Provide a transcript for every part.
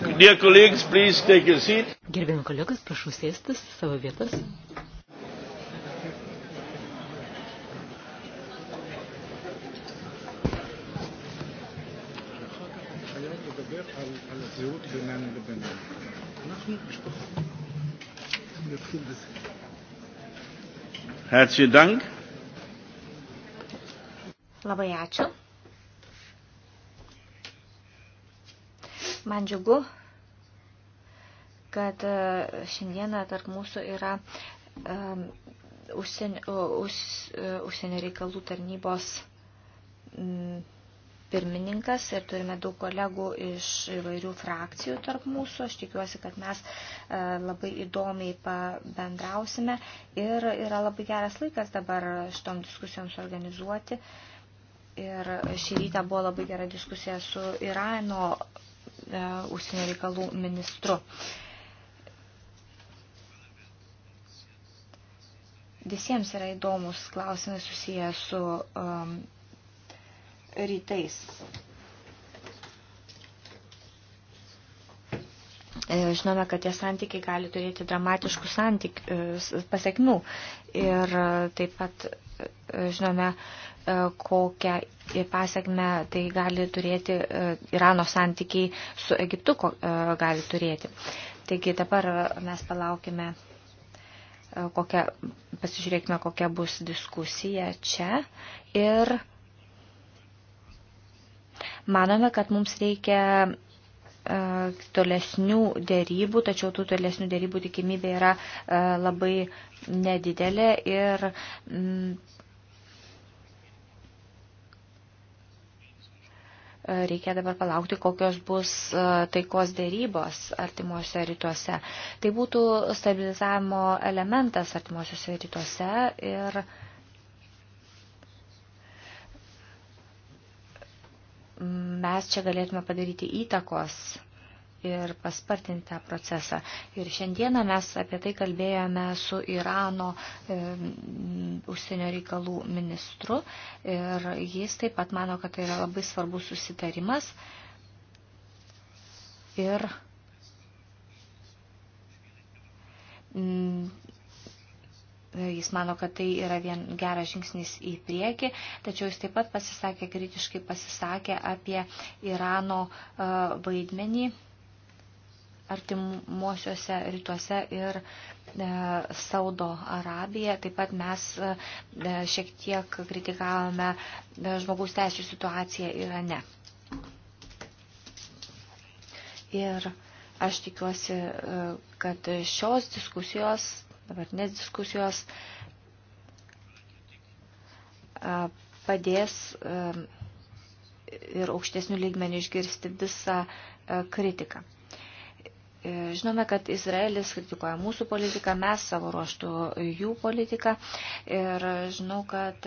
Dear colleagues, please take a seat. Gerbėjom kolegas, prašau sėstis savo vietas. Herzlichen Dank. Labai ačiū. Man džiugu, kad e, šiandieną tarp mūsų yra um, užsienio, už, e, užsienio reikalų tarnybos um, pirmininkas ir turime daug kolegų iš įvairių frakcijų tarp mūsų. Aš tikiuosi, kad mes labai įdomiai pabendrausime ir yra labai geras laikas dabar šitom diskusijoms organizuoti. Ir šį rytą buvo labai gera diskusija su Irano E, užsienio reikalų ministru. Visiems yra įdomus klausimai susiję su um, rytais. E, žinome, kad tie santykiai gali turėti dramatiškų santyk, e, pasiekmių. Ir e, taip pat žinome, kokią pasiekmę tai gali turėti Irano santykiai su Egiptu gali turėti. Taigi dabar mes palaukime, kokia, pasižiūrėkime, kokia bus diskusija čia. Ir manome, kad mums reikia E, tolesnių dėrybų, tačiau tų tolesnių dėrybų tikimybė yra e, labai nedidelė ir mm, e, reikia dabar palaukti, kokios bus taikos dėrybos artimuose rytuose. Tai būtų stabilizavimo elementas artimuosiuose rytuose ir uh, mes čia galėtume padaryti įtakos ir paspartinti tą procesą. Ir šiandieną mes apie tai kalbėjome su Irano e, užsienio reikalų ministru ir jis taip pat mano, kad tai yra labai svarbus susitarimas. Ir mm, Jis mano, kad tai yra vien geras žingsnis į priekį, tačiau jis taip pat pasisakė, kritiškai pasisakė apie Irano e, vaidmenį artimuosiuose rytuose ir e, Saudo Arabija. Taip pat mes e, šiek tiek kritikavome žmogaus teisų situaciją Irane. Ir aš tikiuosi, kad šios diskusijos dabartinės diskusijos padės ir aukštesnių lygmenių išgirsti visą kritiką. E, žinome, kad Izraelis kritikuoja mūsų politiką, mes savo ruoštų jų politiką ir žinau, kad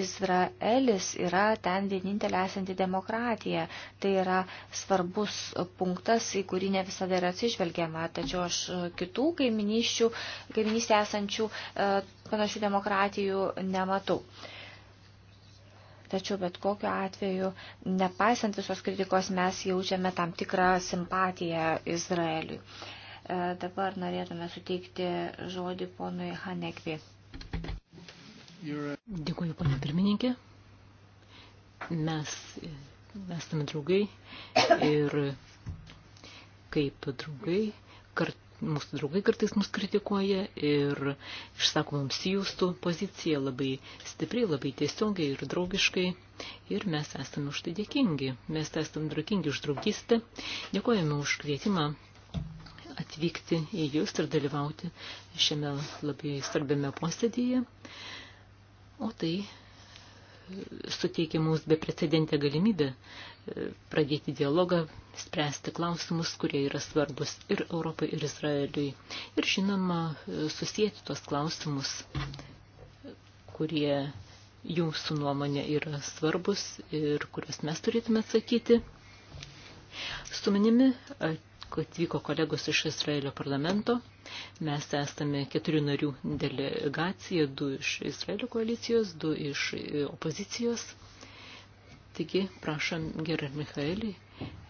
Izraelis yra ten vienintelė esanti demokratija. Tai yra svarbus punktas, į kurį ne visada yra atsižvelgiama. Tačiau aš e, kitų kaiminystė esančių e, panašių demokratijų nematau. Tačiau bet kokiu atveju, nepaisant visos kritikos, mes jaučiame tam tikrą simpatiją Izraeliui. E, dabar norėtume suteikti žodį ponui Hanekvi. Dėkuoju, ponia pirmininkė. Mes esame draugai ir kaip draugai, kart, mūsų draugai kartais mus kritikuoja ir išsako mums jūsų poziciją labai stipriai, labai tiesiogiai ir draugiškai. Ir mes esame už tai dėkingi. Mes esame dėkingi už draugystę. Dėkojame už kvietimą atvykti į jūs ir dalyvauti šiame labai svarbiame posėdėje. O tai suteikia mums beprecedentę galimybę e, pradėti dialogą, spręsti klausimus, kurie yra svarbus ir Europai, ir Izraeliui. Ir žinoma, e, susijęti tuos klausimus, kurie jūsų nuomonė yra svarbus ir kuriuos mes turėtume atsakyti. Su manimi atvyko kolegos iš Izraelio parlamento. Mes esame keturių narių delegacija, du iš Izraelio koalicijos, du iš e, opozicijos. Taigi, prašom, gerai, Michaelį,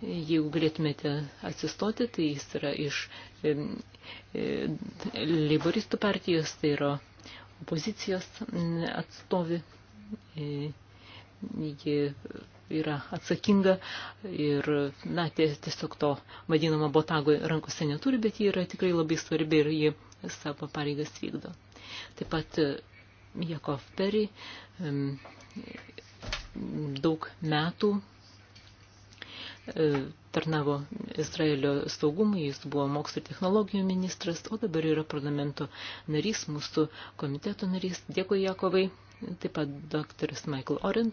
jeigu galėtumėte atsistoti, tai jis yra iš e, e, Leiboristų partijos, tai yra opozicijos mm, atstovi. E, ji yra atsakinga ir, na, tiesiog to vadinamo botago rankose neturi, bet ji yra tikrai labai svarbi ir ji savo pareigas vykdo. Taip pat e, Jakov Peri daug metų e, tarnavo Izraelio saugumui, jis buvo mokslo ir technologijų ministras, o dabar yra parlamento narys, mūsų komiteto narys. Dėkui, Jakovai taip pat daktaras Michael Oren,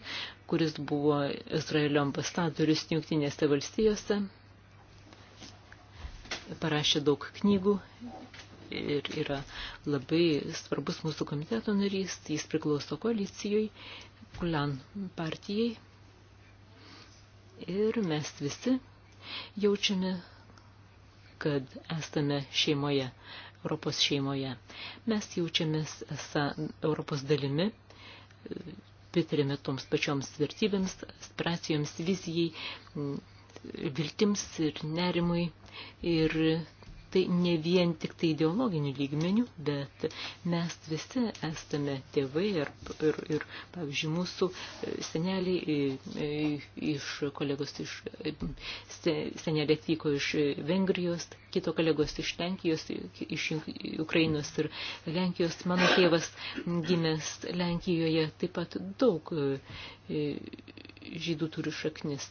kuris buvo Izraelio ambasadorius Junktinėse valstijose, parašė daug knygų ir yra labai svarbus mūsų komiteto narys, jis priklauso koalicijoj, Kulan partijai. Ir mes visi jaučiame, kad esame šeimoje, Europos šeimoje. Mes jaučiamės esą Europos dalimi pritarėme toms pačioms vertybėms, aspiracijoms, vizijai, viltims ir nerimui. Ir tai ne vien tik tai ideologinių lygmenių, bet mes visi esame tėvai ir, ir, ir pavyzdžiui, mūsų e, seneliai e, e, iš kolegos iš senelė atvyko iš Vengrijos, kito kolegos iš Lenkijos, iš Ukrainos ir Lenkijos. Mano tėvas gimęs Lenkijoje taip pat daug žydų turi šaknis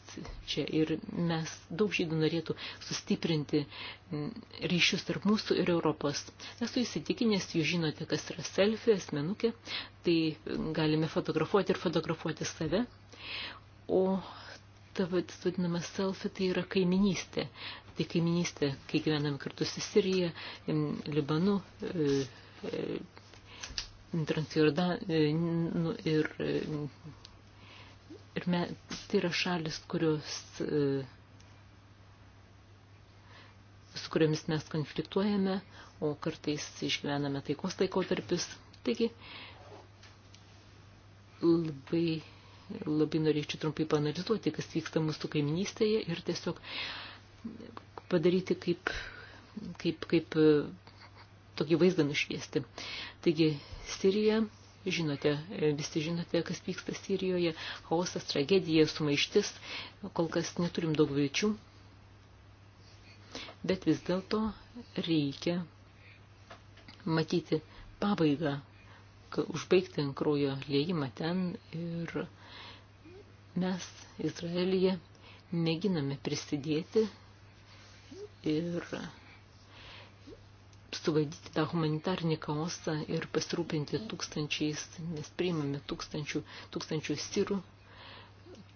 čia ir mes daug žydų norėtų sustiprinti ryšius tarp mūsų ir Europos. Esu įsitikinęs, jūs žinote, kas yra selfie, asmenukė, tai galime fotografuoti ir fotografuoti save, o ta vadinama selfie tai yra kaiminystė. Tai kaiminystė, kai gyvename kartu su Sirija, Libanu, e, e, Transjordanija e, nu ir Ir me, tai yra šalis, kurios, e, su kuriomis mes konfliktuojame, o kartais išgyvename taikos laikotarpius. Taigi, labai, labai norėčiau trumpai panalizuoti, kas vyksta mūsų kaiminystėje ir tiesiog padaryti kaip, kaip, kaip e, tokį vaizdą nušviesti. Taigi, Sirija, žinote, visi žinote, kas vyksta Sirijoje, chaosas, tragedija, sumaištis, kol kas neturim daug vilčių, bet vis dėlto reikia matyti pabaigą, užbaigti kraujo liejimą ten ir mes Izraelyje mėginame prisidėti ir suvaldyti tą humanitarnį chaosą ir pasirūpinti tūkstančiais, mes priimame tūkstančių, tūkstančių sirų,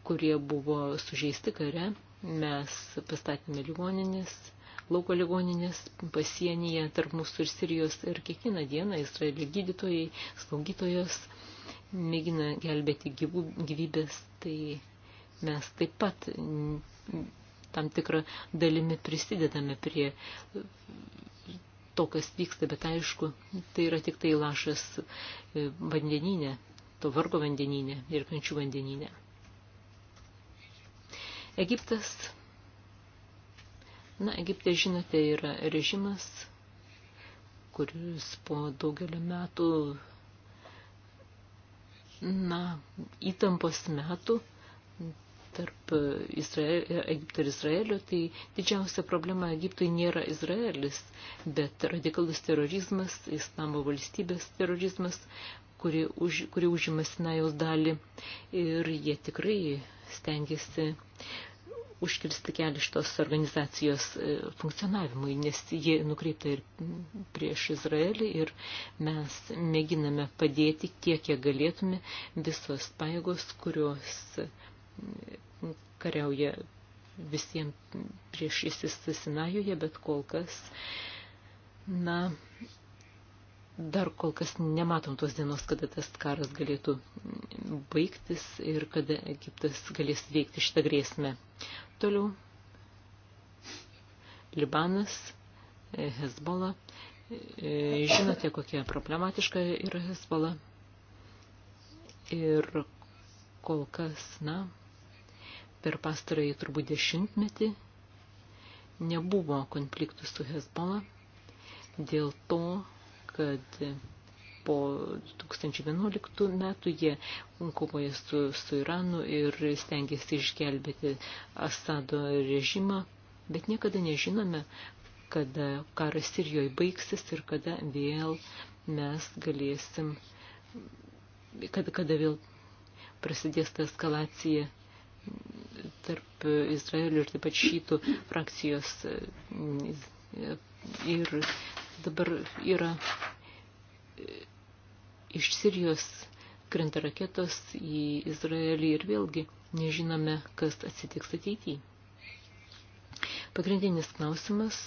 kurie buvo sužeisti kare. Mes pastatėme ligoninės, lauko ligoninės pasienyje tarp mūsų ir Sirijos ir kiekvieną dieną Izraelio gydytojai, slaugytojos mėgina gelbėti gyvų, gyvybės. Tai mes taip pat tam tikrą dalimi prisidedame prie to, kas vyksta, bet aišku, tai yra tik tai lašas e, vandeninė, to vargo vandeninė ir kančių vandeninė. Egiptas, na, Egipte, žinote, yra režimas, kuris po daugelio metų, na, įtampos metų, tarp e, Izraelio, e, Egipto ir Izraelio, tai didžiausia problema Egiptui nėra Izraelis, bet radikalus terorizmas, islamo valstybės terorizmas, kuri, už, kuri užima Sinajaus dalį ir jie tikrai stengiasi užkirsti kelią šitos organizacijos e, funkcionavimui, nes jie nukreipta ir prieš Izraelį ir mes mėginame padėti tiek, kiek galėtume visos paėgos, kurios kariauja visiems prieš įsisinajoje, bet kol kas, na, dar kol kas nematom tos dienos, kada tas karas galėtų baigtis ir kada Egiptas galės veikti šitą grėsmę. Toliau Libanas, Hezbollah. Žinote, kokia problematiška yra Hezbollah. Ir kol kas, na, per pastarąjį turbūt dešimtmetį nebuvo konfliktų su Hezbollah dėl to, kad po 2011 metų jie kovoja su, su Iranu ir stengiasi išgelbėti Asado režimą, bet niekada nežinome, kada karas Sirijoje baigsis ir kada vėl mes galėsim, kada, kada vėl prasidės ta eskalacija tarp Izraelio ir taip pat šitų frakcijos. E, ir dabar yra iš Sirijos krenta raketos į Izraelį ir vėlgi nežinome, kas atsitiks ateityje. Pagrindinis klausimas,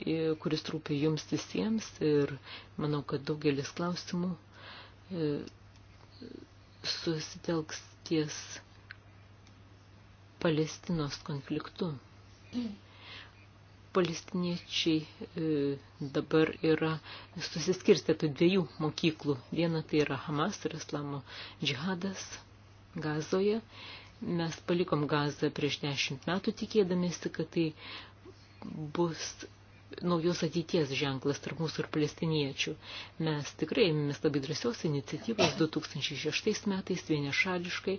e, kuris rūpi jums visiems ir manau, kad daugelis klausimų e, susitelks ties Palestinos konfliktu. Palestiniečiai e, dabar yra susiskirstę tų dviejų mokyklų. Viena tai yra Hamas ir Islamo džihadas Gazoje. Mes palikom Gazą prieš dešimt metų tikėdamėsi, kad tai bus naujos ateities ženklas tarp mūsų ir palestiniečių. Mes tikrai ėmėmės labai drąsios iniciatyvos 2006 metais vienešališkai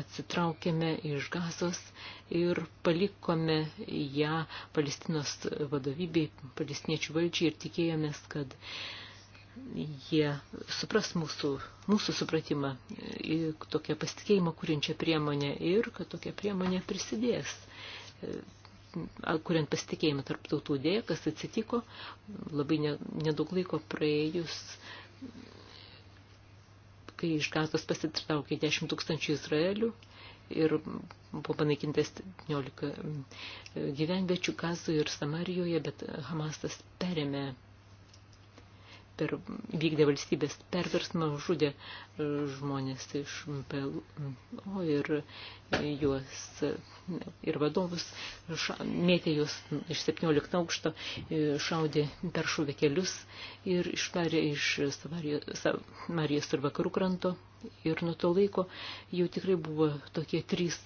atsitraukėme iš gazos ir palikome ją Palestinos vadovybei, palestiniečių valdžiai ir tikėjomės, kad jie supras mūsų, mūsų supratimą, tokią pasitikėjimą kūrinčią priemonę ir kad tokia priemonė prisidės e, kuriant pasitikėjimą tarp tautų dėja, kas atsitiko labai nedaug laiko praėjus kai iš gazos pasitraukė 10 tūkstančių Izraelių ir buvo panaikintas 17 e, gyvenviečių gazoje ir Samarijoje, bet Hamasas perėmė per, vykdė valstybės perversmą, žudė e, žmonės iš PLO ir juos ir vadovus, mėtė juos iš 17 aukšto, e, šaudė per šūvikelius ir išvarė iš Marijos ir vakarų kranto. Ir nuo to laiko jau tikrai buvo tokie trys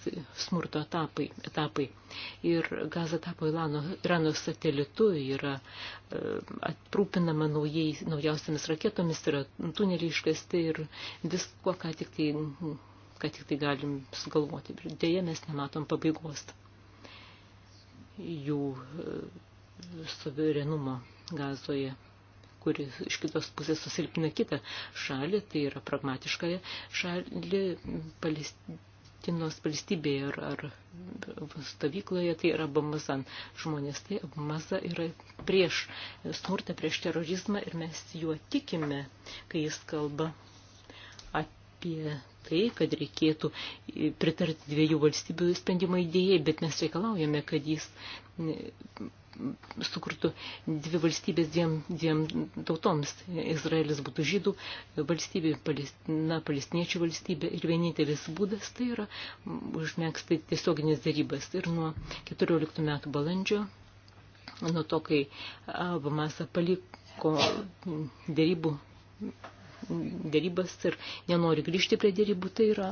smurto etapai. etapai. Ir Gaza tapo Ilano, Irano satelitu, yra e, aprūpinama naujai, naujausiamis raketomis, yra tuneliai iškasti ir visko, ką tik tai kad tik tai galim sugalvoti. Dėja, mes nematom pabaigos jų e, suverenumo gazoje kuri iš kitos pusės susilpina kitą šalį, tai yra pragmatišką šalį Palestinos valstybėje ar, ar stovykloje, tai yra Bamazan žmonės. Tai Bamaza yra prieš smurtą, prieš terorizmą ir mes juo tikime, kai jis kalba apie tai, kad reikėtų e, pritarti dviejų valstybių sprendimo idėjai, bet mes reikalaujame, kad jis sukurtų dvi valstybės dviem, dviem tautoms. Izraelis būtų žydų valstybė, palestina, palestiniečių valstybė ir vienintelis būdas tai yra užmėgsti tiesioginės darybas. Ir nuo 14 metų balandžio, nuo to, kai Abamasa paliko darybų dėrybas ir nenori grįžti prie dėrybų, tai yra,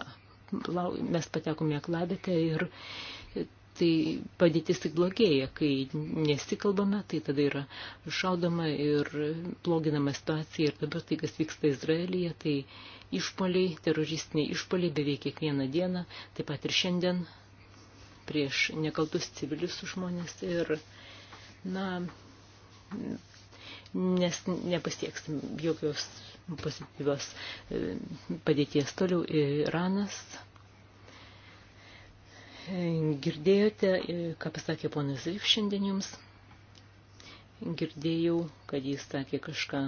mes patekome aklavėte ir tai padėtis tik blogėja, kai nesikalbame, tai tada yra šaudama ir bloginama situacija ir dabar tai, kas vyksta Izraelyje, tai išpoliai, teroristiniai išpoliai beveik kiekvieną dieną, taip pat ir šiandien prieš nekaltus civilius žmonės ir, na, nes nepasieksim jokios pozityvios e, padėties toliau Iranas. E, girdėjote, e, ką pasakė ponas Rif šiandien jums. Girdėjau, kad jis sakė kažką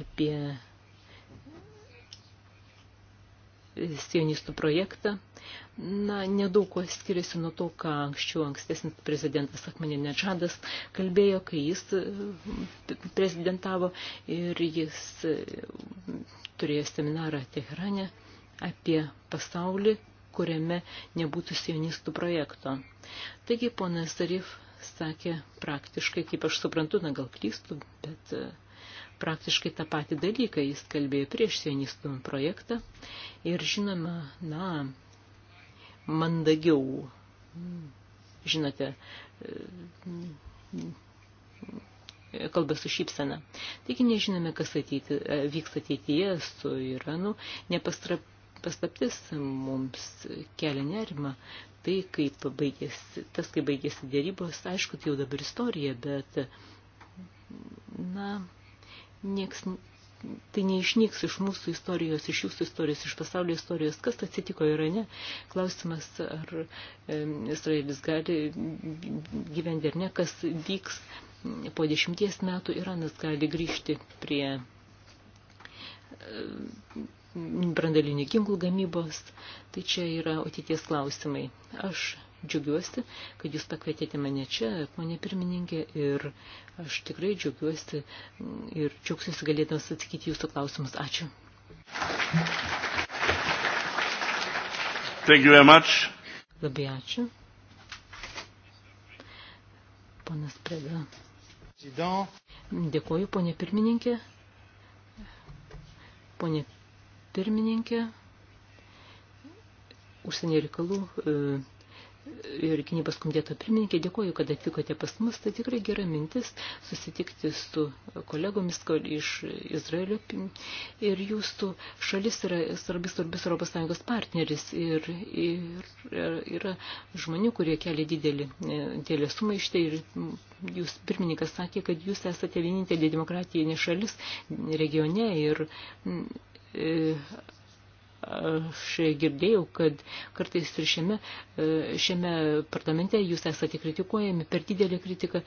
apie sionistų projektą. Na, nedaug kuo skiriasi nuo to, ką anksčiau ankstesnis prezidentas Akmeninė Čadas kalbėjo, kai jis e, prezidentavo ir jis e, turėjo seminarą Teherane apie pasaulį, kuriame nebūtų sionistų projekto. Taigi, ponas Tarif sakė praktiškai, kaip aš suprantu, na gal klystu, bet e, praktiškai tą patį dalyką. Jis kalbėjo prieš sionistų projektą ir žinoma, na, mandagiau, žinote, kalba su šypsena. Taigi nežinome, kas ateiti, vyks ateityje su Iranu. Nepastaptis mums kelia nerima. Tai, kaip baigėsi, tas, kai baigėsi dėrybos, aišku, tai jau dabar istorija, bet, na, nieks, tai neišnyks iš mūsų istorijos, iš jūsų istorijos, iš pasaulio istorijos. Kas atsitiko Irane? Klausimas, ar e, Izraelis gali gyventi ar ne, kas vyks po dešimties metų Iranas gali grįžti prie brandalinių ginklų gamybos, tai čia yra ateities klausimai. Aš džiugiuosi, kad jūs pakvietėte mane čia, ponė pirmininkė, ir aš tikrai džiugiuosi ir džiaugsiuosi galėdamas atsakyti jūsų klausimus. Ačiū. Thank you very much. Labai ačiū. Ponas Preda. Dėkuoju, ponė pirmininkė. Ponė pirmininkė užsienio reikalų e, ir gynybos komiteto pirmininkė, dėkuoju, kad atvykote pas mus. Tai tikrai gera mintis susitikti su kolegomis iš Izraelio. Ir jūsų šalis yra svarbis, svarbis Europos Sąjungos partneris. Ir, ir, ir yra žmonių, kurie kelia didelį, e, didelį sumaištį. Ir jūs pirmininkas sakė, kad jūs esate vienintelė demokratijinė šalis regione. Ir, ir aš girdėjau, kad kartais ir šiame, e, šiame parlamente jūs esate kritikuojami per didelę kritiką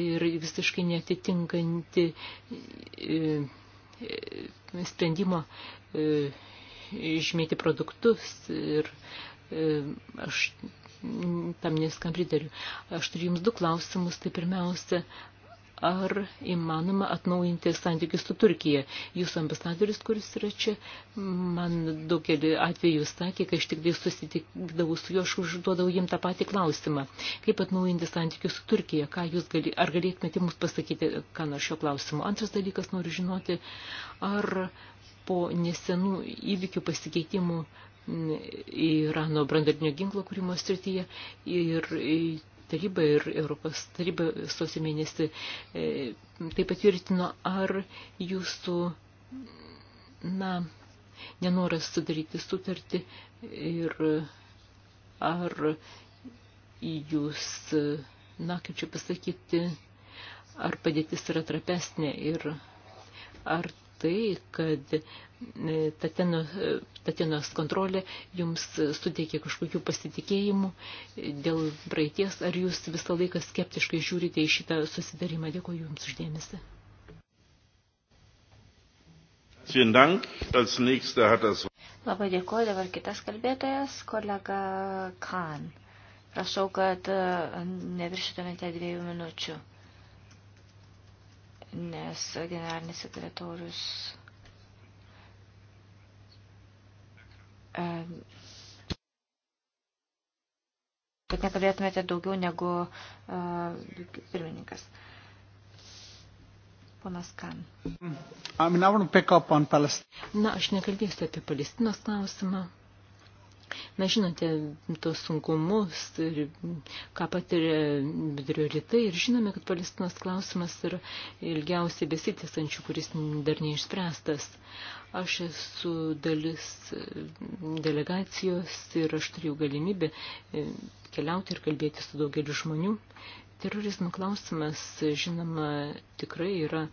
ir visiškai netitinkanti e, e, sprendimo žymėti produktus ir aš tam neskam pritariu. Aš turiu jums du klausimus. Tai pirmiausia, ar įmanoma atnaujinti santykius su Turkija. Jūsų ambasadoris, kuris yra čia, man daugelį atvejų sakė, kai aš tik tai susitikdavau su juo, aš užduodavau jiem tą patį klausimą. Kaip atnaujinti santykius su Turkija? Ką jūs gali, ar galėtumėte mums pasakyti, ką nuo šio klausimo? Antras dalykas, noriu žinoti, ar po nesenų įvykių pasikeitimų Irano brandarinio ginklo kūrimo srityje ir taryba ir Europos taryba sausio mėnesį e, tai patvirtino, ar jūsų, na, nenoras sudaryti sutartį ir ar jūs, na, kaip čia pasakyti, ar padėtis yra trapesnė ir ar tai, kad e, Tatenos kontrolė jums suteikia kažkokių pasitikėjimų dėl praeities, ar jūs visą laiką skeptiškai žiūrite į šitą susidarimą. Dėkuoju Jums uždėmesi. Labai dėkuoju, dabar kitas kalbėtojas, kolega Khan. Prašau, kad e, neviršytumėte dviejų minučių nes generalinis sekretorius kad nekalbėtumėte daugiau negu pirmininkas. Ponas Kan. Na, aš nekalbėsiu apie Palestinos klausimą. Na, žinote, tos sunkumus ir ką patiria vidurio rytai ir žinome, kad Palestinos klausimas yra ilgiausiai besitėsančių, kuris dar neišspręstas. Aš esu dalis e, delegacijos ir aš turėjau galimybę e, keliauti ir kalbėti su daugeliu žmonių. Terorizmo klausimas, žinoma, tikrai yra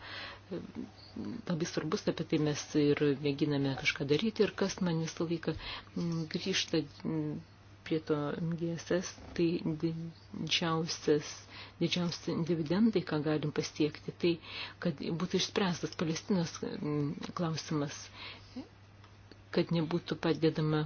labai svarbus, apie tai mes ir mėginame kažką daryti ir kas man visą laiką grįžta prie to GSS, tai didžiausias, didžiausi dividendai, ką galim pasiekti, tai kad būtų išspręstas Palestinos klausimas kad nebūtų padedama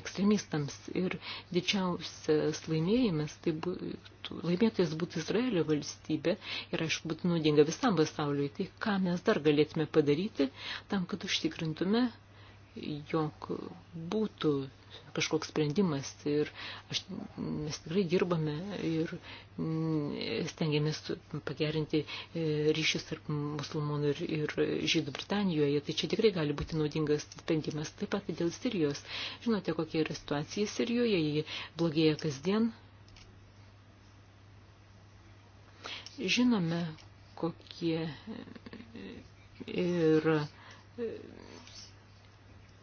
ekstremistams. Ir didžiausias laimėjimas, tai būtų, laimėtojas būtų Izraelio valstybė ir aišku būtų naudinga visam pasauliui. Tai ką mes dar galėtume padaryti tam, kad užtikrintume, jog būtų kažkoks sprendimas ir aš, mes tikrai dirbame ir mm, stengiamės pagerinti e, ryšius tarp musulmonų ir, ir žydų Britanijoje, tai čia tikrai gali būti naudingas sprendimas. Taip pat dėl Sirijos. Žinote, kokia yra situacija Sirijoje, jie blogėja kasdien. Žinome, kokie ir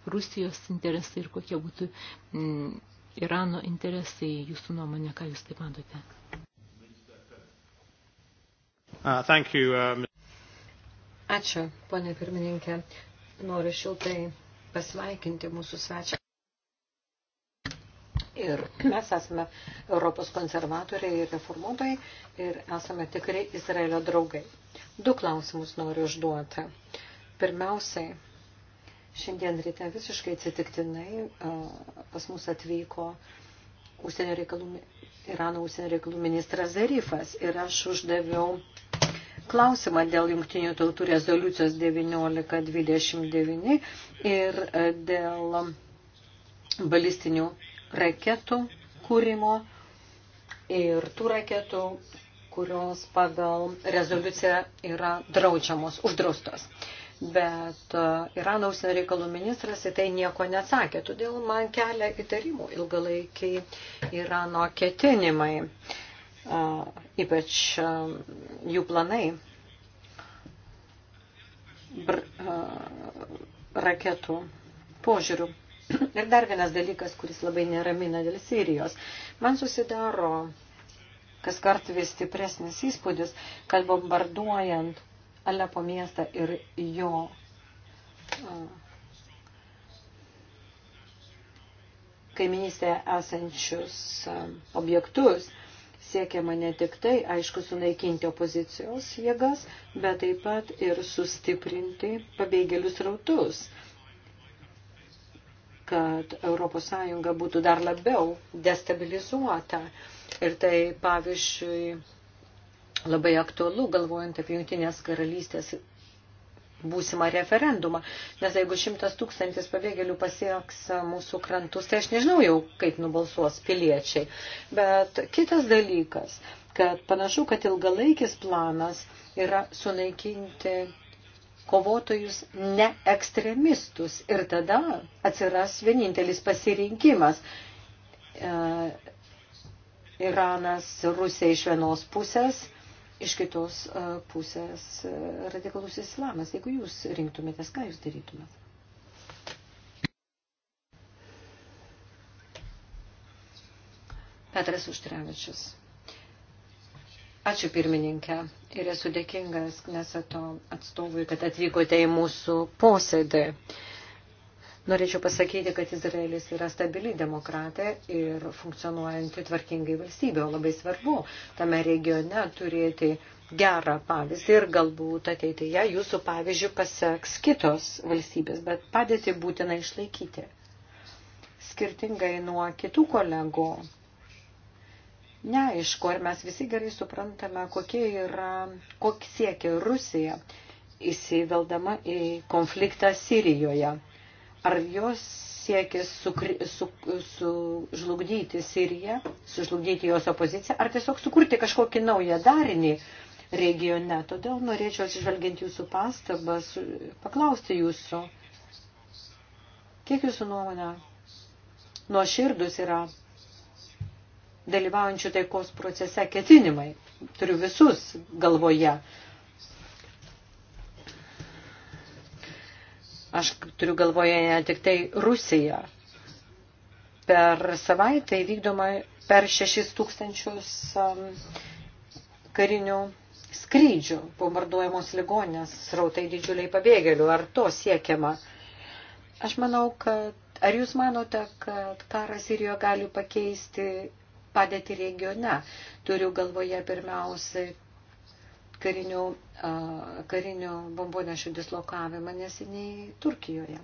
Rusijos interesai ir kokie būtų m, mm, Irano interesai, jūsų nuomonė, ką jūs taip matote? Uh, thank you, um... Ačiū, ponė pirmininkė. Noriu šiltai pasveikinti mūsų svečią. Ir mes esame Europos konservatoriai ir reformuotojai ir esame tikrai Izraelio draugai. Du klausimus noriu užduoti. Pirmiausiai, Šiandien ryte visiškai atsitiktinai pas mus atvyko užsienio reikalų, Irano užsienio reikalų ministras Zarifas ir aš uždaviau klausimą dėl jungtinių tautų rezoliucijos 1929 ir dėl balistinių raketų kūrimo ir tų raketų, kurios pagal rezoliuciją yra draudžiamos, uždraustos bet e, Irano užsienio reikalų ministras į tai nieko neatsakė, todėl man kelia įtarimų ilgalaikiai Irano ketinimai, e, ypač e, jų planai br, raketų požiūrių. Ir dar vienas dalykas, kuris labai neramina dėl Sirijos. Man susidaro kas kart vis stipresnis įspūdis, kad bombarduojant Alepo miestą ir jo kaiminystėje esančius objektus siekiama ne tik tai, aišku, sunaikinti opozicijos jėgas, bet taip pat ir sustiprinti pabėgėlius rautus, kad ES būtų dar labiau destabilizuota. Ir tai, pavyzdžiui, labai aktualu, galvojant apie jungtinės karalystės būsimą referendumą. Nes jeigu šimtas tūkstantis pabėgėlių pasieks mūsų krantus, tai aš nežinau jau, kaip nubalsuos piliečiai. Bet kitas dalykas, kad panašu, kad ilgalaikis planas yra sunaikinti kovotojus ne ekstremistus. Ir tada atsiras vienintelis pasirinkimas. E, Iranas, Rusija iš vienos pusės, iš kitos e, pusės e, radikalus islamas. Jeigu jūs rinktumėtės, ką jūs darytumėt? Petras Užtrevičius. Ačiū pirmininkė ir esu dėkingas Kneseto atstovui, kad atvykote į mūsų posėdį. Norėčiau pasakyti, kad Izraelis yra stabili demokratė ir funkcionuojanti tvarkingai valstybė, o labai svarbu tame regione turėti gerą pavyzdį ir galbūt ateityje jūsų pavyzdžių paseks kitos valstybės, bet padėti būtina išlaikyti. Skirtingai nuo kitų kolegų, neaišku, ar mes visi gerai suprantame, kokie yra, kokie siekia Rusija įsiveldama į konfliktą Sirijoje Ar jos siekis sukri, su, sužlugdyti Siriją, sužlugdyti jos opoziciją, ar tiesiog sukurti kažkokį naują darinį regione. Todėl norėčiau atsižvelgiant jūsų pastabas, paklausti jūsų, kiek jūsų nuomonė nuoširdus yra dalyvaujančių taikos procese ketinimai. Turiu visus galvoje. Aš turiu galvoje ne tik tai Rusiją. Per savaitę įvykdoma per 6 tūkstančius um, karinių skrydžių, bombarduojamos ligonės, srautai didžiuliai pabėgėlių. Ar to siekiama? Aš manau, kad ar jūs manote, kad karas Sirijoje gali pakeisti padėti regione? Turiu galvoje pirmiausiai karinių, karinių bombonešių dislokavimą neseniai Turkijoje.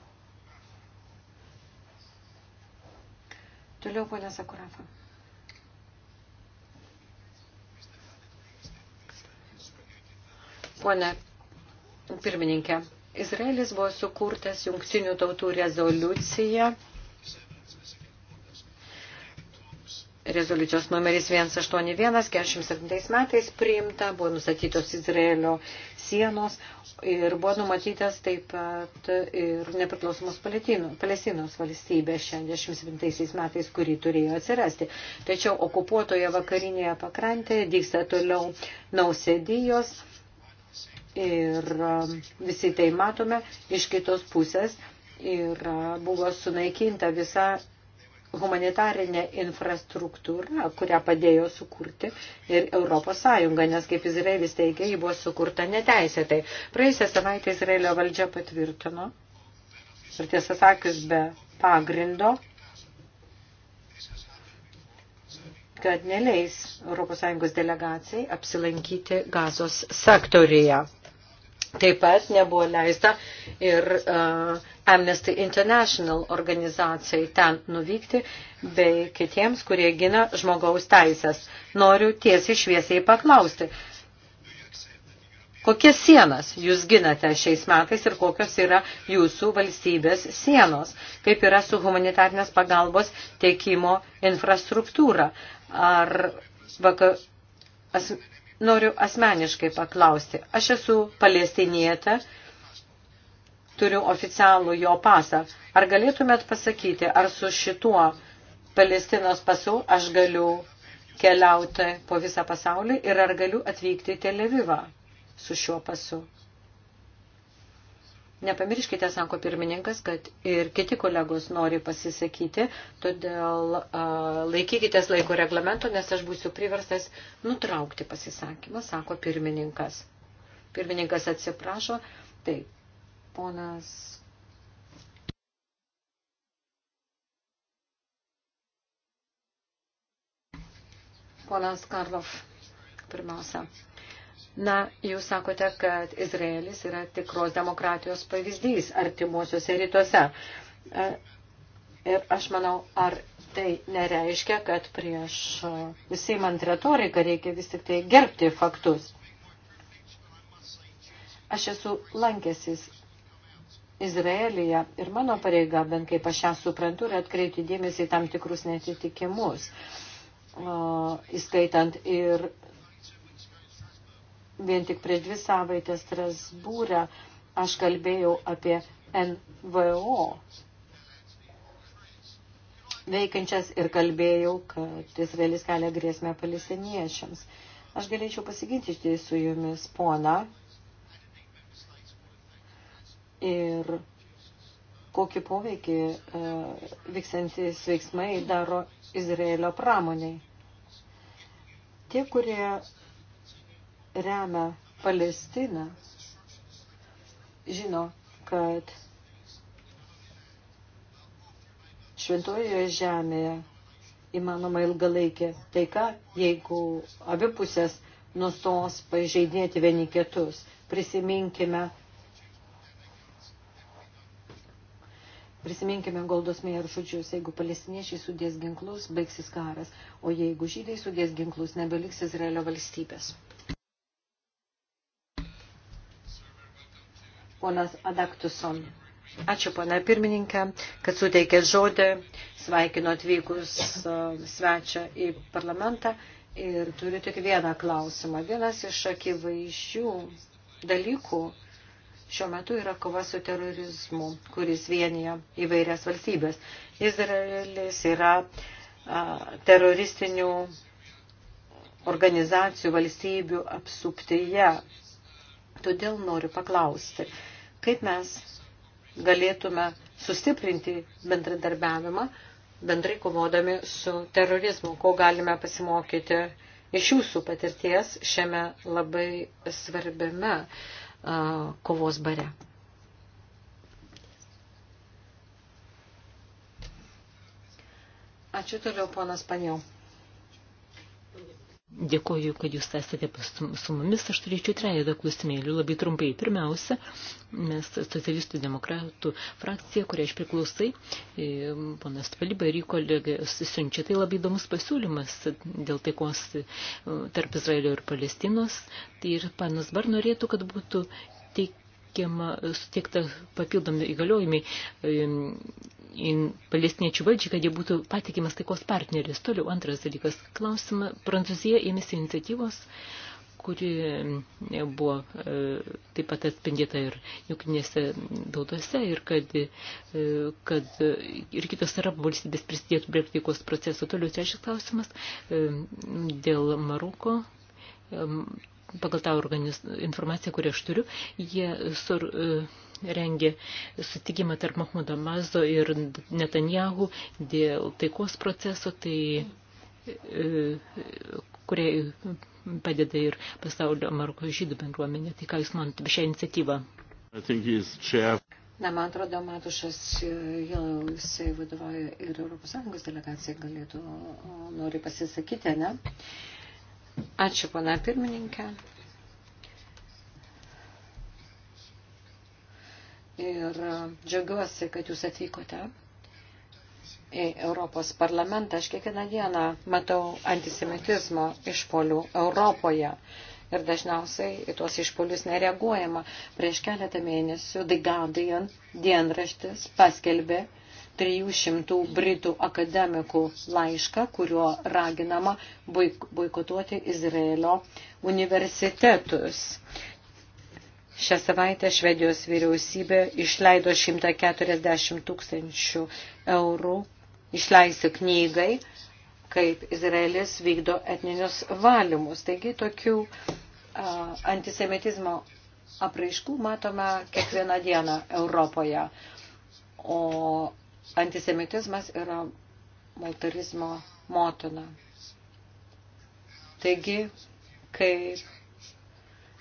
Toliau, ponia Sakurafa. Pone pirmininkė, Izraelis buvo sukurtas jungtinių tautų rezoliucija rezoliucijos numeris 181, 47 metais priimta, buvo nustatytos Izraelio sienos ir buvo numatytas taip pat ir nepriklausomos Palestinos valstybės 67 metais, kuri turėjo atsirasti. Tačiau okupuotoje vakarinėje pakrantėje vyksta toliau nausėdijos ir um, visi tai matome iš kitos pusės ir buvo sunaikinta visa humanitarinė infrastruktūra, kurią padėjo sukurti ir Europos Sąjunga, nes kaip Izraelis teigia, ji buvo sukurta neteisėtai. Praėjusią savaitę Izraelio valdžia patvirtino, ir tiesą sakius, be pagrindo, kad neleis ES delegacijai apsilankyti gazos sektorijoje. Taip pat nebuvo leista ir uh, Amnesty International organizacijai ten nuvykti, bei kitiems, kurie gina žmogaus teisės. Noriu tiesiai šviesiai paklausti, kokias sienas jūs ginate šiais metais ir kokios yra jūsų valstybės sienos, kaip yra su humanitarnės pagalbos teikimo infrastruktūra. Ar vaka, as, noriu asmeniškai paklausti. Aš esu palestinietė, turiu oficialų jo pasą. Ar galėtumėt pasakyti, ar su šituo Palestinos pasu aš galiu keliauti po visą pasaulį ir ar galiu atvykti į Televivą su šiuo pasu? Nepamirškite, sako pirmininkas, kad ir kiti kolegos nori pasisakyti, todėl a, laikykitės laiko reglamento, nes aš būsiu priverstas nutraukti pasisakymą, sako pirmininkas. Pirmininkas atsiprašo. Taip, ponas ponas Karlov pirmiausia. Na, jūs sakote, kad Izraelis yra tikros demokratijos pavyzdys artimuosiuose rytuose. E, ir aš manau, ar tai nereiškia, kad prieš įsimant e, retoriką reikia vis tik tai gerbti faktus. Aš esu lankęsis Izraelyje ir mano pareiga, bent kaip aš ją suprantu, yra atkreipti dėmesį į tam tikrus netitikimus, įskaitant ir vien tik prieš dvi savaitės Strasbūrę aš kalbėjau apie NVO veikiančias ir kalbėjau, kad Izraelis kelia grėsmę palestiniečiams. Aš galėčiau pasiginti su jumis, pona, ir kokį poveikį uh, e, vyksantis veiksmai daro Izraelio pramoniai. Tie, kurie remia Palestiną, žino, kad šventojoje žemėje įmanoma ilgalaikė taika, jeigu abi pusės nustos pažeidinėti vieni kitus. Prisiminkime, prisiminkime Goldos Meijer žodžius, jeigu palestiniečiai sudės ginklus, baigsis karas, o jeigu žydai sudės ginklus, nebeliks Izraelio valstybės. ponas Adaktuson. Ačiū, pana pirmininkė, kad suteikė žodį, sveikino atvykus svečią į parlamentą ir turiu tik vieną klausimą. Vienas iš akivaizdžių dalykų šiuo metu yra kova su terorizmu, kuris vienyje įvairias valstybės. Izraelis yra a, teroristinių organizacijų valstybių apsuptyje Todėl noriu paklausti, kaip mes galėtume sustiprinti bendradarbiavimą, bendrai kovodami su terorizmu, ko galime pasimokyti iš jūsų patirties šiame labai svarbiame uh, kovos bare. Ačiū toliau, ponas Paniau. Dėkoju, kad jūs esate su mumis. Aš turėčiau trejadą klausimėlių labai trumpai. Pirmiausia, mes socialistų demokratų frakcija, kurią aš priklausai, e, ponas Paliba ir jų kolegai susiunčia. Tai labai įdomus pasiūlymas dėl taikos e, tarp Izraelio ir Palestinos. Tai ir panas Bar norėtų, kad būtų teik suteikta papildomi įgaliojimai palestiniečių valdžiai, kad jie būtų patikimas taikos partneris. Toliau antras dalykas. Klausimą, Prancūzija ėmėsi iniciatyvos, kuri buvo e, taip pat atspindėta ir jungtinėse tautose ir kad, e, kad ir kitos arabų valstybės prisidėtų prie taikos proceso. Toliau trečias klausimas dėl Maruko pagal tą organiz... informaciją, kurią aš turiu, jie sur, e, rengė sutikimą tarp Mahmudo Mazo ir Netanjahu dėl taikos proceso, tai e, kuriai padeda ir pasaulio Maroko žydų bendruomenė. Tai ką Jūs manote apie šią iniciatyvą? Na, man atrodo, Matušas e, jau jisai vadovauja ir Europos Sąjungos delegacija galėtų nori pasisakyti, ne? Uh, Ačiū, pana pirmininkė. Ir džiaugiuosi, kad jūs atvykote į Europos parlamentą. Aš kiekvieną dieną matau antisemitizmo išpolių Europoje. Ir dažniausiai į tuos išpolius nereaguojama. Prieš keletą mėnesių The Guardian dienraštis paskelbė, 300 Britų akademikų laišką, kuriuo raginama boikotuoti Izraelio universitetus. Šią savaitę Švedijos vyriausybė išleido 140 tūkstančių eurų išleisti knygai, kaip Izraelis vykdo etninius valymus. Taigi tokių a, antisemitizmo apraiškų matome kiekvieną dieną Europoje. O Antisemitizmas yra maltarizmo motina. Taigi, kai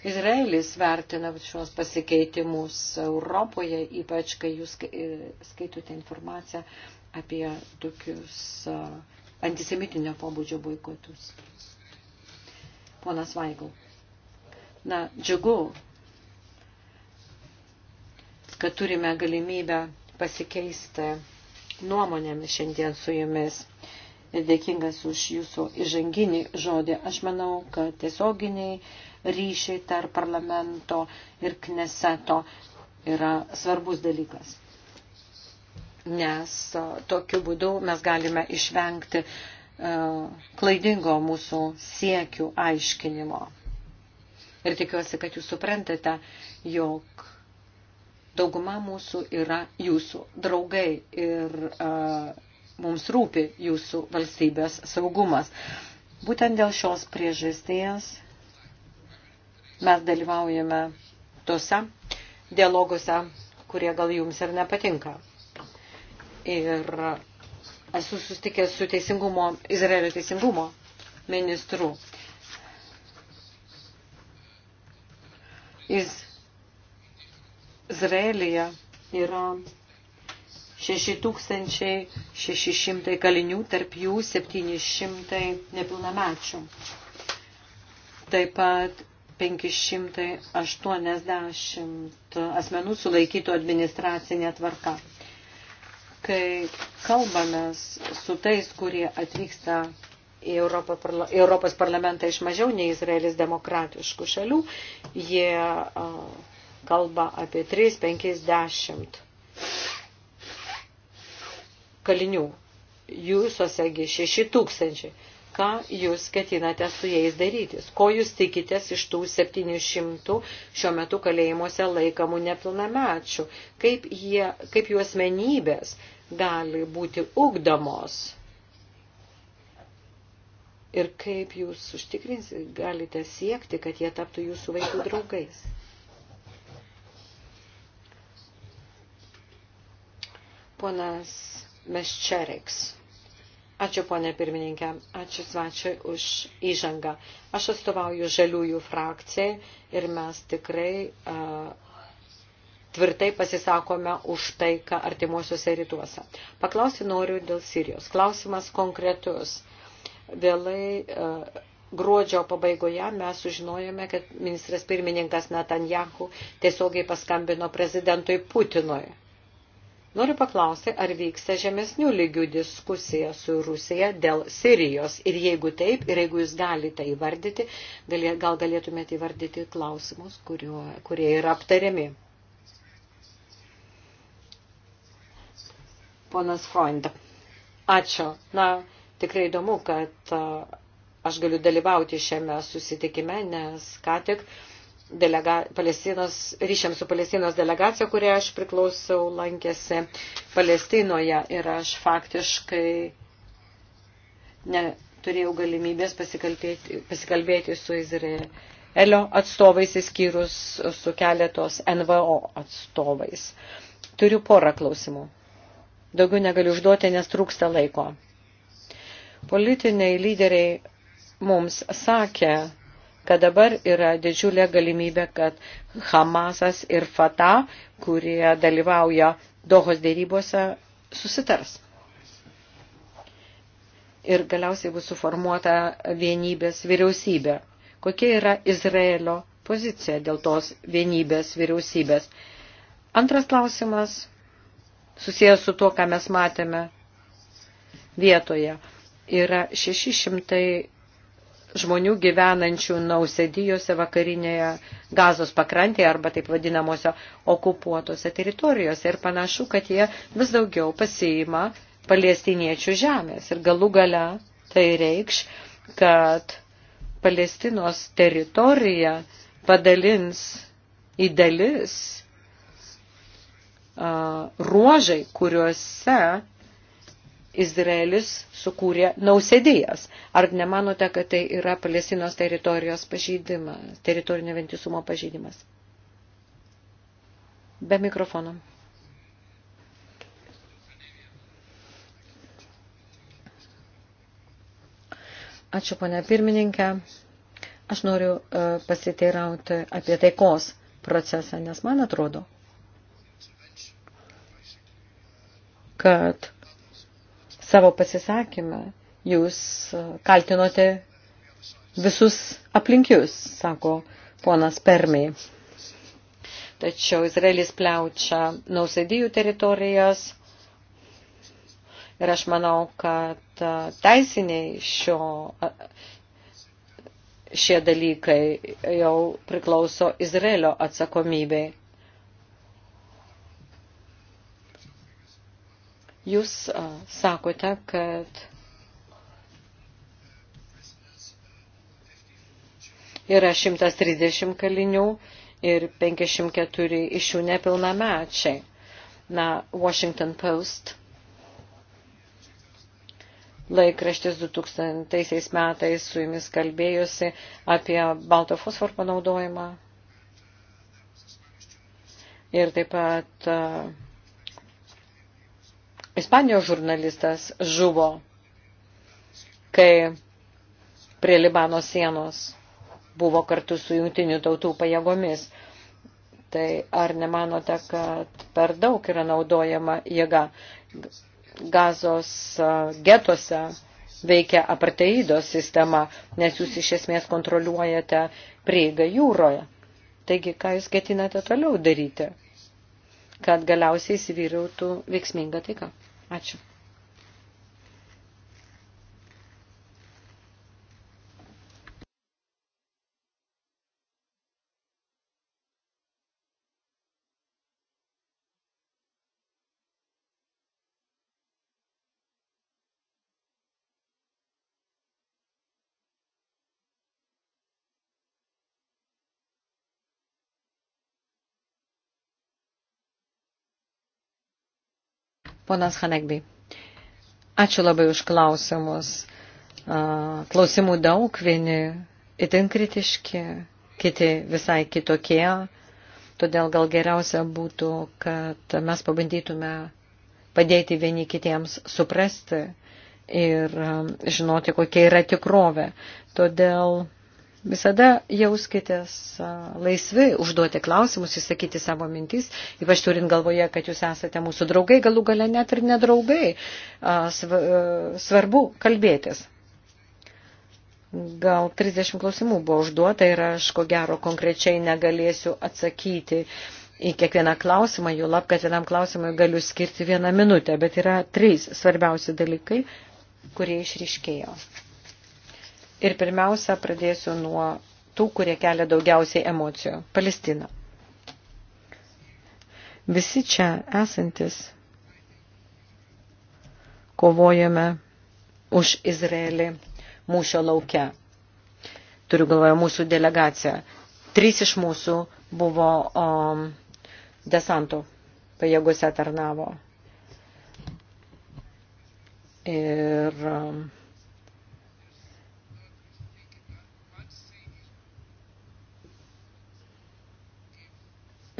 Izraelis vertina šios pasikeitimus Europoje, ypač kai jūs e, skaitote informaciją apie tokius e, antisemitinio pobūdžio boikotus. Ponas Vaigal. Na, džiugu, kad turime galimybę pasikeisti nuomonėmis šiandien su jumis. Ir dėkingas už jūsų įžanginį žodį. Aš manau, kad tiesioginiai ryšiai tarp parlamento ir kneseto yra svarbus dalykas. Nes tokiu būdu mes galime išvengti klaidingo mūsų siekių aiškinimo. Ir tikiuosi, kad jūs suprantate, jog Dauguma mūsų yra jūsų draugai ir a, mums rūpi jūsų valstybės saugumas. Būtent dėl šios priežasties mes dalyvaujame tose dialoguose, kurie gal jums ir nepatinka. Ir esu sustikęs su teisingumo, Izraelio teisingumo ministru. Jis Izraelija yra 6600 kalinių, tarp jų 700 nepilnamečių. Taip pat 580 asmenų sulaikytų administracinė tvarka. Kai kalbame su tais, kurie atvyksta į Europos parlamentą iš mažiau nei Izraelis demokratiškų šalių, jie uh, kalba apie 3-50 kalinių. Jūsuosegi 6 tūkstančiai. Ką jūs ketinate su jais darytis? Ko jūs tikitės iš tų 700 šiuo metu kalėjimuose laikamų nepilnamečių? Kaip, jie, kaip jų asmenybės gali būti ugdomos? Ir kaip jūs užtikrinsite, galite siekti, kad jie taptų jūsų vaikų draugais? Ponas Mesčeriks. Ačiū, ponė pirmininkė. Ačiū svečiui už įžangą. Aš atstovauju žaliųjų frakcijai ir mes tikrai uh, tvirtai pasisakome už taiką artimuosiuose rytuose. Paklausti noriu dėl Sirijos. Klausimas konkretus. Vėlai uh, gruodžio pabaigoje mes sužinojome, kad ministras pirmininkas Netanjahu tiesiogiai paskambino prezidentui Putinui Noriu paklausti, ar vyksta žemesnių lygių diskusija su Rusija dėl Sirijos. Ir jeigu taip, ir jeigu jūs galite įvardyti, gal galėtumėte įvardyti klausimus, kurio, kurie yra aptariami. Ponas Freund. Ačiū. Na, tikrai įdomu, kad aš galiu dalyvauti šiame susitikime, nes ką tik uh, delega, Palestinos, ryšiams su Palestinos delegacija, kurie aš priklausau, lankėsi Palestinoje ir aš faktiškai neturėjau galimybės pasikalbėti, pasikalbėti su Izraelio atstovais, įskyrus su keletos NVO atstovais. Turiu porą klausimų. Daugiau negaliu užduoti, nes trūksta laiko. Politiniai lyderiai mums sakė, kad dabar yra didžiulė galimybė, kad Hamasas ir Fata, kurie dalyvauja Dohos dėrybose, susitars. Ir galiausiai bus suformuota vienybės vyriausybė. Kokia yra Izraelio pozicija dėl tos vienybės vyriausybės? Antras klausimas susijęs su tuo, ką mes matėme vietoje. Yra 600 žmonių gyvenančių nausėdijose vakarinėje gazos pakrantėje arba taip vadinamosio okupuotose teritorijose. Ir panašu, kad jie vis daugiau pasiima palestiniečių žemės. Ir galų gale tai reikš, kad Palestinos teritoriją padalins į dalis ruožai, kuriuose Izraelis sukūrė nausėdijas. Ar nemanote, kad tai yra Palestinos teritorijos pažeidimas, teritorinio ventisumo pažeidimas? Be mikrofono. Ačiū, ponia pirmininkė. Aš noriu e, pasiteirauti apie taikos procesą, nes man atrodo, kad savo pasisakymą jūs e, kaltinote visus aplinkius, sako ponas Permiai. Tačiau Izraelis pleučia nausėdijų teritorijas ir aš manau, kad e, teisiniai šio, e, šie dalykai jau priklauso Izraelio atsakomybei. Jūs sakote, kad yra 130 kalinių ir 54 iš jų nepilnamečiai. Na, Washington Post laikraštis 2000 metais su jumis kalbėjusi apie balto fosfor panaudojimą. Ir taip pat uh, Ispanijos žurnalistas žuvo, kai prie Libano sienos buvo kartu su jungtinių tautų pajėgomis. Tai ar nemanote, kad per daug yra naudojama jėga? Gazos getuose veikia aparteido sistema, nes jūs iš esmės kontroliuojate prieigą jūroje. Taigi, ką jūs ketinate toliau daryti, kad galiausiai įsivyrautų veiksminga taika? Ačiū. Ponas Hanegbi. Ačiū labai už klausimus. Klausimų daug, vieni itin kritiški, kiti visai kitokie. Todėl gal geriausia būtų, kad mes pabandytume padėti vieni kitiems suprasti ir žinoti, kokia yra tikrovė. Todėl Visada jauskitės laisvi užduoti klausimus, įsakyti savo mintys, ypač turint galvoje, kad jūs esate mūsų draugai, galų gale net ir nedraugai. Svarbu kalbėtis. Gal 30 klausimų buvo užduota ir aš ko gero konkrečiai negalėsiu atsakyti į kiekvieną klausimą, jų lab, kad vienam klausimui galiu skirti vieną minutę, bet yra trys svarbiausi dalykai, kurie išriškėjo. Ir pirmiausia, pradėsiu nuo tų, kurie kelia daugiausiai emocijų – Palestina. Visi čia esantis kovojame už Izraelį mūšio laukia. Turiu galvoje mūsų delegaciją. Trys iš mūsų buvo o, um, desantų pajėgose tarnavo. Ir... O, um,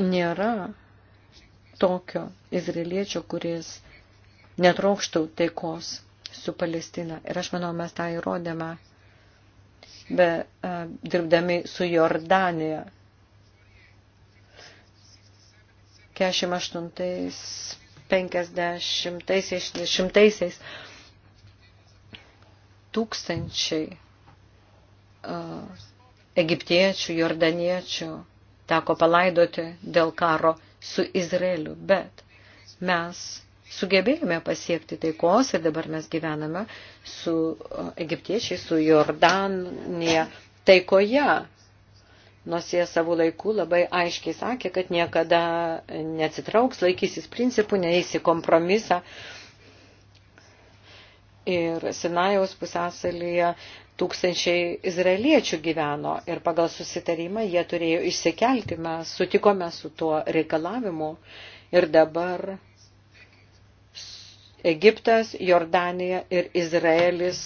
nėra tokio izraeliečio, kuris netraukštų taikos su Palestina. Ir aš manau, mes tą įrodėme, be, a, e, dirbdami su Jordanija. 48 50-aisiais, 60-aisiais tūkstančiai uh, egiptiečių, jordaniečių teko palaidoti dėl karo su Izraeliu, bet mes sugebėjome pasiekti taikos ir dabar mes gyvename su egiptiečiai, su Jordanija taikoje. Nors jie savo laikų labai aiškiai sakė, kad niekada neatsitrauks, laikysis principų, neįsi kompromisą. Uh, ir Sinajaus pusęsalyje tūkstančiai izraeliečių gyveno ir pagal susitarimą jie turėjo išsikelti, mes sutikome su tuo reikalavimu ir dabar Egiptas, Jordanija ir Izraelis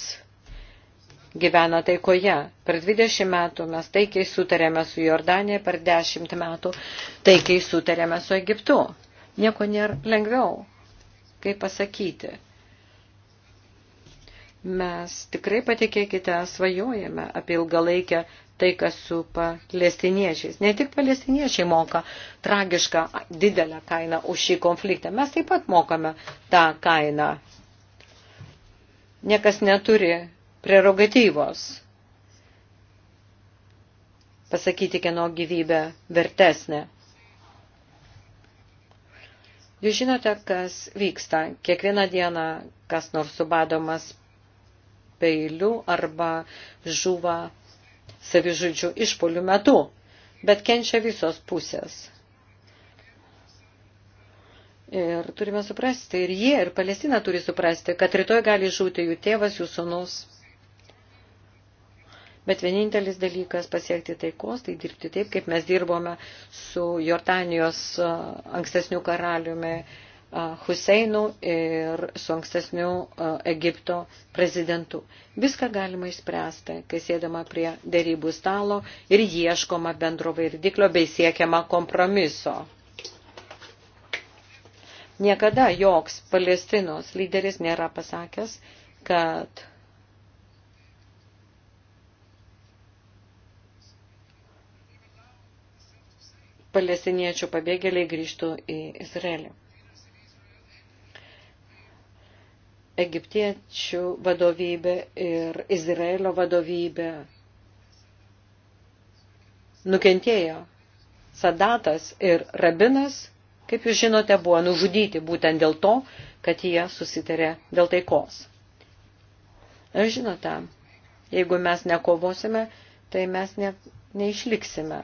gyvena taikoje. Per 20 metų mes taikiai sutarėme su Jordanija, per 10 metų taikiai sutarėme su Egiptu. Nieko nėra lengviau, kaip pasakyti Mes tikrai patikėkite, svajojame apie ilgalaikę taiką su palestiniečiais. Ne tik palestiniečiai moka tragišką didelę kainą už šį konfliktą. Mes taip pat mokame tą kainą. Niekas neturi prerogatyvos pasakyti, kieno gyvybė vertesnė. Jūs žinote, kas vyksta. Kiekvieną dieną kas nors subadomas peiliu arba žuva savižudžių išpolių metu, bet kenčia visos pusės. Ir turime suprasti, ir jie, ir Palestina turi suprasti, kad rytoj gali žūti jų tėvas, jų sunus. Bet vienintelis dalykas pasiekti taikos, tai dirbti taip, kaip mes dirbome su Jordanijos ankstesniu karaliumi Huseinu ir su ankstesniu Egipto prezidentu. Viską galima išspręsti, kai sėdama prie dėrybų stalo ir ieškoma bendro vairdiklio bei siekiama kompromiso. Niekada joks Palestinos lyderis nėra pasakęs, kad palestiniečių pabėgėliai grįžtų į Izraelį. egiptiečių vadovybė ir Izraelio vadovybė nukentėjo. Sadatas ir rabinas, kaip jūs žinote, buvo nužudyti būtent dėl to, kad jie susitarė dėl taikos. Ir žinote, jeigu mes nekovosime, tai mes ne, neišliksime.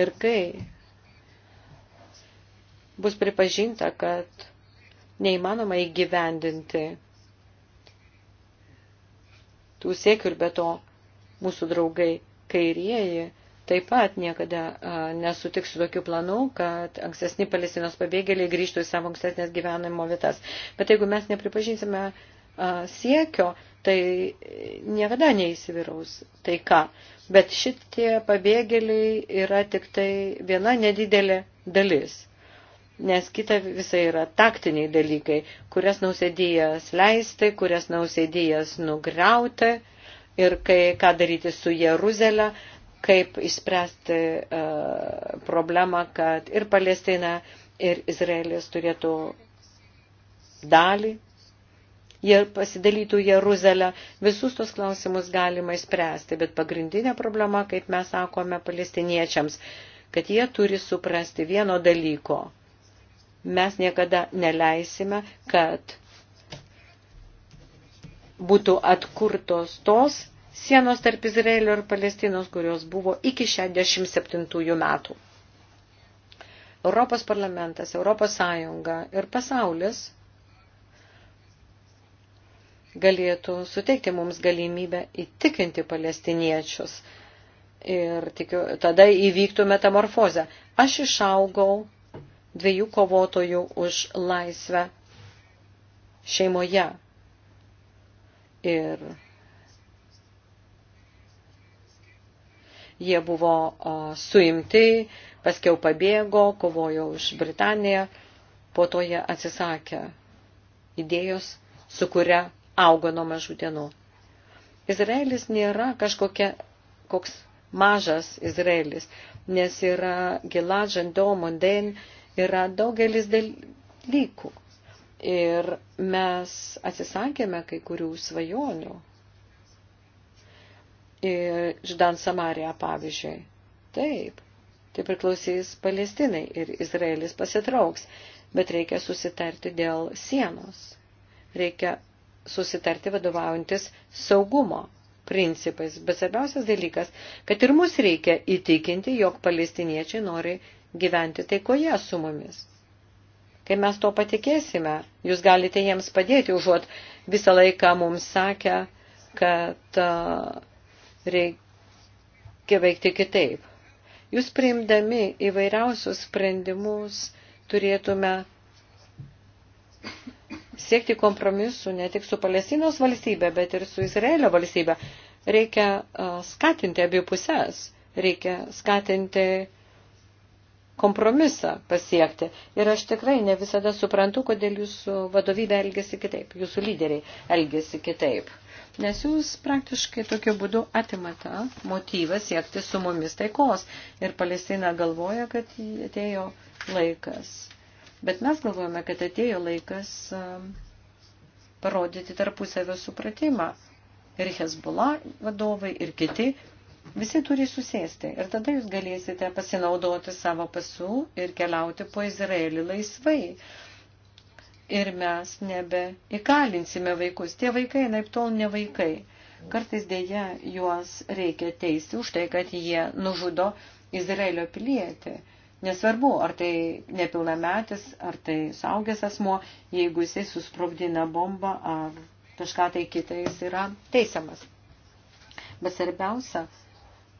Ir kai bus pripažinta, kad neįmanoma įgyvendinti tų siekių ir be to mūsų draugai kairieji taip pat niekada nesutiks su tokiu planu, kad ankstesni palestinos pabėgėliai grįžtų į savo ankstesnės gyvenimo vietas. Bet jeigu mes nepripažinsime siekio, tai niekada neįsivyraus taika. Bet šitie pabėgėliai yra tik tai viena nedidelė dalis nes kita visai yra taktiniai dalykai, kurias nausėdijas leisti, kurias nausėdijas nugriauti ir kai, ką daryti su Jeruzele, kaip išspręsti uh, problemą, kad ir Palestina, ir Izraelis turėtų dalį, jie pasidalytų Jeruzalę, visus tos klausimus galima išspręsti, bet pagrindinė problema, kaip mes sakome palestiniečiams, kad jie turi suprasti vieno dalyko Mes niekada neleisime, kad būtų atkurtos tos sienos tarp Izraelio ir Palestinos, kurios buvo iki 67 metų. Europos parlamentas, Europos sąjunga ir pasaulis galėtų suteikti mums galimybę įtikinti palestiniečius. Ir tikiu, tada įvyktų metamorfozę. Aš išaugau dviejų kovotojų už laisvę šeimoje. Ir jie buvo suimti, paskiau pabėgo, kovojo už Britaniją, po to jie atsisakė idėjos, su kuria augo nuo mažų dienų. Izraelis nėra kažkokia, koks mažas Izraelis, nes yra Gilad, Žandau, Monden yra daugelis dalykų. Ir mes atsisakėme kai kurių svajonių. Ir Ždan Samarija, pavyzdžiui. Taip, tai priklausys Palestinai ir Izraelis pasitrauks, bet reikia susitarti dėl sienos. Reikia susitarti vadovaujantis saugumo principais. Bet svarbiausias dalykas, kad ir mus reikia įtikinti, jog palestiniečiai nori gyventi taikoje su mumis. Kai mes to patikėsime, jūs galite jiems padėti, užuot visą laiką mums sakę, kad reikia veikti kitaip. Jūs priimdami įvairiausius sprendimus turėtume siekti kompromisų ne tik su Palestinos valstybė, bet ir su Izraelio valstybė. Reikia skatinti abi pusės, reikia skatinti kompromisą pasiekti. Ir aš tikrai ne visada suprantu, kodėl jūsų vadovybė elgesi kitaip, jūsų lyderiai elgesi kitaip. Nes jūs praktiškai tokiu būdu atimate motyvą siekti su mumis taikos. Ir Palestina galvoja, kad atėjo laikas. Bet mes galvojame, kad atėjo laikas um, parodyti tarpusavio supratimą. Ir Hezbollah vadovai, ir kiti Visi turi susėsti ir tada jūs galėsite pasinaudoti savo pasų ir keliauti po Izraelį laisvai. Ir mes nebe įkalinsime vaikus. Tie vaikai, naip tol ne vaikai. Kartais dėja juos reikia teisti už tai, kad jie nužudo Izraelio pilietį. Nesvarbu, ar tai nepilnametis, ar tai saugęs asmo, jeigu jisai susprogdina bombą ar kažką tai kitą, jis yra teisiamas. Bet svarbiausia,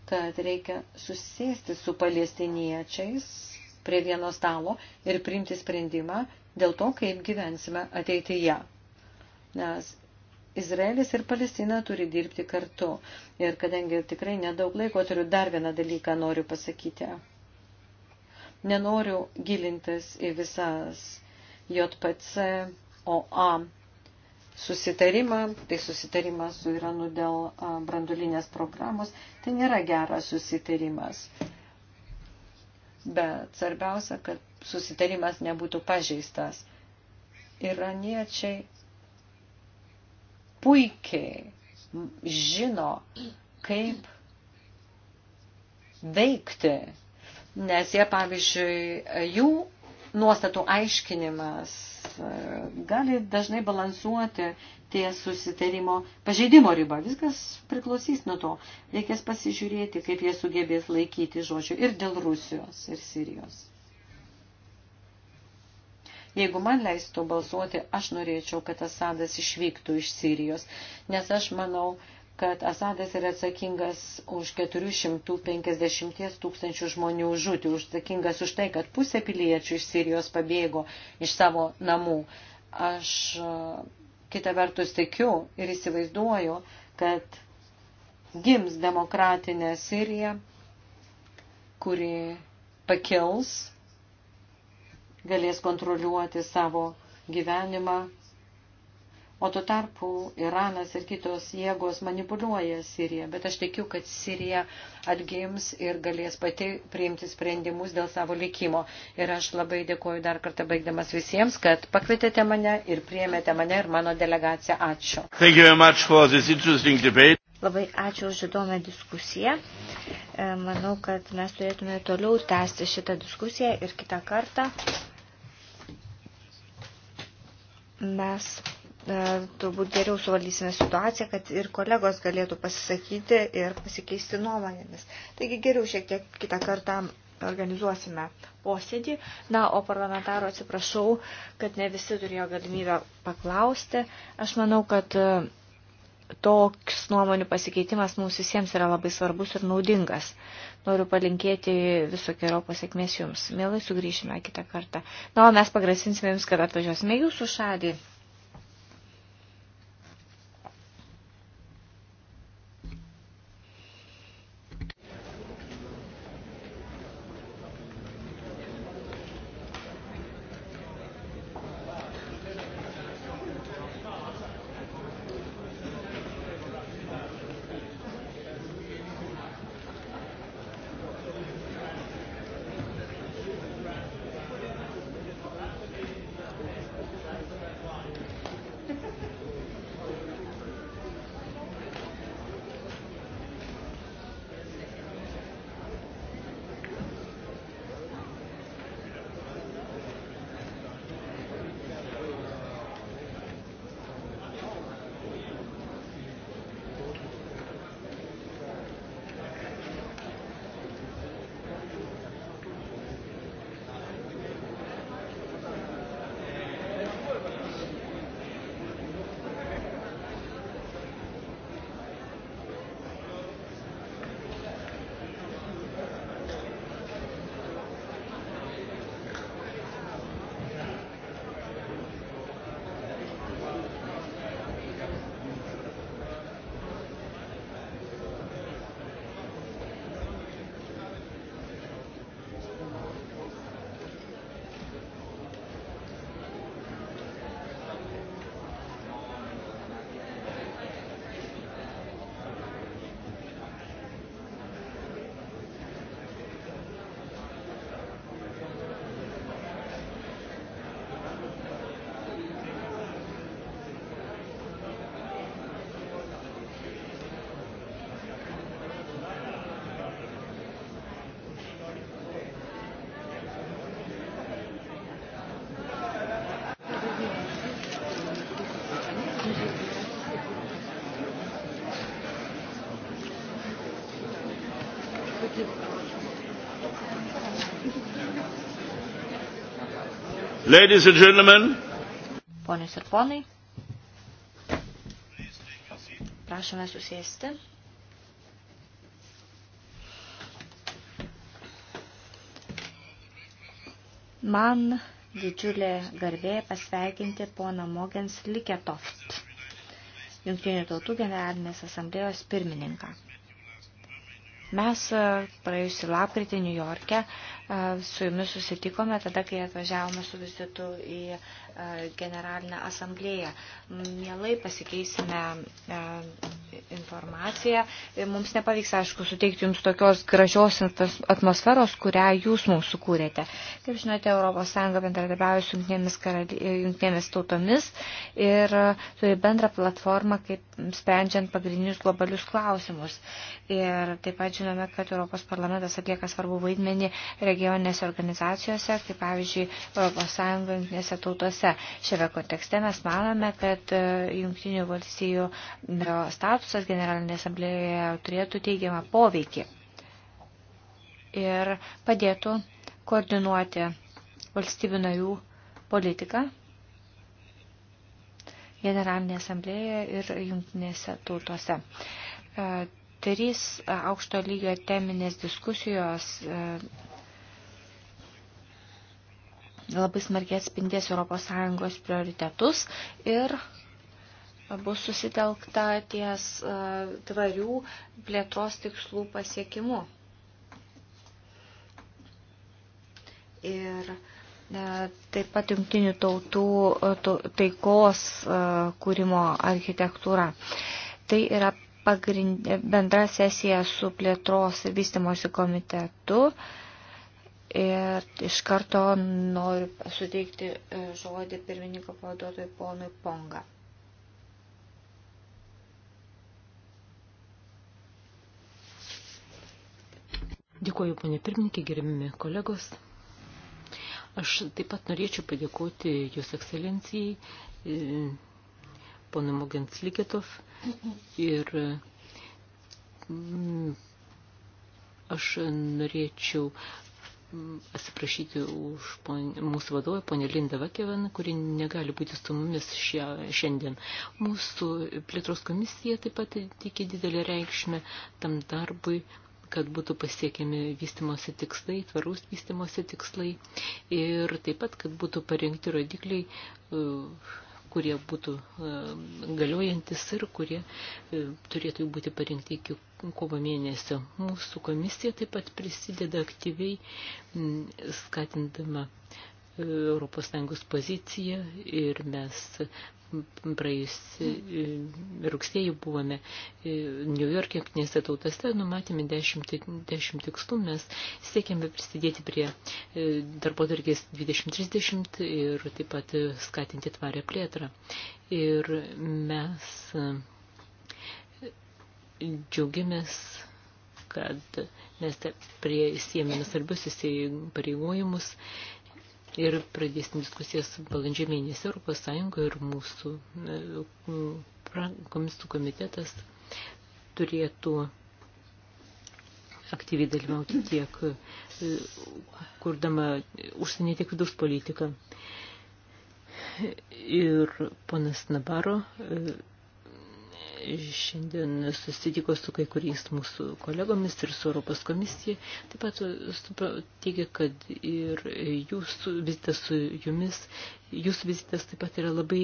kad reikia susėsti su palestiniečiais prie vieno stalo ir priimti sprendimą dėl to, kaip gyvensime ateityje. Nes Izraelis ir Palestina turi dirbti kartu. Ir kadangi tikrai nedaug laiko turiu, dar vieną dalyką noriu pasakyti. Nenoriu gilintis į visas JPC, OA susitarimą, tai susitarimas su Iranu dėl brandulinės programos, tai nėra geras susitarimas. Bet svarbiausia, kad susitarimas nebūtų pažeistas. Iraniečiai puikiai žino, kaip veikti, nes jie, pavyzdžiui, jų nuostatų aiškinimas E, gali dažnai balansuoti ties susitarimo pažeidimo riba. Viskas priklausys nuo to. Reikės pasižiūrėti, kaip jie sugebės laikyti žodžių ir dėl Rusijos ir Sirijos. Jeigu man leistų balsuoti, aš norėčiau, kad Asadas išvyktų iš Sirijos, nes aš manau, kad Asadas yra atsakingas už 450 tūkstančių žmonių žūtį, atsakingas už tai, kad pusė piliečių iš Sirijos pabėgo iš savo namų. Aš e, kitą vertus tikiu ir įsivaizduoju, kad gims demokratinė Sirija, kuri pakils, galės kontroliuoti savo gyvenimą O tuo tarpu Iranas ir kitos jėgos manipuliuoja Siriją, bet aš tikiu, kad Sirija atgims ir galės pati priimti sprendimus dėl savo likimo. Ir aš labai dėkuoju dar kartą baigdamas visiems, kad pakvietėte mane ir priėmėte mane ir mano delegaciją. Ačiū. Labai ačiū už įdomią diskusiją. E, manau, kad mes turėtume toliau tęsti šitą diskusiją ir kitą kartą mes E, turbūt geriau suvaldysime situaciją, kad ir kolegos galėtų pasisakyti ir pasikeisti nuomonėmis. Taigi geriau šiek tiek kitą kartą organizuosime posėdį. Na, o parlamentaro atsiprašau, kad ne visi turėjo galimybę paklausti. Aš manau, kad e, toks nuomonių pasikeitimas mums visiems yra labai svarbus ir naudingas. Noriu palinkėti visokiojo pasiekmės jums. Mielai sugrįšime kitą kartą. Na, o mes pagrasinsime jums, kad atvažiuosime jūsų šalį. Ladies and gentlemen. Ponios ir ponai. Prašome susėsti. Man didžiulė garbė pasveikinti poną Mogens Liketoft, Junktinių tautų generalinės asamblėjos pirmininką. Mes praėjusį lapkritį Niujorke su jumis susitikome tada, kai atvažiavome su vizitu į generalinę asamblėją. Mielai pasikeisime informaciją. Mums nepavyks, aišku, suteikti jums tokios gražios atmosferos, kurią jūs mums sukūrėte. Kaip žinote, ES bendradarbiauja su jungtinėmis, karali... jungtinėmis tautomis ir turi bendrą platformą, kaip sprendžiant pagrindinius globalius klausimus. Ir taip pat žinome, kad Europos parlamentas atlieka svarbu vaidmenį regionų regioninėse organizacijose, kaip pavyzdžiui ES jungtinėse tautose. Šiame kontekste mes manome, kad e, jungtinių valstybių statusas generalinėje asamblėjoje turėtų teigiamą poveikį ir padėtų koordinuoti valstybių narių politiką Generalinėje asamblėje ir jungtinėse tautose. E, trys aukšto lygio teminės diskusijos e, labai smarkiai atspindės ES prioritetus ir bus susitelkta ties e, tvarių plėtros tikslų pasiekimu. Ir e, taip pat jungtinių tautų e, taikos kūrimo architektūra. Tai yra pagrind, bendra sesija su plėtros ir vystimosi komitetu. Uh, Ir iš karto noriu suteikti e, žodį pirmininko pavaduotojui ponui Ponga. Dėkuoju, ponė pirmininkė, gerbimi kolegos. Aš taip pat norėčiau padėkoti Jūs ekscelencijai, e, ponui Mogens Liketov ir mm, aš norėčiau atsiprašyti už pon, mūsų vadovą, ponę Lindą Vakeven, kuri negali būti su mumis šia, šiandien. Mūsų plėtros komisija taip pat tiki didelį reikšmę tam darbui kad būtų pasiekiami vystimosi tikslai, tvarus vystimosi tikslai ir taip pat, kad būtų parengti rodikliai uh, kurie būtų e, galiojantis ir kurie e, turėtų būti parinkti iki kovo mėnesio. Mūsų komisija taip pat prisideda aktyviai skatindama ES poziciją ir mes praėjusį e, rugsėjį buvome e, New York, jungtinėse tautose, numatėme dešimt, dešimt tikslų, mes siekėme prisidėti prie darbo dargės 2030 ir taip pat e, skatinti tvarę plėtrą. Ir mes džiaugiamės, kad mes prie siemėme svarbius įsipareigojimus ir pradėsim diskusijas balandžio mėnesį Europos Sąjungoje ir mūsų e, komisų komitetas turėtų aktyviai dalyvauti tiek e, kurdama užsienį, tiek vidaus politiką. Ir ponas Nabaro e, šiandien susitiko su kai kuriais mūsų kolegomis ir su Europos komisija. Taip pat teigia, kad ir jūsų vizitas su jumis, jūsų vizitas taip pat yra labai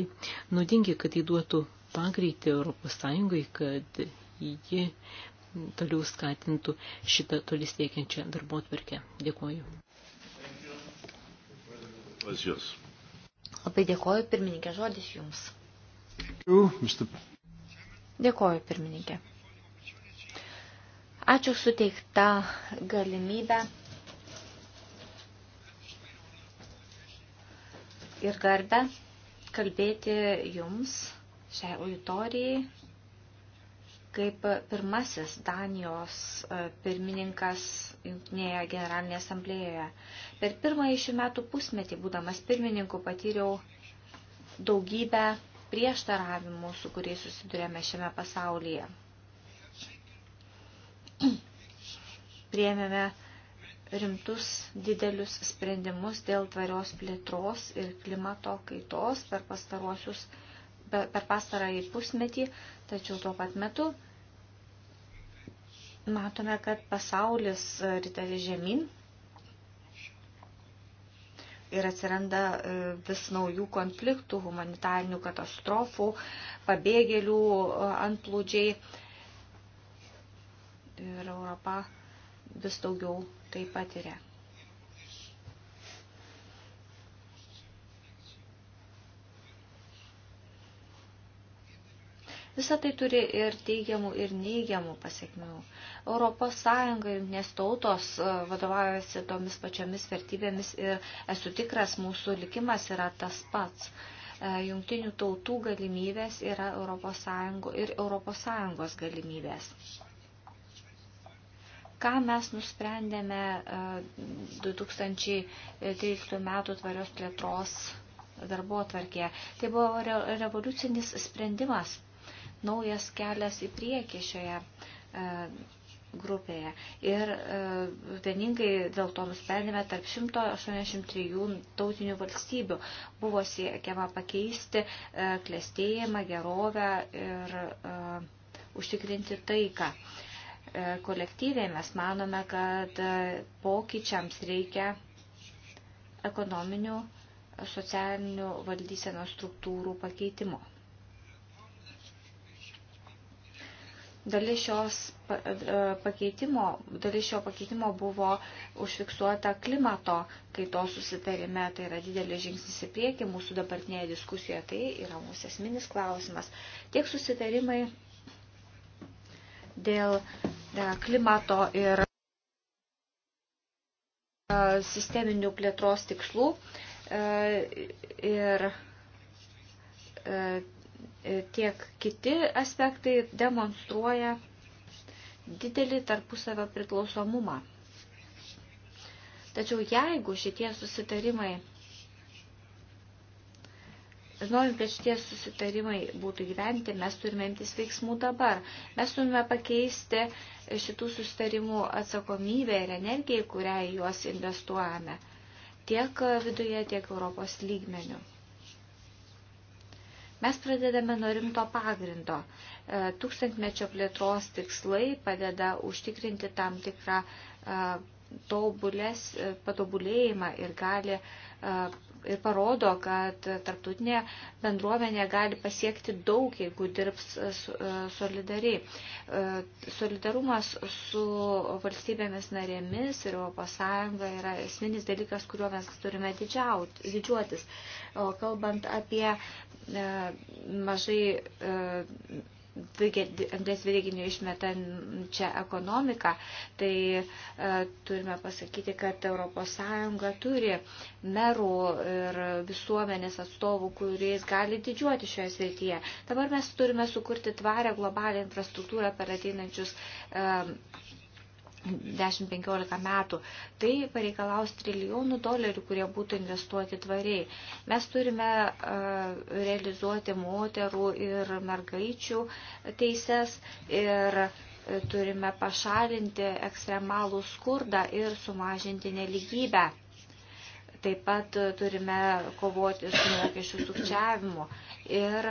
naudingi, kad jį duotų pagreitį Europos Sąjungai, kad ji toliau skatintų šitą toli siekiančią darbo atverkę. Dėkuoju. Labai dėkuoju, pirmininkė, žodis jums. Ačiū, Mr. Dėkoju, pirmininkė. Ačiū suteikta galimybę ir garbę kalbėti jums šiai auditorijai kaip pirmasis Danijos e, pirmininkas Junktinėje generalinėje asamblėjoje. Per pirmąjį šių metų pusmetį, būdamas pirmininku, patyriau daugybę prieštaravimų, su kuriais susidurėme šiame pasaulyje. Priemėme rimtus didelius sprendimus dėl tvarios plėtros ir klimato kaitos per, per pastarąjį pusmetį, tačiau tuo pat metu matome, kad pasaulis ritasi žemyn ir atsiranda e, vis naujų konfliktų, humanitarinių katastrofų, pabėgėlių e, antplūdžiai. Ir Europa vis daugiau tai patiria. Visą tai turi ir teigiamų, ir neigiamų pasiekmių. Europos Sąjunga ir nes tautos e, vadovaujasi tomis pačiomis vertybėmis ir esu tikras, mūsų likimas yra tas pats. E, jungtinių tautų galimybės yra Europos Sąjungo ir Europos Sąjungos galimybės. Ką mes nusprendėme 2013 e, m. tvarios plėtros darbo atvarkė. Tai buvo revoliucinis sprendimas naujas kelias į priekį šioje e, grupėje. Ir e, vieningai dėl to nusprendėme tarp 183 tautinių valstybių buvo siekiama pakeisti e, klėstėjimą, gerovę ir užtikrinti taiką. Kolektyviai mes manome, kad pokyčiams reikia ekonominių, socialinių valdysenos struktūrų pakeitimo. Dalis, šios, e, pakeitimo, dalis šio pakeitimo buvo užfiksuota klimato kaitos susitarime, tai yra didelis žingsnis į priekį mūsų dabartinėje diskusijoje, tai yra mūsų esminis klausimas. Tiek susitarimai dėl e, klimato ir e, sisteminių plėtros tikslų ir E, tiek kiti aspektai demonstruoja didelį tarpusavio priklausomumą. Tačiau jeigu šitie susitarimai, norint, kad šitie susitarimai būtų gyventi, mes turime imtis veiksmų dabar. Mes turime pakeisti šitų susitarimų atsakomybę ir energiją, kurią juos investuojame tiek viduje, tiek Europos lygmenių. Mes pradedame nuo rimto pagrindo. E, tūkstantmečio plėtros tikslai padeda užtikrinti tam tikrą e, tobulės, e, patobulėjimą ir gali ir parodo, kad tarptautinė bendruomenė gali pasiekti daug, jeigu dirbs e, e, solidariai. E, solidarumas su valstybėmis narėmis ir ES yra esminis dalykas, kuriuo mes turime didžiuotis. O kalbant apie mažai anglės dvideginio išmetančią ekonomiką, tai e, turime pasakyti, kad ES turi merų ir visuomenės atstovų, kuriais gali didžiuoti šioje srityje. Dabar mes turime sukurti tvarę globalią infrastruktūrą per ateinančius e, 10-15 metų. Tai pareikalaus trilijonų dolerių, kurie būtų investuoti tvariai. Mes turime realizuoti moterų ir mergaičių teises ir turime pašalinti ekstremalų skurdą ir sumažinti neligybę. Taip pat turime kovoti su mokesčių sukčiavimu ir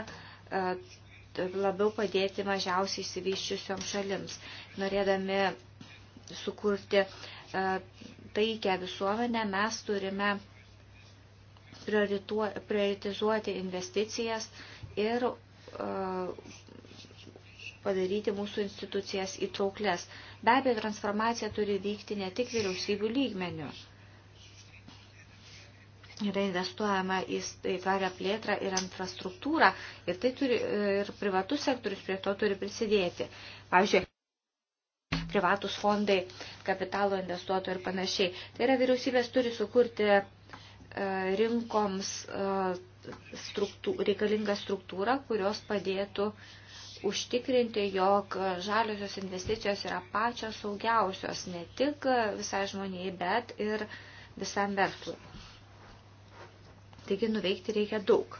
labiau padėti mažiausiai įsivyščiusioms šalims. Norėdami sukurti e, taikę visuomenę, mes turime prioritizuoti investicijas ir e, padaryti mūsų institucijas įtrauklės. Be abejo, transformacija turi vykti ne tik vyriausybių lygmenių. Yra investuojama į tvarę plėtrą ir infrastruktūrą ir, tai turi, ir privatus sektorius prie to turi prisidėti. Pavyzdžiui, privatus fondai, kapitalo investuotojai ir panašiai. Tai yra vyriausybės turi sukurti e, rinkoms e, struktū, reikalingą struktūrą, kurios padėtų užtikrinti, jog žaliosios investicijos yra pačios saugiausios ne tik visai žmoniai, bet ir visam verslui. Taigi nuveikti reikia daug.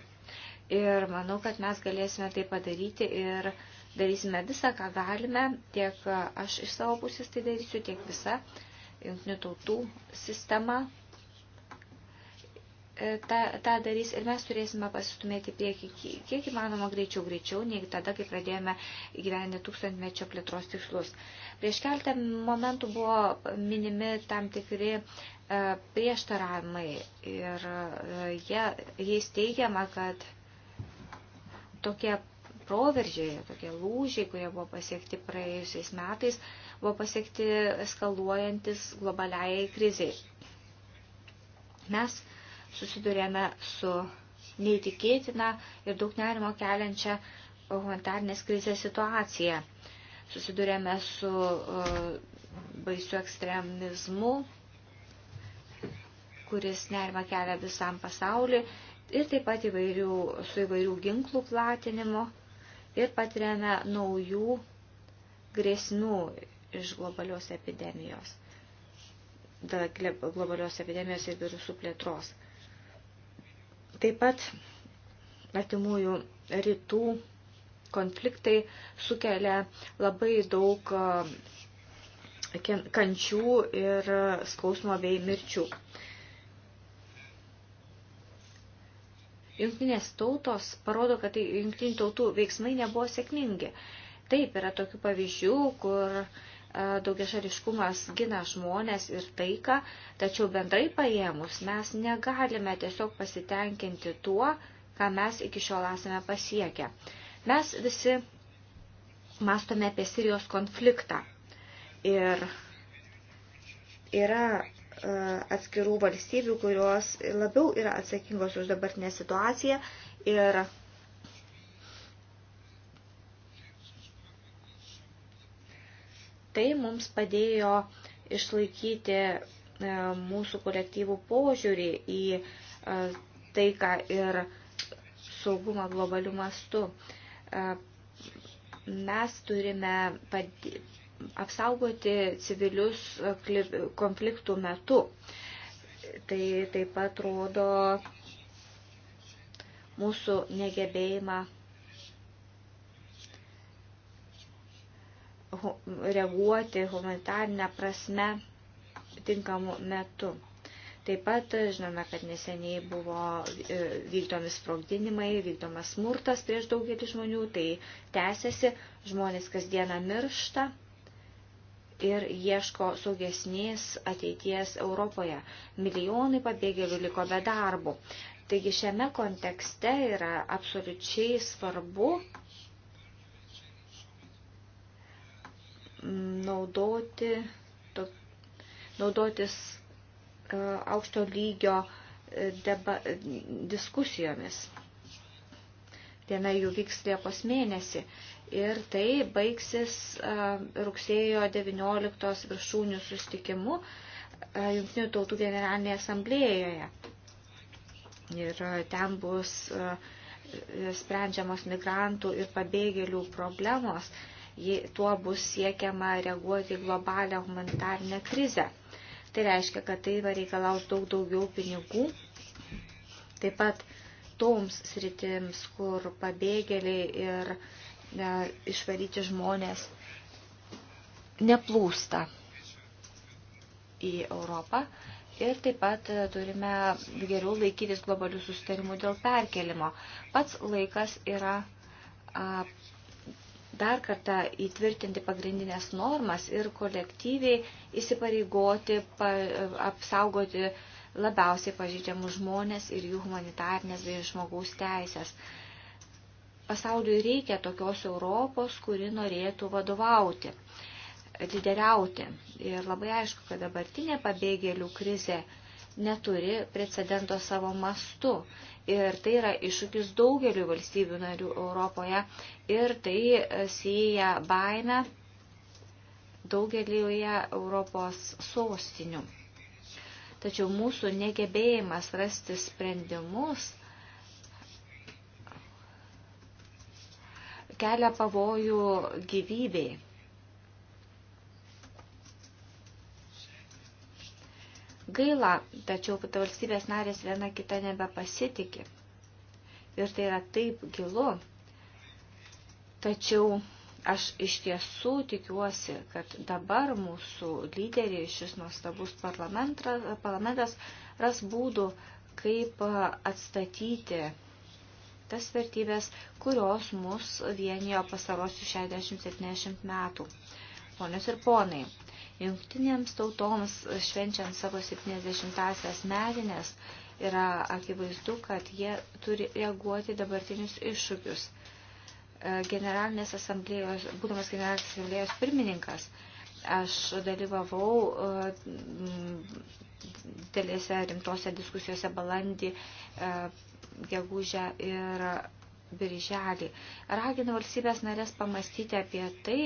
Ir manau, kad mes galėsime tai padaryti ir uh, darysime visą, ką galime, tiek aš iš savo pusės tai darysiu, tiek visa jungtinių tautų sistema e, tą, tą darys ir mes turėsime pasistumėti prieki kiek įmanoma greičiau greičiau, nei tada, kai pradėjome gyventi tūkstantmečio plėtros tikslus. Prieš keltą momentų buvo minimi tam tikri e, prieštaravimai ir e, jie, jais teigiama, kad tokie proveržiai, tokie lūžiai, kurie buvo pasiekti praėjusiais metais, buvo pasiekti eskaluojantis globaliai kriziai. Mes susidurėme su neįtikėtina ir daug nerimo keliančia humanitarnės krizės situacija. Susidurėme su uh, baisiu ekstremizmu, kuris nerima kelia visam pasauliu ir taip pat įvairių, su įvairių ginklų platinimu ir patiriame naujų grėsmių iš globalios epidemijos, da, globalios epidemijos ir virusų plėtros. Taip pat artimųjų rytų konfliktai sukelia labai daug e, kančių ir e, skausmo bei mirčių. jungtinės tautos parodo, kad tai jungtinių tautų veiksmai nebuvo sėkmingi. Taip, yra tokių pavyzdžių, kur e, daugiašariškumas gina žmonės ir taiką, tačiau bendrai paėmus mes negalime tiesiog pasitenkinti tuo, ką mes iki šiol esame pasiekę. Mes visi mastome apie Sirijos konfliktą ir yra atskirų valstybių, kurios labiau yra atsakingos už dabartinę situaciją ir tai mums padėjo išlaikyti e, mūsų kolektyvų požiūrį į e, taiką ir saugumą globalių mastų. E, mes turime apsaugoti civilius konfliktų metu. Tai taip pat rodo mūsų negebėjimą reaguoti humanitarinę prasme tinkamu metu. Taip pat žinome, kad neseniai buvo e, vykdomi sprogdinimai, vykdomas smurtas prieš daugelį žmonių, tai tęsiasi, žmonės kasdieną miršta ir ieško saugesnės ateities Europoje. Milijonai pabėgėlių liko be darbo. Taigi šiame kontekste yra absoliučiai svarbu naudoti, to, naudotis uh, aukšto lygio e, deba, e, diskusijomis. Viena jų vyks Liepos mėnesį. Uh, ir tai baigsis rugsėjo 19 viršūnių sustikimu Junktinių tautų generalinėje asamblėjoje. Ir ten bus sprendžiamos migrantų ir pabėgėlių problemos. Tuo bus siekiama reaguoti į globalią humanitarnę krizę. Tai reiškia, kad tai reikalaus daug daugiau pinigų. Taip pat toms sritims, kur pabėgėliai ir uh, ne, išvaryti žmonės neplūsta į Europą. Ir taip pat e, turime geriau laikytis globalių sustarimų dėl perkelimo. Pats laikas yra a, dar kartą įtvirtinti pagrindinės normas ir kolektyviai įsipareigoti, pa, apsaugoti labiausiai pažydžiamus žmonės ir jų humanitarnės bei žmogaus teisės. A, pasauliui reikia tokios Europos, kuri norėtų vadovauti, lyderiauti. Ir labai aišku, kad dabartinė pabėgėlių krizė neturi precedento savo mastu. Ir tai yra iššūkis daugeliu valstybių narių Europoje. Ir tai e, sieja baimę daugelyje Europos sostinių. Tačiau mūsų negebėjimas rasti sprendimus kelia pavojų gyvybei. Gaila, tačiau valstybės narės viena kita nebepasitikė. Ir tai yra taip gilu. Tačiau aš iš tiesų tikiuosi, kad dabar mūsų lyderiai, šis nuostabus parlamentas, ras būdų, kaip atstatyti tas vertybės, kurios mus vienijo pastarosius 60-70 metų. Ponios ir ponai, jungtinėms tautoms švenčiant savo 70-asias metinės yra akivaizdu, kad jie turi reaguoti dabartinius iššūkius. E, generalinės asamblėjos, būdamas generalinės asamblėjos pirmininkas, aš dalyvavau dėlėse e, rimtose diskusijose balandį e, gegužę ir birželį. Ragina valstybės narės pamastyti apie tai,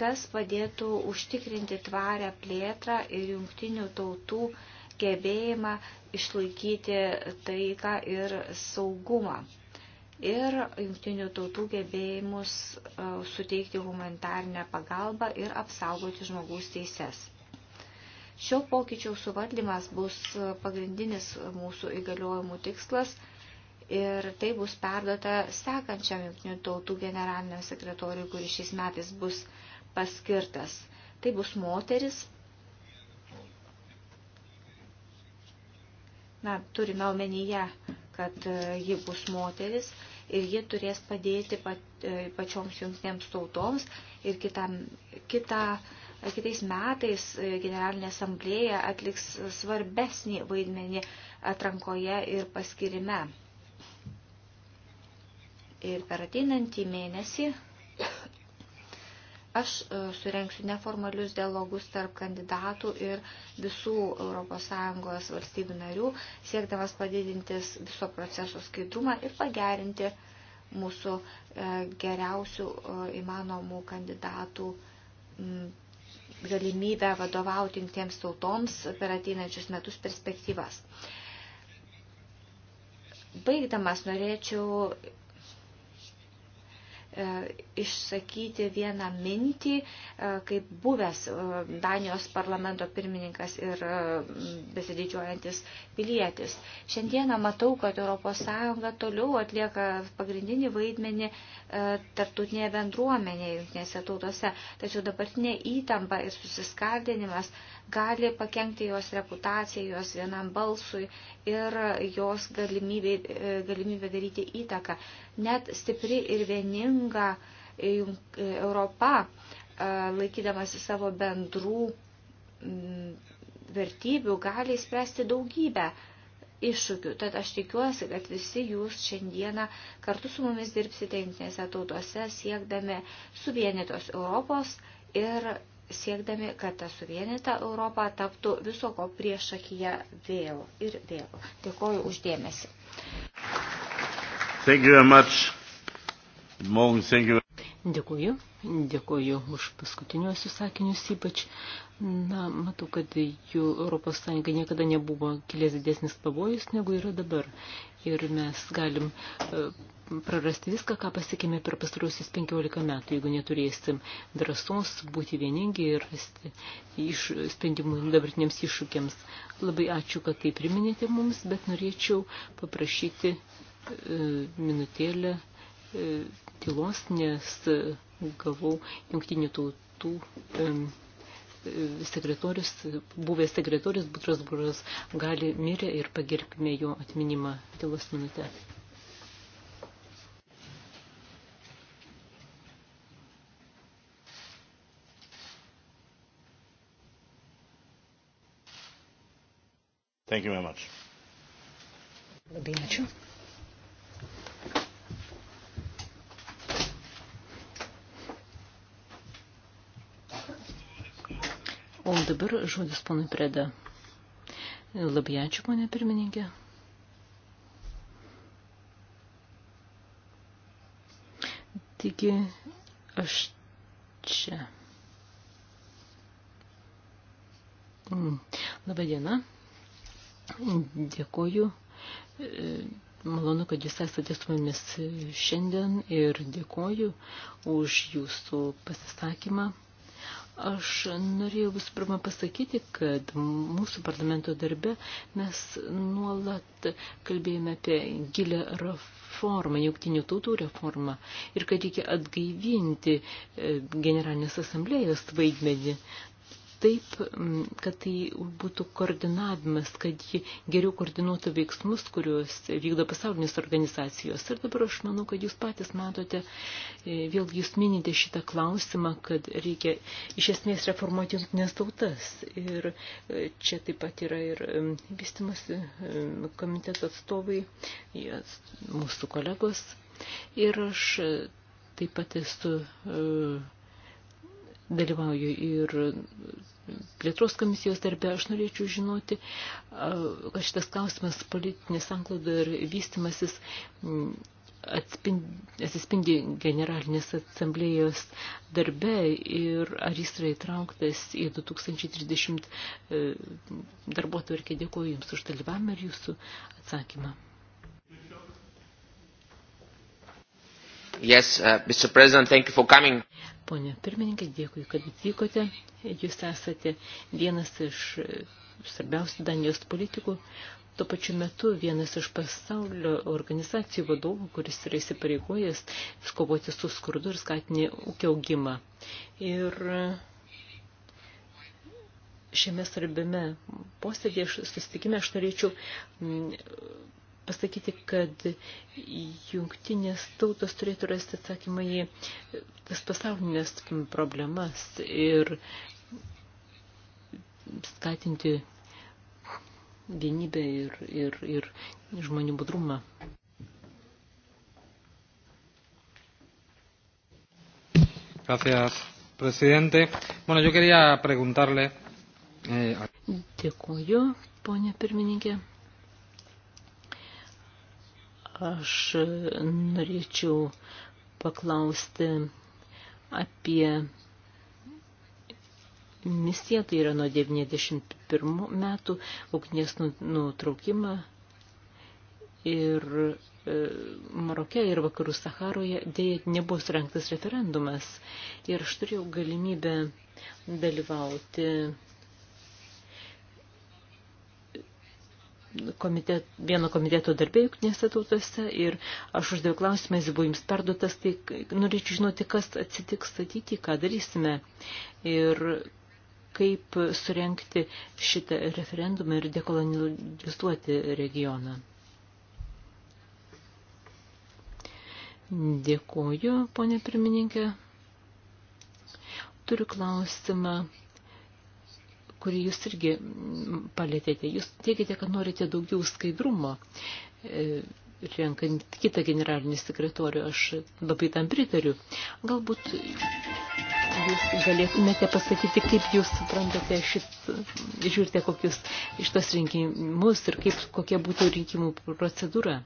kas padėtų užtikrinti tvarę plėtrą ir jungtinių tautų gebėjimą išlaikyti taiką ir saugumą. Ir jungtinių tautų gebėjimus e, suteikti humanitarnę pagalbą ir apsaugoti žmogaus teises. Šio pokyčio suvaldymas bus pagrindinis mūsų įgaliojimų tikslas – ir tai bus perdota sekančiam jungtinių tautų generaliniam sekretoriui, kuris šiais metais bus paskirtas. Tai bus moteris. Na, turime omenyje, kad e, ji bus moteris ir ji turės padėti pat, e, pačioms jungtinėms tautoms ir kitam, kitą, kitais metais e, generalinė asamblėja atliks svarbesnį vaidmenį atrankoje ir paskirime ir per ateinantį mėnesį aš e, surenksiu neformalius dialogus tarp kandidatų ir visų ES valstybių narių, siekdamas padidintis viso proceso skaidrumą ir pagerinti mūsų e, geriausių e, įmanomų kandidatų galimybę vadovauti jungtiems tautoms per ateinančius metus perspektyvas. Baigdamas norėčiau E, išsakyti vieną mintį, e, kaip buvęs e, Danijos parlamento pirmininkas ir besididžiuojantis pilietis. Šiandieną matau, kad ES toliau atlieka pagrindinį vaidmenį tartutinėje bendruomenėje, jungtinėse tautose, tačiau dabartinė įtampa ir susiskaldinimas gali pakengti jos reputacijai, jos vienam balsui ir jos galimybė, galimybė daryti įtaką. Net stipri ir vieninga Europa, laikydamasi savo bendrų mm, vertybių, gali spręsti daugybę iššūkių. Tad aš tikiuosi, kad visi jūs šiandieną kartu su mumis dirbsite jungtinėse tautose, siekdami suvienytos Europos ir siekdami, kad ta suvienyta Europa taptų viso ko priešakyje vėl ir vėl. Dėkoju uždėmesi. Thank you very much. Good morning, thank you. Dėkuoju, dėkuoju už paskutiniuosius sakinius ypač. Na, matau, kad jų Europos Sąjunga niekada nebuvo kilės didesnis pavojus negu yra dabar. Ir mes galim e, prarasti viską, ką pasiekėme per pastarusius 15 metų, jeigu neturėsim drąsos būti vieningi ir rasti iš sprendimų dabartiniams iššūkiams. Labai ačiū, kad tai priminėte mums, bet norėčiau paprašyti E, minutėlę e, tylos, nes gavau jungtinių tautų e, sekretorius, buvęs sekretorius Butrasburas gali mirė ir pagerbkime jo atminimą tylos minutę. Thank you very much. Labai ačiū. O dabar žodis ponui Preda. Labai ačiū, ponė pirmininkė. Taigi, aš čia. Mm. Labą dieną. Dėkoju. Malonu, kad jūs esate su mumis šiandien ir dėkoju už jūsų pasisakymą. Aš norėjau visų pirma pasakyti, kad mūsų parlamento darbe mes nuolat kalbėjome apie gilę reformą, jungtinių tautų reformą ir kad reikia atgaivinti e, generalinės asamblėjos vaidmenį taip, kad tai būtų koordinavimas, kad ji geriau koordinuotų veiksmus, kuriuos vykdo pasaulinės organizacijos. Ir dabar aš manau, kad jūs patys matote, e, vėlgi jūs minite šitą klausimą, kad reikia iš esmės reformuoti jungtinės tautas. Ir e, čia taip pat yra ir vystimasi komiteto atstovai, mūsų kolegos. Ir aš e, taip pat esu. Uh, dalyvauju ir plėtros komisijos darbė, aš norėčiau žinoti, kad šitas klausimas politinės anklaudo ir vystimasis atspindi, atsispindi generalinės asamblėjos darbe ir ar jis yra įtrauktas į 2030 e, darbo tvarkę. Dėkuoju Jums už dalyvavimą ir Jūsų atsakymą. Yes, uh, Mr. President, thank you for coming. Pone pirmininkė, dėkui, kad atvykote. Jūs esate vienas iš e, svarbiausių Danijos politikų, tuo pačiu metu vienas iš pasaulio organizacijų vadovų, kuris yra įsipareigojęs iškovoti su skurdu ir skatinį ūkio augimą. Ir e, šiame svarbiame posėdėje susitikime aš norėčiau pasakyti, kad jungtinės tautos turėtų rasti atsakymą į tas pasaulinės problemas ir skatinti vienybę ir, ir, ir žmonių budrumą. Gracias, presidente. Bueno, yo quería preguntarle. Eh... Dėkuoju, ponė pirmininkė. Aš norėčiau paklausti apie misiją, tai yra nuo 91 metų ugnies nu, nutraukimą ir e, Maroke ir Vakarų Saharoje dėja nebuvo surinktas referendumas. Ir aš turėjau galimybę dalyvauti komitet, vieno komiteto darbė jungtinėse tautose ir aš uždaviau klausimą, jis buvo jums perduotas, tai norėčiau žinoti, kas atsitiks ateity, ką darysime ir kaip surenkti šitą referendumą ir dekolonizuoti regioną. Dėkuoju, ponė pirmininkė. Turiu klausimą kurį jūs irgi mm, palėtėte. Jūs teikite, kad norite daugiau skaidrumo, e, renkant kitą generalinį sekretorių. Aš labai tam pritariu. Galbūt jūs galėtumėte pasakyti, kaip jūs suprantate šit, žiūrite kokius šitos rinkimus ir kaip, kokia būtų rinkimų procedūra.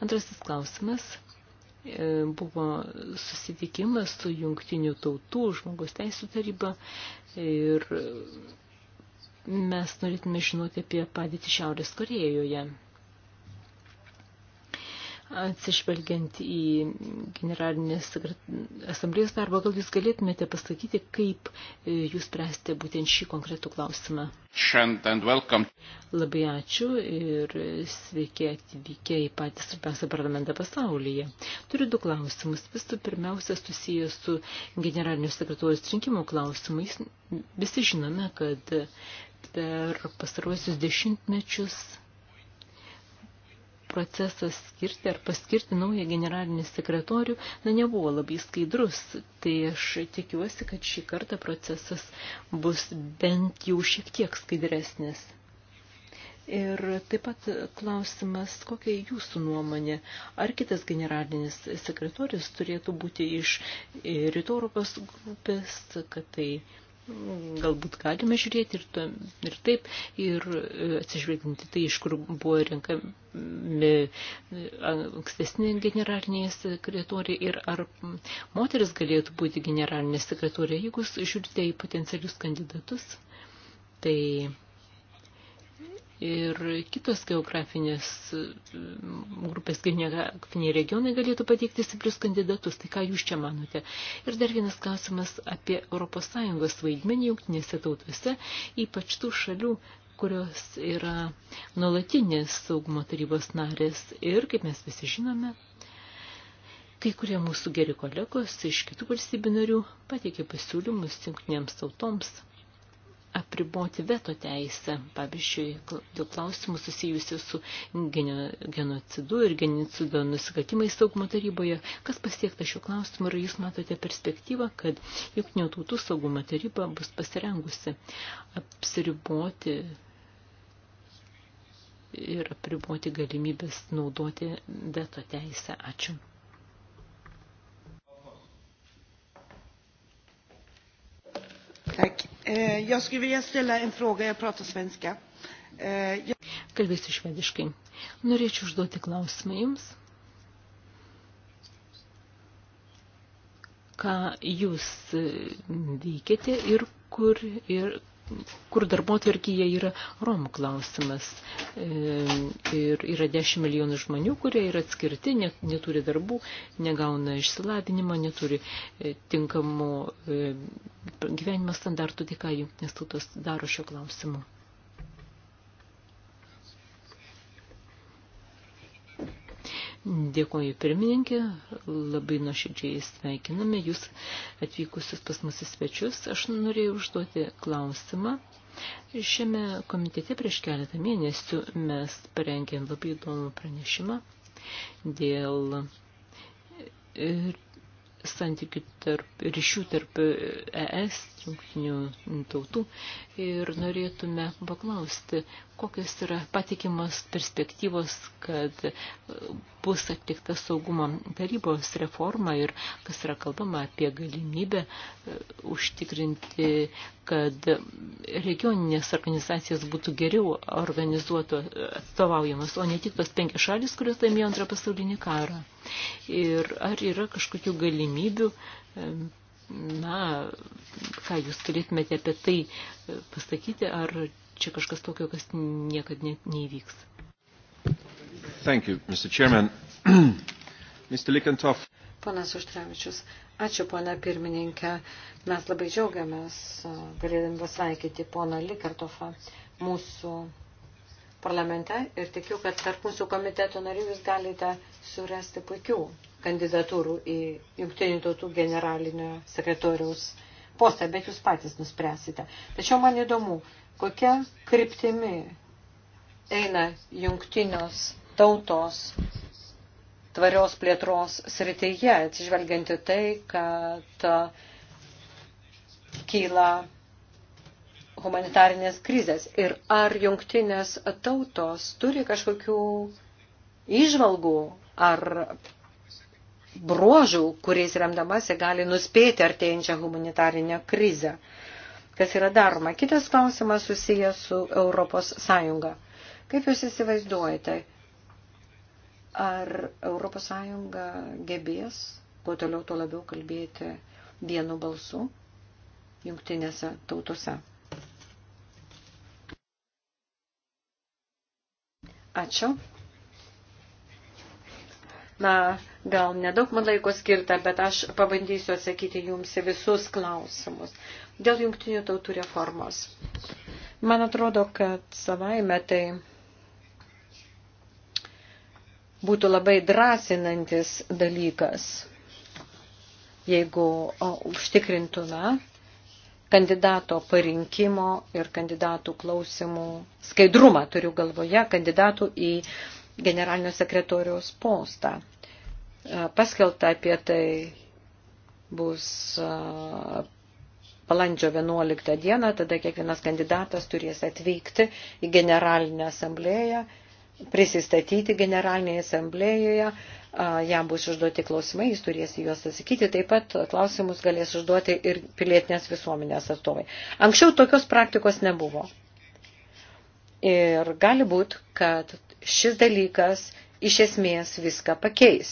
Antrasis klausimas e, buvo susitikimas su jungtinių tautų žmogus teisų taryba ir mes norėtume žinoti apie padėtį Šiaurės Korejoje. Atsižvelgiant į generalinės asamblėjos darbą, gal jūs galėtumėte pasakyti, kaip e, jūs spręsite būtent šį konkretų klausimą. Labai ačiū ir sveiki atvykę į patį svarbiausią parlamentą pasaulyje. Turiu du klausimus. Visų pirmiausia susijęs su generalinio sekretorijos rinkimo klausimais. Visi žinome, kad per pastaruosius dešimtmečius procesas skirti ar paskirti naują generalinį sekretorių, na, nebuvo labai skaidrus. Tai aš tikiuosi, kad šį kartą procesas bus bent jau šiek tiek skaidresnis. Ir taip pat klausimas, kokia jūsų nuomonė, ar kitas generalinis sekretorius turėtų būti iš Rytų Europos grupės, kad tai galbūt galime žiūrėti ir, to, ir taip, ir e, atsižvelginti tai, iš kur buvo renkami e, ankstesni generaliniai sekretoriai ir ar moteris galėtų būti generalinė sekretorija, jeigu žiūrite į potencialius kandidatus, tai ir kitos geografinės grupės, geografiniai regionai galėtų pateikti stiprius kandidatus. Tai ką jūs čia manote? Ir dar vienas klausimas apie ES vaidmenį jungtinėse tautose, ypač tų šalių, kurios yra nuolatinės saugumo tarybos narės ir, kaip mes visi žinome, Kai kurie mūsų geri kolegos iš kitų valstybių narių pateikė pasiūlymus jungtinėms tautoms apriboti veto teisę, pavyzdžiui, dėl klausimų susijusių su genocidu ir genocido nusikaltimais saugumo taryboje. Kas pasiekta šiuo klausimu ir jūs matote perspektyvą, kad jungtinių tautų saugumo taryba bus pasirengusi apsiriboti ir apriboti galimybės naudoti veto teisę. Ačiū. Eh, jag skulle vilja ställa en fråga, jag pratar svenska. Eh, Kalbėsiu švediškai. Norėčiau užduoti klausimą jums. Ką jūs e, veikėte ir kur ir kur darbo tvarkyje yra Romų klausimas. E, ir yra 10 milijonų žmonių, kurie yra atskirti, neturi darbų, negauna išsilavinimo, neturi e, tinkamų e, gyvenimo standartų, tai ką jungtinės tautos daro šio klausimu. Dėkuoju pirmininkė, labai nuoširdžiai sveikiname jūs atvykusius pas mūsų svečius. Aš norėjau užduoti klausimą. Šiame komitete prieš keletą mėnesių mes parengėm labai įdomų pranešimą dėl santykių tarp ryšių tarp ES, jungtinių tautų ir norėtume paklausti, kokios yra patikimos perspektyvos, kad bus atlikta saugumo tarybos reforma ir kas yra kalbama apie galimybę e, užtikrinti, kad regioninės organizacijas būtų geriau organizuoto atstovaujamas, o ne tik tos penkias šalis, kurios laimėjo antrą pasaulinį karą. Ir ar yra kažkokių galimybių, na, ką jūs galėtumėte apie tai e, pasakyti, ar čia kažkas tokio, kas niekad ne, neįvyks. Thank you, Mr. Chairman. Mr. Likantoff. Ponas Užtrevičius, ačiū pone pirmininkė. Mes labai džiaugiamės e, galėdami pasveikyti poną Likartofą mūsų parlamente ir tikiu, kad tarp mūsų komiteto narių jūs galite surasti puikių kandidatūrų į Junktinių tautų generalinio sekretoriaus postą, bet jūs patys nuspręsite. Tačiau man įdomu, kokia kryptimi eina jungtinios tautos tvarios plėtros srityje, atsižvelgianti tai, kad kyla humanitarinės krizės ir ar jungtinės tautos turi kažkokių išvalgų ar bruožų, kuriais remdamasi gali nuspėti artėjančią humanitarinę krizę. Kas yra daroma? Kitas klausimas susijęs su Europos Sąjunga. Kaip Jūs įsivaizduojate, ar Europos Sąjunga gebės, kuo toliau, tuo labiau kalbėti vienu balsu jungtinėse tautose? Ačiū. Na, gal nedaug man laiko skirta, bet aš pabandysiu atsakyti jums į visus klausimus. Dėl jungtinių tautų reformos. Man atrodo, kad savaime tai būtų labai drąsinantis dalykas, jeigu o, užtikrintume, kandidato parinkimo ir kandidatų klausimų skaidrumą, turiu galvoje, kandidatų į generalinio sekretoriaus postą. Paskelta apie tai bus balandžio 11 dieną, tada kiekvienas kandidatas turės atvykti į generalinę asamblėją, prisistatyti generalinėje asamblėjoje, jam bus užduoti klausimai, jis turės į juos atsakyti, taip pat klausimus galės užduoti ir pilietinės visuomenės atstovai. Anksčiau tokios praktikos nebuvo. Ir gali būt, kad šis dalykas iš esmės viską pakeis.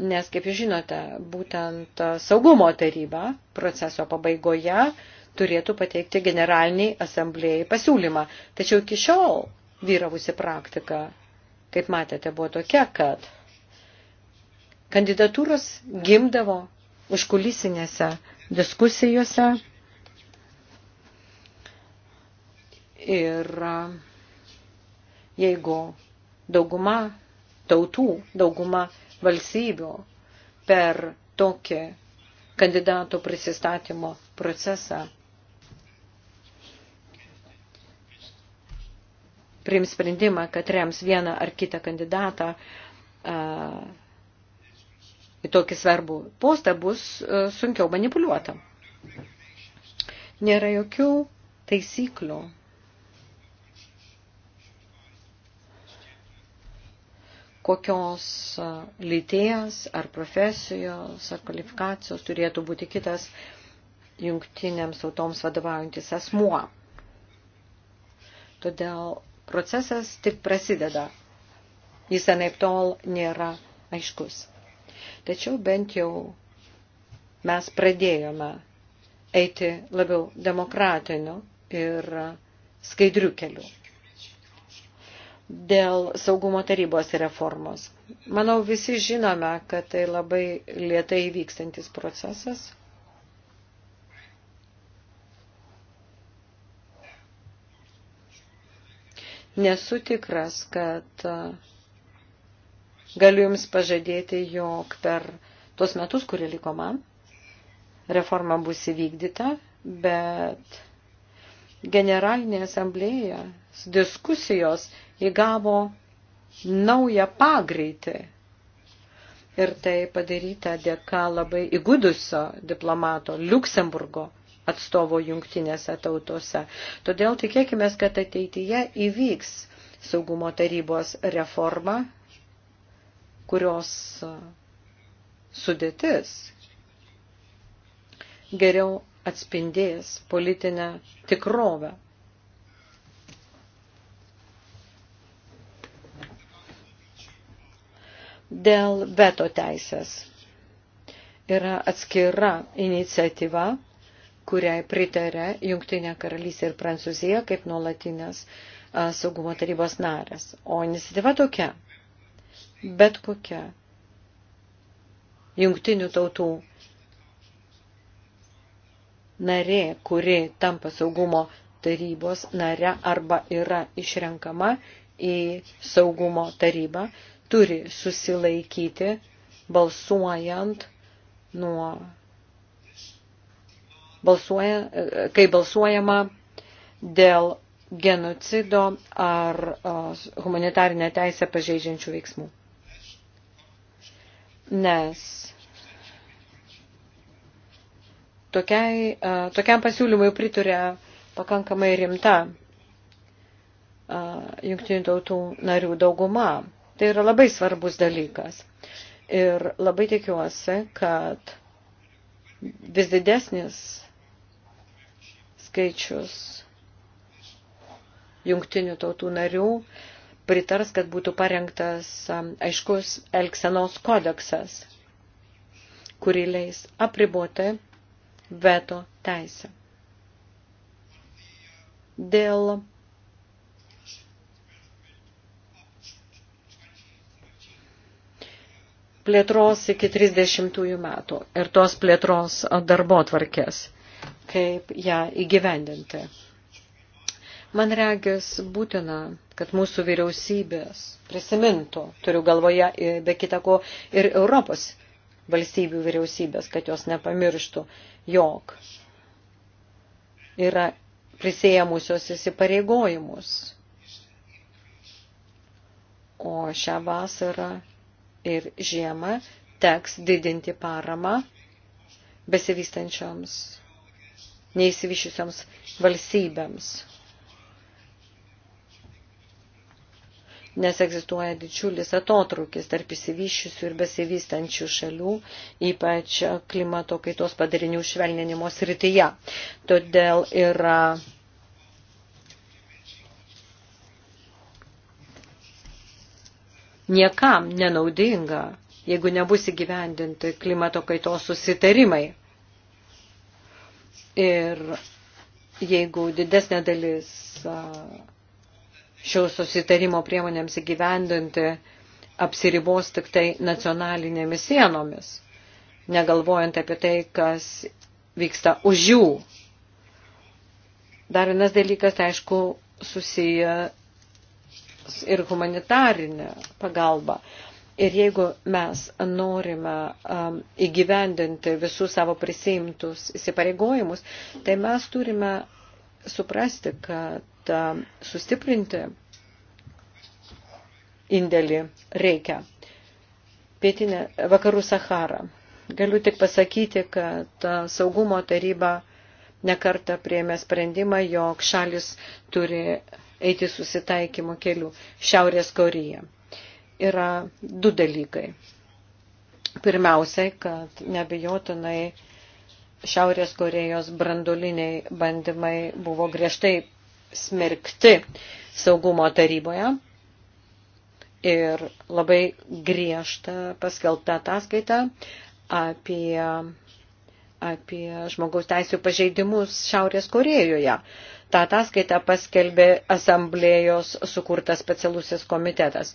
Nes, kaip jūs žinote, būtent saugumo taryba proceso pabaigoje turėtų pateikti generaliniai asamblėjai pasiūlymą. Tačiau iki šiol vyravusi praktika kaip matėte, buvo tokia, kad kandidatūros gimdavo užkulisinėse diskusijose ir jeigu dauguma tautų, dauguma valstybių per tokį kandidato prisistatymo procesą priims sprendimą, kad rems vieną ar kitą kandidatą a, į tokį svarbų postą, bus a, sunkiau manipuliuota. Nėra jokių taisyklių. kokios lyties ar profesijos ar kvalifikacijos turėtų būti kitas jungtinėms tautoms vadovaujantis asmuo. Todėl procesas tik prasideda. Jis anaip tol nėra aiškus. Tačiau bent jau mes pradėjome eiti labiau demokratiniu ir skaidriu keliu. Dėl saugumo tarybos reformos. Manau, visi žinome, kad tai labai lietai vykstantis procesas, nesu tikras, kad e, galiu Jums pažadėti, jog per tuos metus, kurie liko man, reforma bus įvykdyta, bet generalinė asamblėja diskusijos įgavo naują pagreitį. Ir tai padaryta dėka labai įgudusio diplomato Luksemburgo atstovo jungtinėse tautose. Todėl tikėkime, kad ateityje įvyks saugumo tarybos reforma, kurios sudėtis geriau atspindės politinę tikrovę. Dėl veto teisės yra atskira iniciatyva kuriai pritarė Junktinė karalystė ir Prancūzija kaip nuolatinės saugumo tarybos narės. O iniciatyva tokia, bet kokia, Junktinių tautų narė, kuri tampa saugumo tarybos nare arba yra išrenkama į saugumo tarybą, turi susilaikyti balsuojant nuo balsuoja, kai balsuojama dėl genocido ar humanitarinę teisę pažeidžiančių veiksmų. Nes tokiai, tokiam pasiūlymui priturė pakankamai rimta jungtinių tautų narių dauguma. Tai yra labai svarbus dalykas. Ir labai tikiuosi, kad vis didesnis skaičius jungtinių tautų narių pritars, kad būtų parengtas um, aiškus Elksenos kodeksas, kurį leis apriboti veto teisę. Dėl plėtros iki 30 metų ir tos plėtros darbo tvarkės kaip ją įgyvendinti. Man regis būtina, kad mūsų vyriausybės prisimintų, turiu galvoje be kitako ir Europos valstybių vyriausybės, kad jos nepamirštų, jog yra prisėjamusios įsipareigojimus. O šią vasarą ir žiemą teks didinti paramą besivystančioms neįsivyšiusiams valstybėms. Nes egzistuoja didžiulis atotrukis tarp įsivyščiusių ir besivystančių šalių, ypač klimato kaitos padarinių švelninimo srityje. Todėl yra niekam nenaudinga, jeigu nebus įgyvendinti klimato kaitos susitarimai Ir jeigu didesnė dalis šio susitarimo priemonėms įgyvendinti apsiribos tik tai nacionalinėmis sienomis, negalvojant apie tai, kas vyksta už jų. Dar vienas dalykas, tai aišku, susiję ir humanitarinė pagalba. Ir jeigu mes norime um, įgyvendinti visus savo prisimtus įsipareigojimus, tai mes turime suprasti, kad um, sustiprinti indėlį reikia. Pietinė, vakarų Sahara. Galiu tik pasakyti, kad uh, saugumo taryba nekarta prieėmė sprendimą, jog šalis turi eiti susitaikymo keliu. Šiaurės Korija yra du dalykai. Pirmiausiai, kad nebejotinai Šiaurės Korejos brandoliniai bandymai buvo griežtai smerkti saugumo taryboje ir labai griežta paskelbta ataskaita apie, apie žmogaus teisų pažeidimus Šiaurės Korejoje. Ta ataskaita paskelbė asamblėjos sukurtas specialusis komitetas.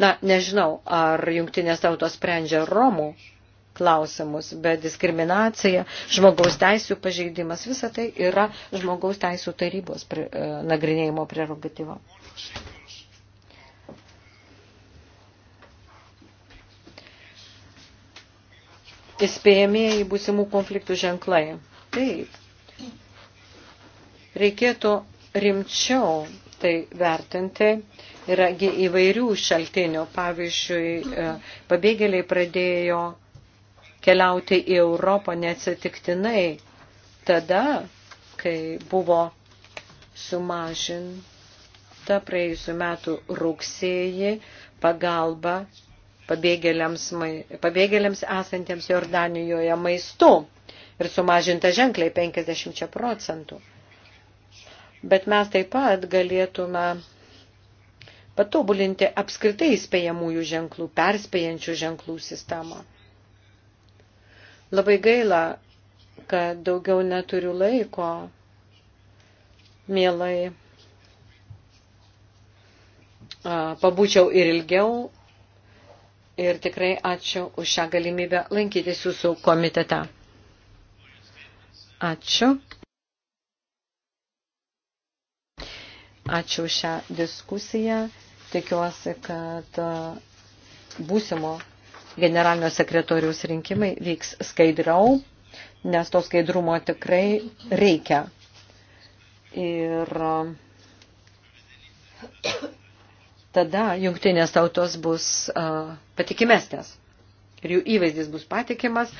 Na, nežinau, ar jungtinės tautos sprendžia Romų klausimus, bet diskriminacija, žmogaus teisų pažeidimas, visa tai yra žmogaus teisų tarybos prie, nagrinėjimo prerogatyva. Įspėjamieji būsimų konfliktų ženklai. Taip, Reikėtų rimčiau tai vertinti. Yra įvairių šaltinių. Pavyzdžiui, e, pabėgėliai pradėjo keliauti į Europą neatsitiktinai tada, kai buvo sumažinta praėjusiu metu rugsėjį pagalba pabėgėliams, pabėgėliams esantiems Jordanijoje maistu ir sumažinta ženkliai 50 procentų bet mes taip pat galėtume patobulinti apskritai įspėjamųjų ženklų, perspėjančių ženklų sistemą. Labai gaila, kad daugiau neturiu laiko, mielai pabūčiau ir ilgiau. Ir tikrai ačiū už šią galimybę lankytis jūsų komitete. Ačiū. Ačiū šią diskusiją. Tikiuosi, kad būsimo generalinio sekretoriaus rinkimai vyks skaidriau, nes to skaidrumo tikrai reikia. Ir tada jungtinės tautos bus patikimesnės ir jų įvaizdis bus patikimas,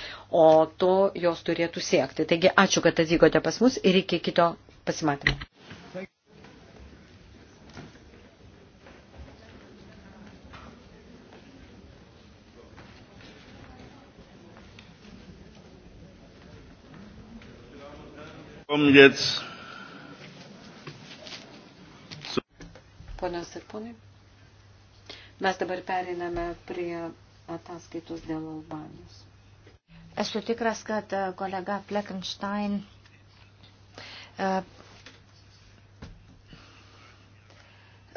o to jos turėtų siekti. Taigi ačiū, kad atvykote pas mus ir iki kito pasimatymo. Ponios ir ponai, mes dabar pereiname prie ataskaitos dėl Albanijos. Esu tikras, kad e, kolega Fleckenstein e,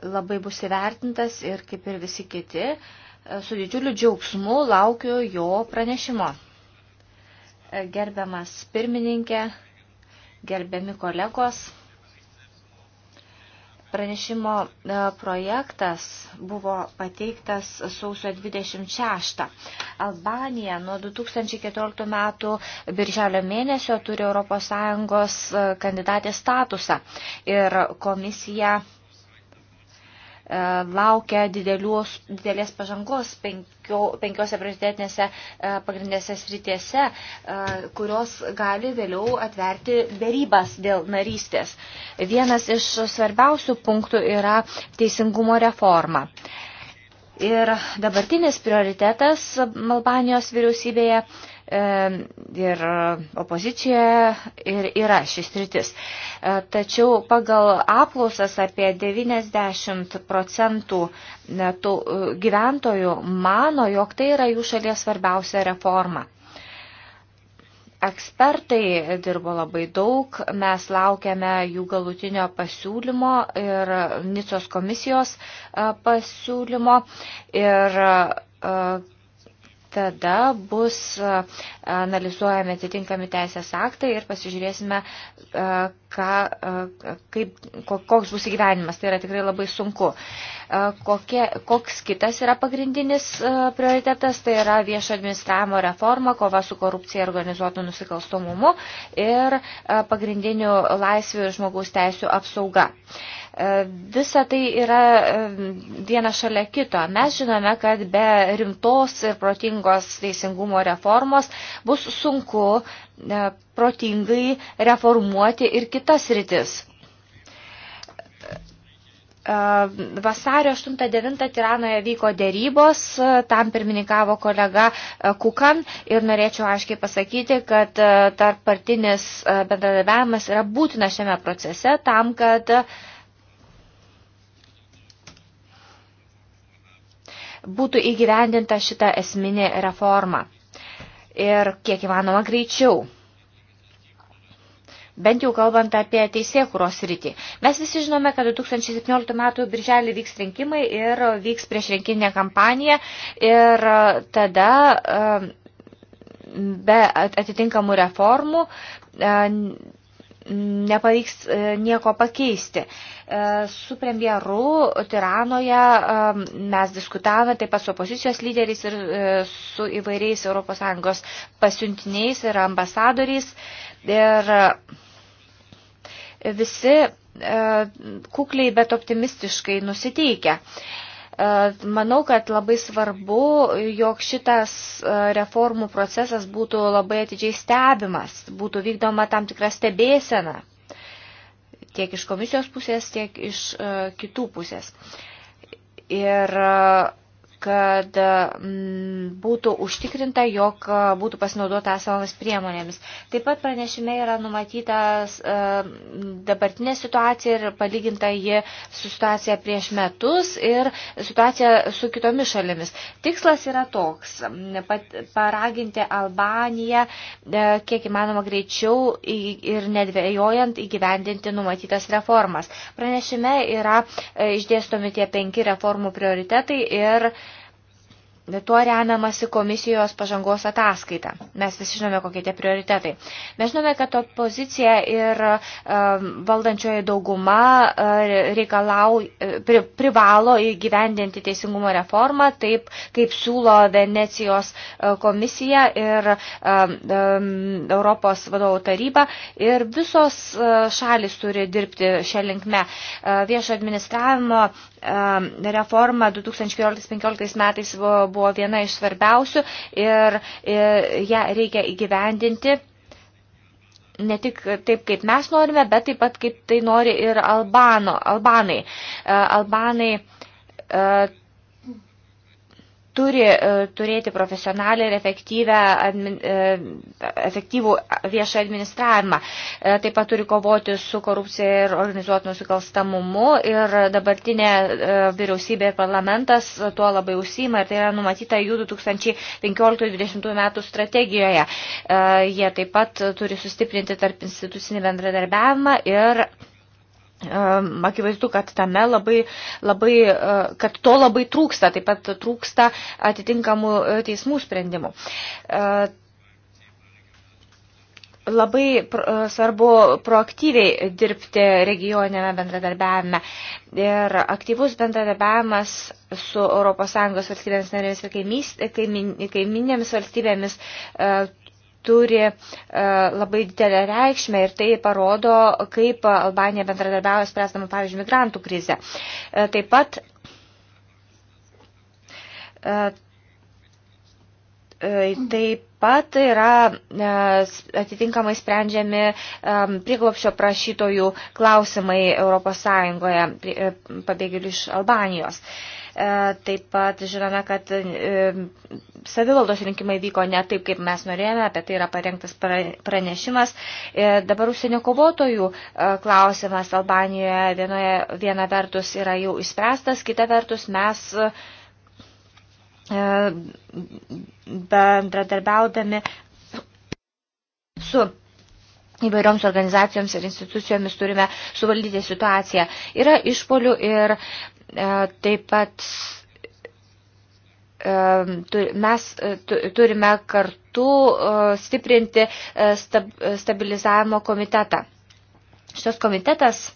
labai bus įvertintas ir kaip ir visi kiti, e, su didžiuliu džiaugsmu laukiu jo pranešimo. Gerbiamas pirmininkė, gerbiami kolegos. Pranešimo e, projektas buvo pateiktas sausio 26. Albanija nuo 2014 metų birželio mėnesio turi ES e, kandidatės statusą ir komisija E, laukia didelios, didelės pažangos penkio, penkiose prioritetinėse e, pagrindinėse sritėse, e, kurios gali vėliau atverti dėrybas dėl narystės. Vienas iš svarbiausių punktų yra teisingumo reforma. Ir dabartinis prioritetas Albanijos vyriausybėje ir e, opozicijoje ir yra šis rytis. E, tačiau pagal apklausas apie 90 procentų e, gyventojų mano, jog tai yra jų šalies svarbiausia reforma. Ekspertai dirbo labai daug, mes laukiame jų galutinio pasiūlymo ir Nicos komisijos pasiūlymo ir tada bus analizuojami atitinkami teisės aktai ir pasižiūrėsime, ką, kaip, koks bus įgyvenimas. Tai yra tikrai labai sunku. Kokie, koks kitas yra pagrindinis prioritetas, tai yra viešo administravimo reforma, kova su korupcija organizuotų nusikalstomumu ir pagrindinių laisvių ir žmogaus teisų apsauga. Uh, E, visa tai yra e, viena šalia kito. Mes žinome, kad be rimtos ir protingos teisingumo reformos bus sunku e, protingai reformuoti ir kitas rytis vasario 8-9 Tiranoje vyko dėrybos, tam pirmininkavo kolega Kukan ir norėčiau aiškiai pasakyti, kad tarp partinis bendradarbiavimas yra būtina šiame procese tam, kad būtų įgyvendinta šita esminė reforma. Ir kiek įmanoma greičiau. Bent jau kalbant apie teisėkuros rytį. Mes visi žinome, kad 2017 m. birželį vyks rinkimai ir vyks priešrinkinė kampanija ir e, tada e, be atitinkamų reformų e, nepavyks e, nieko pakeisti. E, su premjeru Tiranoje e, mes diskutavome taip pat su opozicijos lyderiais ir su įvairiais ES pasiuntiniais ir ambasadoriais. Ir visi kukliai, bet optimistiškai nusiteikia. E, manau, kad labai svarbu, jog šitas e, reformų procesas būtų labai atidžiai stebimas, būtų vykdoma tam tikra stebėsena tiek iš komisijos pusės, tiek iš e, kitų pusės. Ir kad mm, būtų užtikrinta, jog būtų pasinaudota esamomis priemonėmis. Taip pat pranešime yra numatytas dabartinė situacija ir palyginta ji su situacija prieš metus ir situacija su kitomis šalimis. Tikslas yra toks - paraginti Albaniją e, kiek įmanoma greičiau ir nedvėjojant įgyvendinti numatytas reformas. Pranešime yra e, išdėstomi tie penki reformų prioritetai ir uh, Tuo remiamasi komisijos pažangos ataskaita. Mes visi žinome, kokie tie prioritetai. Mes žinome, kad opozicija ir um, valdančioji dauguma uh, reikalau, uh, pri, privalo įgyvendinti teisingumo reformą, taip kaip siūlo Venecijos uh, komisija ir um, um, Europos vadovų taryba. Ir visos šalis turi dirbti šią linkme. Viešo administravimo reforma 2014-2015 metais buvo viena iš svarbiausių ir e, ją reikia įgyvendinti ne tik taip, kaip mes norime, bet taip pat, kaip tai nori ir Albano, Albanai. Albanai e, turi e, turėti profesionalį ir efektyvę, admin, e, efektyvų viešą administravimą. E, taip pat turi kovoti su korupcija ir organizuotų nusikalstamumu ir dabartinė vyriausybė ir parlamentas tuo labai užsima ir tai yra numatyta jų 2015-2020 metų strategijoje. Jie taip pat turi sustiprinti tarp institucinį bendradarbiavimą ir Akivaizdu, kad tame labai, labai, kad to labai trūksta, taip pat trūksta atitinkamų teismų sprendimų labai svarbu proaktyviai dirbti regioninėme bendradarbiavime. Ir aktyvus bendradarbiavimas su ES valstybėmis narėmis ir kaiminėmis valstybėmis turi e, labai didelę reikšmę ir tai parodo, kaip Albanija bendradarbiavo spręsdama, pavyzdžiui, migrantų krizę. E, taip pat e, Taip pat yra atitinkamai sprendžiami priglopšio prašytojų klausimai ES pabėgėlių iš Albanijos. E, taip pat žinome, kad e, savivaldos rinkimai vyko ne taip, kaip mes norėjome, apie tai yra parengtas pranešimas. E, dabar užsienio kovotojų klausimas Albanijoje vienoje, viena vertus yra jau išspręstas, kita vertus mes bendradarbiaudami su įvairioms organizacijoms ir institucijomis turime suvaldyti situaciją. Yra išpolių ir E, taip pat e, mes e, turime kartu stiprinti stabilizavimo komitetą. Šitas komitetas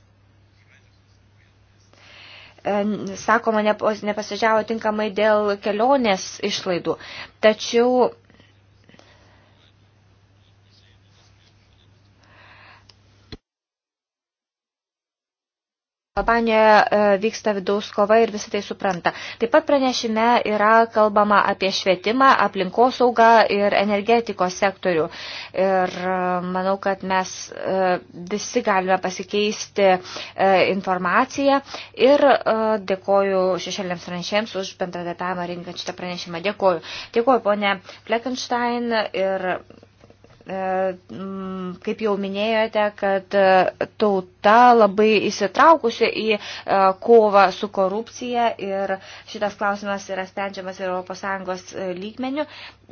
sakoma, nepasižiavo tinkamai dėl kelionės išlaidų. Tačiau Albanijoje e, vyksta vidaus kova ir visi tai supranta. Taip pat pranešime yra kalbama apie švietimą, aplinkosaugą ir energetikos sektorių. Ir e, manau, kad mes e, visi galime pasikeisti informaciją ir dėkoju šešėlėms pranešėjams už bendradarbiavimą rinkant šitą pranešimą. Dėkoju. Dėkoju, ponė Fleckenstein ir E, kaip jau minėjote, kad e, tauta labai įsitraukusi į e, kovą su korupcija ir šitas klausimas yra sprendžiamas ES lygmenių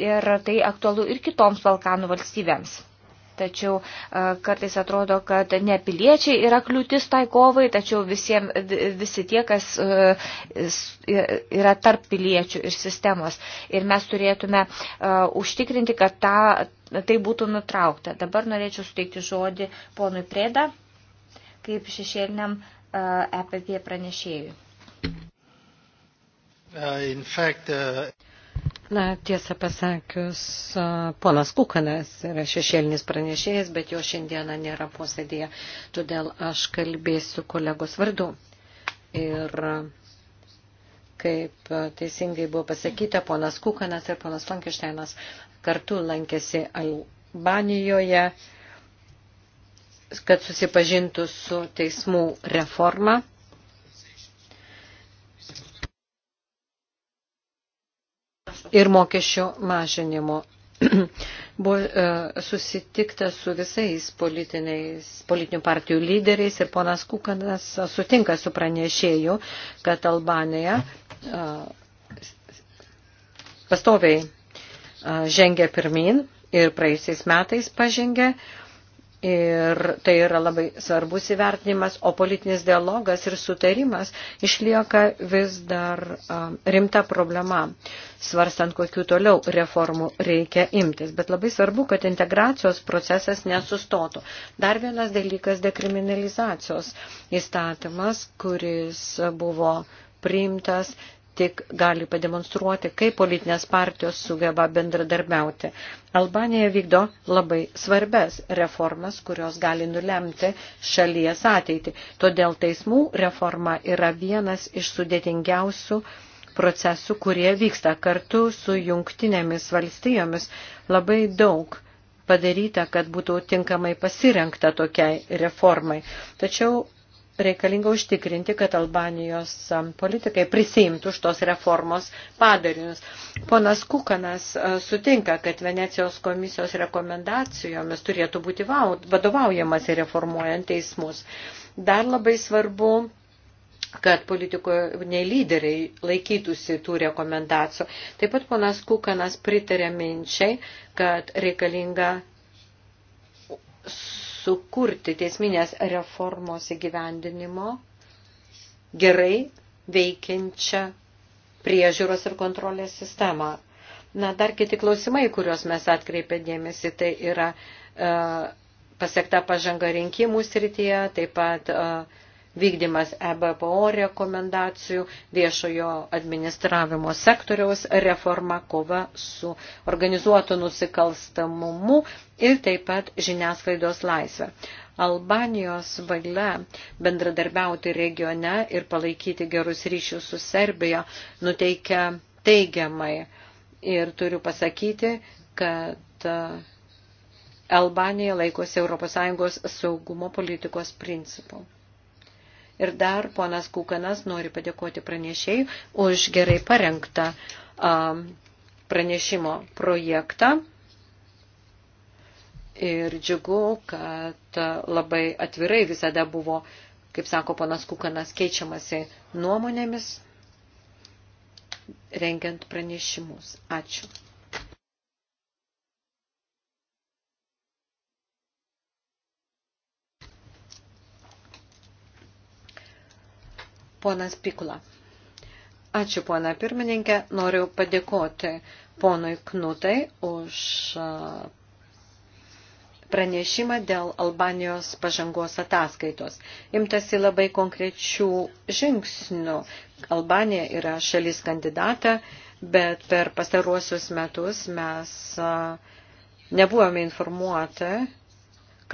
ir tai aktualu ir kitoms Balkanų valstybėms. Tačiau e, kartais atrodo, kad ne piliečiai yra kliūtis tai kovai, tačiau visiem, visi tie, kas e, e, yra tarp piliečių ir sistemos. Ir mes turėtume užtikrinti, kad ta, tai būtų nutraukta. Dabar norėčiau suteikti žodį ponui Prėda, kaip šešėliniam EPP pranešėjui. Uh, fact, uh... Na, tiesą pasakius, ponas Kukanas yra šešėlinis pranešėjas, bet jo šiandieną nėra posėdėje, todėl aš kalbėsiu kolegos vardu. Ir kaip teisingai buvo pasakyta, ponas Kukanas ir ponas Lankišteinas kartu lankėsi Albanijoje, kad susipažintų su teismų reforma ir mokesčio mažinimo. Buvo e, susitikta su visais politinių partijų lyderiais ir ponas Kukanas sutinka su pranešėju, kad Albanija e, pastoviai e, žengia pirmin ir praeisiais metais pažengė Ir tai yra labai svarbus įvertinimas, o politinis dialogas ir sutarimas išlieka vis dar rimta problema, svarstant, kokiu toliau reformų reikia imtis. Bet labai svarbu, kad integracijos procesas nesustotų. Dar vienas dalykas - dekriminalizacijos įstatymas, kuris buvo priimtas tik gali pademonstruoti, kaip politinės partijos sugeba bendradarbiauti. Albanija vykdo labai svarbes reformas, kurios gali nulemti šalies ateitį. Todėl teismų reforma yra vienas iš sudėtingiausių procesų, kurie vyksta kartu su jungtinėmis valstijomis. Labai daug padaryta, kad būtų tinkamai pasirenkta tokiai reformai. Tačiau reikalinga užtikrinti, kad Albanijos um, politikai prisimtų už tos reformos padarinius. Ponas Kukanas uh, sutinka, kad Venecijos komisijos rekomendacijomis turėtų būti vadovaujamas ir reformuojant teismus. Dar labai svarbu kad politikoje lyderiai laikytųsi tų rekomendacijų. Taip pat ponas Kukanas pritarė minčiai, kad reikalinga sukurti teisminės reformos įgyvendinimo gerai veikiančią priežiūros ir kontrolės sistemą. Na, dar kiti klausimai, kuriuos mes atkreipė dėmesį, tai yra e, pasiekta pažanga rinkimų srityje, taip pat e, vykdymas EBPO rekomendacijų, viešojo administravimo sektoriaus reforma, kova su organizuotu nusikalstamumu ir taip pat žiniasklaidos laisvė. Albanijos valia bendradarbiauti regione ir palaikyti gerus ryšius su Serbija nuteikia teigiamai. Ir turiu pasakyti, kad e, Albanija laikosi ES saugumo politikos principų. Ir dar ponas Kukanas nori padėkoti pranešėjai už gerai parengtą um, pranešimo projektą. Ir džiugu, kad uh, labai atvirai visada buvo, kaip sako ponas Kukanas, keičiamasi nuomonėmis, rengiant pranešimus. Ačiū. Ponas Pikula. Ačiū, pona pirmininkė. Noriu padėkoti ponui Knutai už pranešimą dėl Albanijos pažangos ataskaitos. Imtasi labai konkrečių žingsnių. Albanija yra šalis kandidata, bet per pastaruosius metus mes nebuvome informuoti,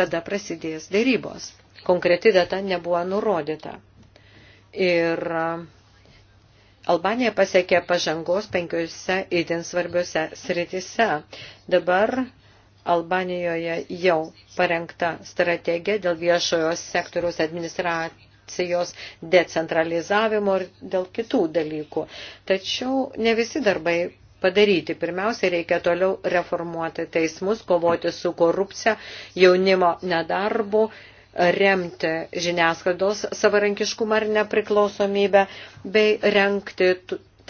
kada prasidės dėrybos. Konkreti data nebuvo nurodyta ir e, Albanija pasiekė pažangos penkiose įdin svarbiose sritise. Dabar Albanijoje jau parengta strategija dėl viešojo sektoriaus administracijos decentralizavimo ir dėl kitų dalykų. Tačiau ne visi darbai padaryti. Pirmiausia, reikia toliau reformuoti teismus, kovoti su korupcija, jaunimo nedarbu remti žiniasklaidos savarankiškumą ir nepriklausomybę, bei renkti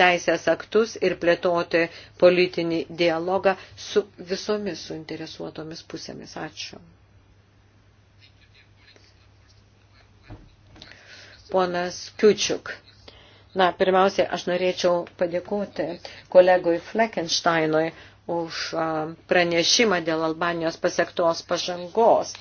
teisės aktus ir plėtoti politinį dialogą su visomis suinteresuotomis pusėmis. Ačiū. Ponas Kiučiuk. Na, pirmiausiai, aš norėčiau padėkoti kolegui Fleckensteinui už pranešimą dėl Albanijos pasiektos pažangos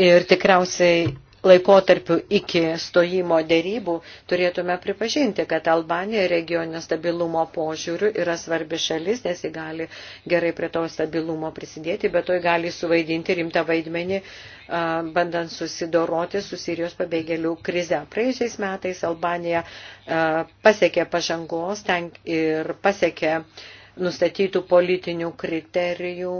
ir tikriausiai laikotarpiu iki stojimo dėrybų turėtume pripažinti, kad Albanija regioninio stabilumo požiūrių yra svarbi šalis, nes ji gali gerai prie to stabilumo prisidėti, bet to gali suvaidinti rimtą vaidmenį, bandant susidoroti su Sirijos pabėgėlių krize. Praėjusiais metais Albanija pasiekė pažangos ir pasiekė nustatytų politinių kriterijų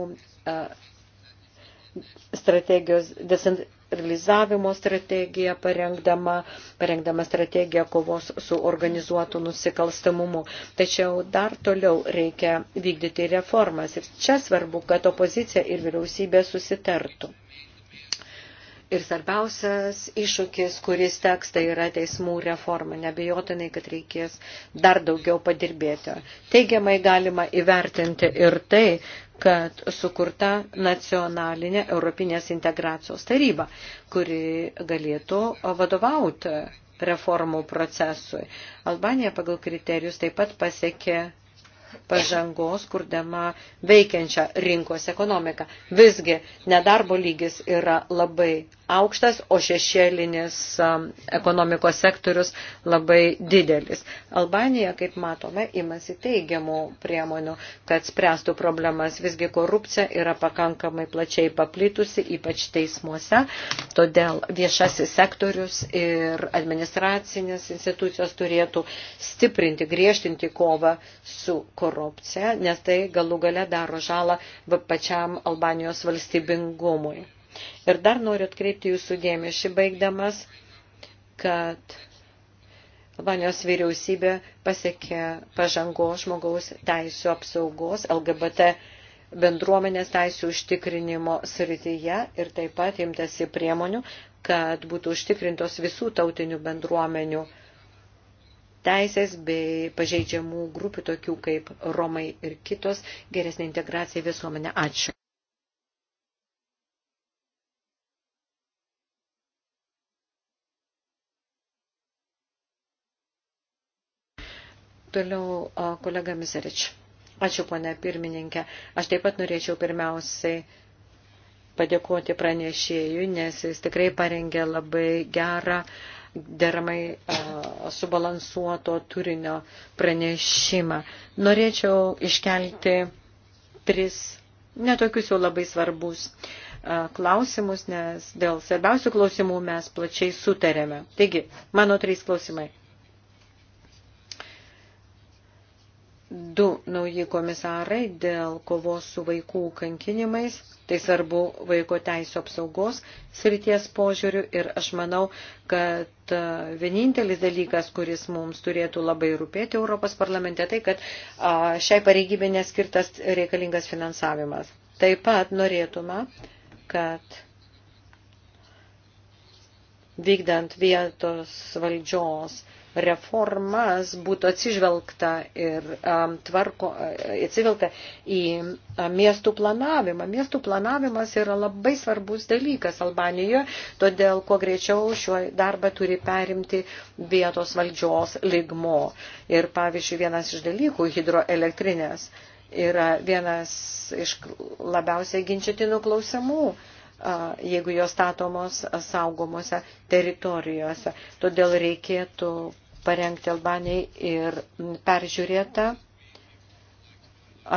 strategijos decentralizavimo strategiją parengdama, parengdama strategiją kovos su organizuotu nusikalstamumu. Tačiau dar toliau reikia vykdyti reformas. Ir čia svarbu, kad opozicija ir vyriausybė susitartų. Ir svarbiausias iššūkis, kuris teks, tai yra teismų reforma. Nebejotinai, kad reikės dar daugiau padirbėti. Teigiamai galima įvertinti ir tai, kad sukurta nacionalinė Europinės integracijos taryba, kuri galėtų vadovauti reformų procesui. Albanija pagal kriterijus taip pat pasiekė pažangos, kurdama veikiančią rinkos ekonomiką. Visgi nedarbo lygis yra labai aukštas, o šešėlinis um, ekonomikos sektorius labai didelis. Albanija, kaip matome, imasi teigiamų priemonių, kad spręstų problemas. Visgi korupcija yra pakankamai plačiai paplitusi, ypač teismuose, todėl viešasis sektorius ir administracinės institucijos turėtų stiprinti, griežtinti kovą su korupcija, nes tai galų gale daro žalą pačiam Albanijos valstybingumui. Ir dar noriu atkreipti jūsų dėmesį, baigdamas, kad Albanijos vyriausybė pasiekė pažango žmogaus teisų apsaugos LGBT bendruomenės teisų užtikrinimo srityje ir taip pat imtasi priemonių, kad būtų užtikrintos visų tautinių bendruomenių teisės bei pažeidžiamų grupių, tokių kaip Romai ir kitos, geresnė integracija į visuomenę. Ačiū. Toliau kolega Miserič. Ačiū, ponė pirmininkė. Aš taip pat norėčiau pirmiausiai padėkoti pranešėjui, nes jis tikrai parengė labai gerą, deramai subalansuoto turinio pranešimą. Norėčiau iškelti tris netokius jau labai svarbus klausimus, nes dėl svarbiausių klausimų mes plačiai sutarėme. Taigi, mano trys klausimai. du nauji komisarai dėl kovos su vaikų kankinimais, tai svarbu vaiko teisų apsaugos srities požiūrių ir aš manau, kad e, vienintelis dalykas, kuris mums turėtų labai rūpėti Europos parlamente, tai kad šiai pareigybė neskirtas reikalingas finansavimas. Taip pat norėtume, kad vykdant vietos valdžios reformas būtų atsižvelgta ir um, tvarko, e, atsižvelgta į um, miestų planavimą. Miestų planavimas yra labai svarbus dalykas Albanijoje, todėl kuo greičiau šiuo darbą turi perimti vietos valdžios ligmo. Ir pavyzdžiui, vienas iš dalykų - hidroelektrinės yra vienas iš labiausiai ginčiatinų klausimų jeigu jos statomos saugomose teritorijose. Todėl reikėtų parengti Albanijai ir peržiūrėta e,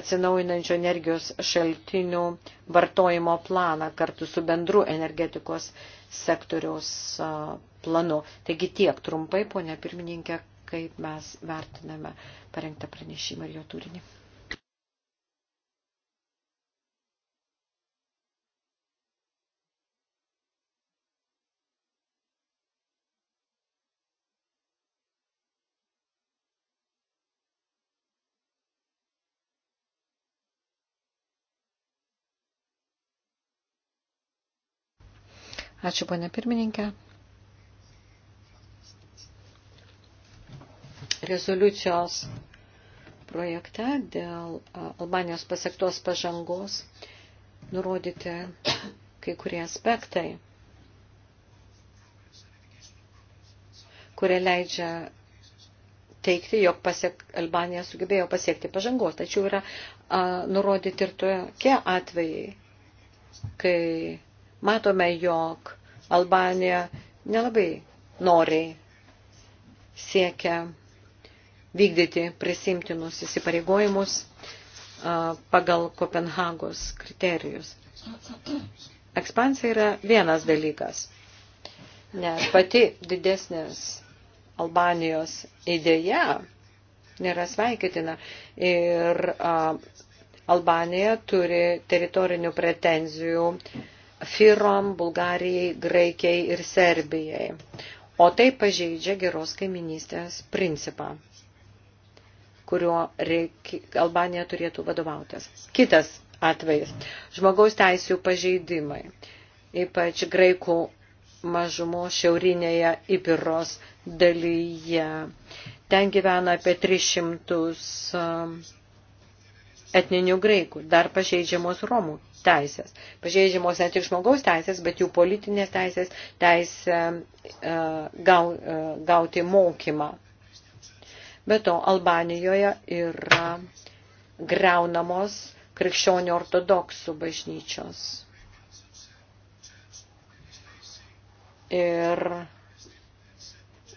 atsinaujinančio energijos šaltinių vartojimo planą kartu su bendru energetikos sektoriaus e, planu. Taigi tiek trumpai, ponia pirmininkė, kaip mes vertiname parengtą pranešimą ir jo turinį. Ačiū, ponė pirmininkė. Rezoliucijos projekte dėl Albanijos pasiektos pažangos nurodyti kai kurie aspektai, kurie leidžia teikti, jog pasiek, Albanija sugebėjo pasiekti pažangos. Tačiau yra a, nurodyti ir tokie atvejai, kai matome, jog Albanija nelabai noriai siekia vykdyti prisimtinus įsipareigojimus pagal Kopenhagos kriterijus. Ekspansija yra vienas dalykas, nes pati didesnės Albanijos idėja nėra sveikitina ir a, Albanija turi teritorinių pretenzijų a, Firom, Bulgarijai, Graikijai ir Serbijai. O tai pažeidžia geros kaiminystės principą, kuriuo reikia, Albanija turėtų vadovautis. Kitas atvejis – žmogaus teisių pažeidimai, ypač graikų mažumo šiaurinėje Ibiros dalyje. Ten gyvena apie 300 um, etninių graikų, dar pažeidžiamos Romų teisės. Pažeidžiamos ne tik žmogaus teisės, bet jų politinės teisės, teisė e, gau, e, gauti mokymą. Be to, Albanijoje yra greunamos krikščionių ortodoksų bažnyčios. Ir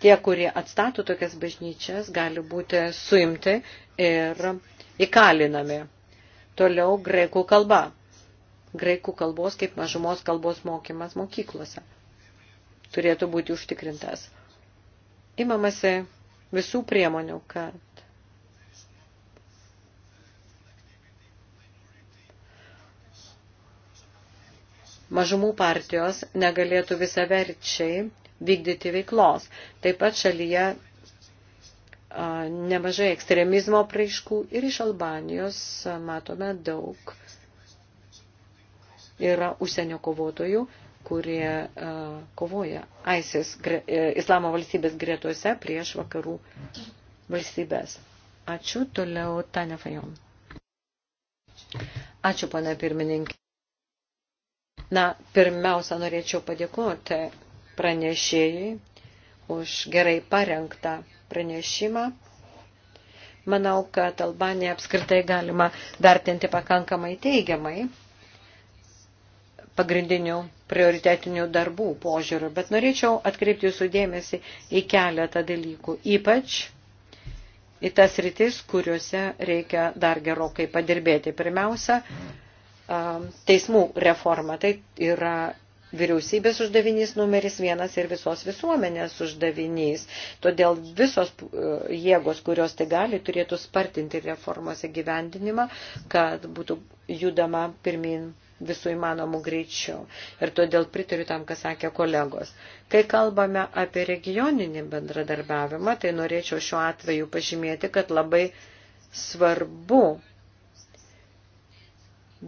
tie, kurie atstato tokias bažnyčias, gali būti suimti ir įkalinami. Toliau graikų kalba graikų kalbos kaip mažumos kalbos mokymas mokyklose turėtų būti užtikrintas. Imamasi visų priemonių, kad mažumų partijos negalėtų visaverčiai vykdyti veiklos. Taip pat šalyje nemažai ekstremizmo praiškų ir iš Albanijos matome daug yra užsienio kovotojų, kurie e, kovoja ISIS, e, islamo valstybės gretuose prieš vakarų valstybės. Ačiū, toliau Tane Fajon. Ačiū, pana pirmininkė. Na, pirmiausia, norėčiau padėkoti pranešėjai už gerai parengtą pranešimą. Manau, kad Albaniją apskritai galima vertinti pakankamai teigiamai pagrindinių prioritetinių darbų požiūrių, bet norėčiau atkreipti jūsų dėmesį į keletą dalykų, ypač į tas rytis, kuriuose reikia dar gerokai padirbėti. Pirmiausia, teismų reforma, tai yra vyriausybės uždavinys numeris vienas ir visos visuomenės uždavinys. Todėl visos e, jėgos, kurios tai gali, turėtų spartinti reformos įgyvendinimą, kad būtų judama pirmin visų įmanomų greičių. Ir todėl pritariu tam, kas sakė kolegos. Kai kalbame apie regioninį bendradarbiavimą, tai norėčiau šiuo atveju pažymėti, kad labai svarbu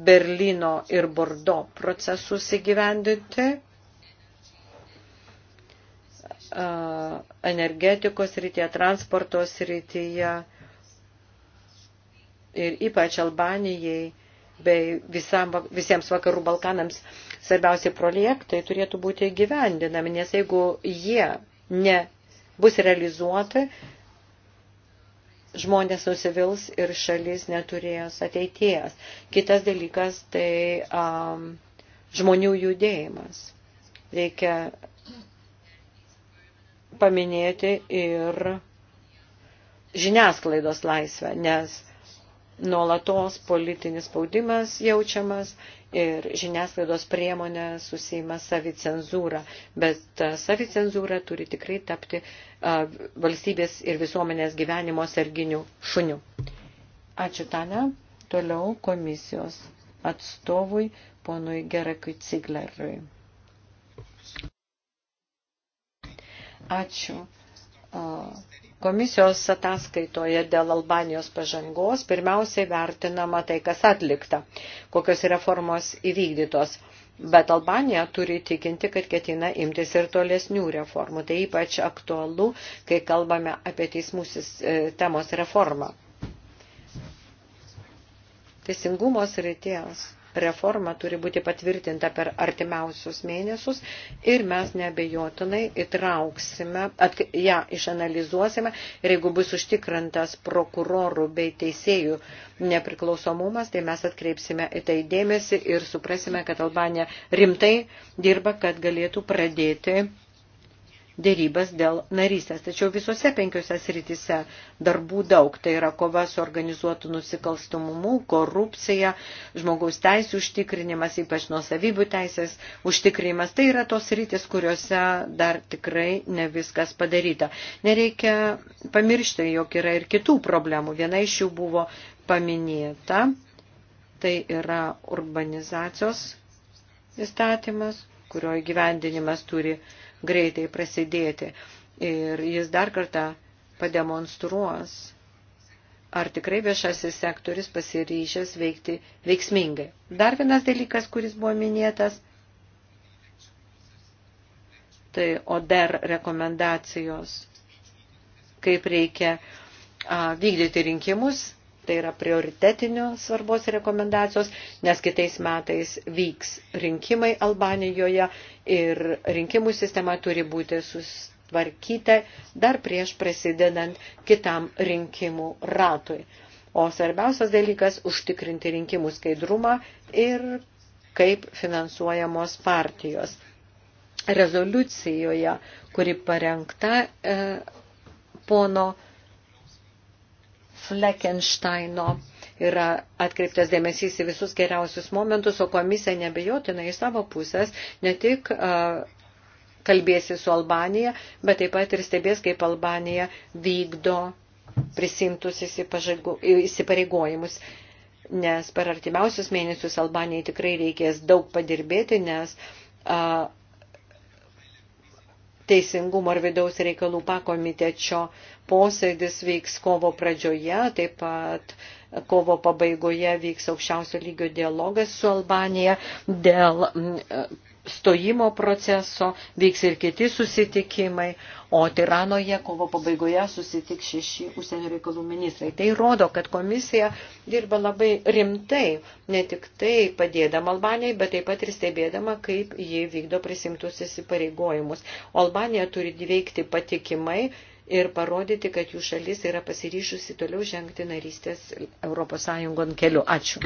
Berlyno ir Bordo procesus įgyvendinti energetikos rytyje, transporto srityje ir ypač Albanijai bei visam, visiems vakarų Balkanams svarbiausi projektai turėtų būti gyvendinami, nes jeigu jie ne bus realizuoti, žmonės nusivils ir šalis neturės ateities. Kitas dalykas tai um, žmonių judėjimas. Reikia paminėti ir žiniasklaidos laisvę, nes nuolatos politinis spaudimas jaučiamas ir žiniasklaidos priemonė susima savicenzūrą. Bet savicenzūra turi tikrai tapti valstybės ir visuomenės gyvenimo serginių šunių. Ačiū, Tane. Toliau komisijos atstovui, ponui Gerakui Ciglerui. Ačiū Komisijos ataskaitoje dėl Albanijos pažangos pirmiausiai vertinama tai, kas atlikta, kokios reformos įvykdytos. Bet Albanija turi tikinti, kad ketina imtis ir tolesnių reformų. Tai ypač aktualu, kai kalbame apie teismų sistemos e, reformą. Teisingumo srities reforma turi būti patvirtinta per artimiausius mėnesius ir mes nebejotinai įtrauksime, at, ją išanalizuosime ir jeigu bus užtikrintas prokurorų bei teisėjų nepriklausomumas, tai mes atkreipsime į tai dėmesį ir suprasime, kad Albanija rimtai dirba, kad galėtų pradėti dėrybas dėl narystės. Tačiau visose penkiose sritise darbų daug. Tai yra kova su organizuotu nusikalstumumu, korupcija, žmogaus teisų užtikrinimas, ypač nuo savybių teisės užtikrinimas. Tai yra tos sritis, kuriuose dar tikrai ne viskas padaryta. Nereikia pamiršti, jog yra ir kitų problemų. Viena iš jų buvo paminėta. Tai yra urbanizacijos įstatymas, kurio įgyvendinimas turi greitai prasidėti. Ir jis dar kartą pademonstruos, ar tikrai viešasis sektoris pasiryžęs veikti veiksmingai. Dar vienas dalykas, kuris buvo minėtas, tai ODER rekomendacijos, kaip reikia vykdyti rinkimus tai yra prioritetinio svarbos rekomendacijos, nes kitais metais vyks rinkimai Albanijoje ir rinkimų sistema turi būti sustvarkyta dar prieš prasidedant kitam rinkimų ratui. O svarbiausias dalykas – užtikrinti rinkimų skaidrumą ir kaip finansuojamos partijos. Rezoliucijoje, kuri parengta e, pono e, Fleckensteino yra atkreiptas dėmesys į visus geriausius momentus, o komisija nebejotinai iš savo pusės ne tik kalbėsi su Albanija, bet taip pat ir stebės, kaip Albanija vykdo prisimtus įsipareigojimus, nes per artimiausius mėnesius Albanijai tikrai reikės daug padirbėti, nes Teisingumo ir vidaus reikalų pakomitečio posėdis vyks kovo pradžioje, taip pat kovo pabaigoje vyks aukščiausio lygio dialogas su Albanija dėl mm, stojimo proceso, vyks ir kiti susitikimai, o Tiranoje kovo pabaigoje susitiks šeši užsienio reikalų ministrai. Tai rodo, kad komisija dirba labai rimtai, ne tik tai padėdama Albanijai, bet taip pat ir stebėdama, kaip ji vykdo prisimtus įsipareigojimus. O Albanija turi veikti patikimai ir parodyti, kad jų šalis yra pasiryšusi toliau žengti narystės ES keliu. Ačiū.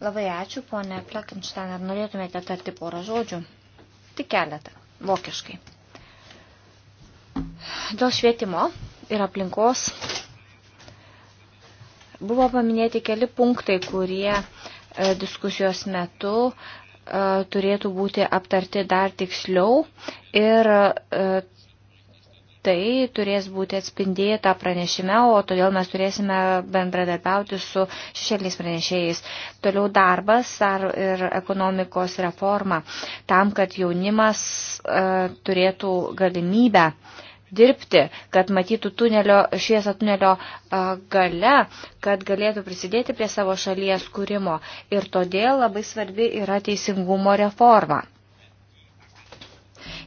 Labai ačiū, ponė Plekinštain. Ar norėtumėte tarti porą žodžių? Tik keletą. Vokiškai. Dėl švietimo ir aplinkos buvo paminėti keli punktai, kurie e, diskusijos metu e, turėtų būti aptarti dar tiksliau ir e, tai turės būti atspindėta pranešime, o todėl mes turėsime bendradarbiauti su šešėliais pranešėjais. Toliau darbas ar ir ekonomikos reforma, tam, kad jaunimas e, turėtų galimybę dirbti, kad matytų tunelio, šviesą tunelio e, gale, kad galėtų prisidėti prie savo šalies kūrimo. Ir todėl labai svarbi yra teisingumo reforma.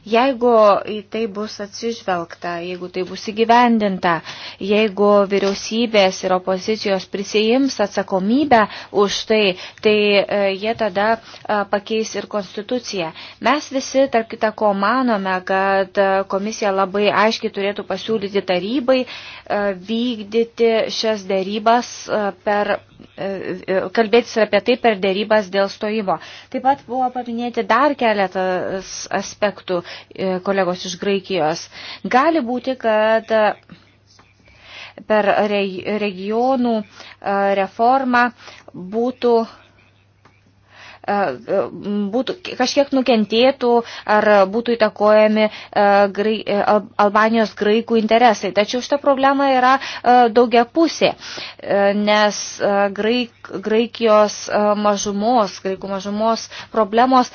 Jeigu į tai bus atsižvelgta, jeigu tai bus įgyvendinta, jeigu vyriausybės ir opozicijos prisijims atsakomybę už tai, tai e, jie tada e, pakeis ir konstituciją. Mes visi, tarp kita ko, manome, kad e, komisija labai aiškiai turėtų pasiūlyti tarybai vykdyti šias dėrybas per E, e, kalbėtis apie tai per dėrybas dėl stojimo. Taip pat buvo paminėti dar keletas aspektų e, kolegos iš Graikijos. Gali būti, kad per regionų reformą būtų E, e, būtų, kažkiek nukentėtų ar būtų įtakojami e, grai, Albanijos graikų interesai. Tačiau šita problema yra daugia pusė, nes graik, Graikijos mažumos, graikų mažumos problemos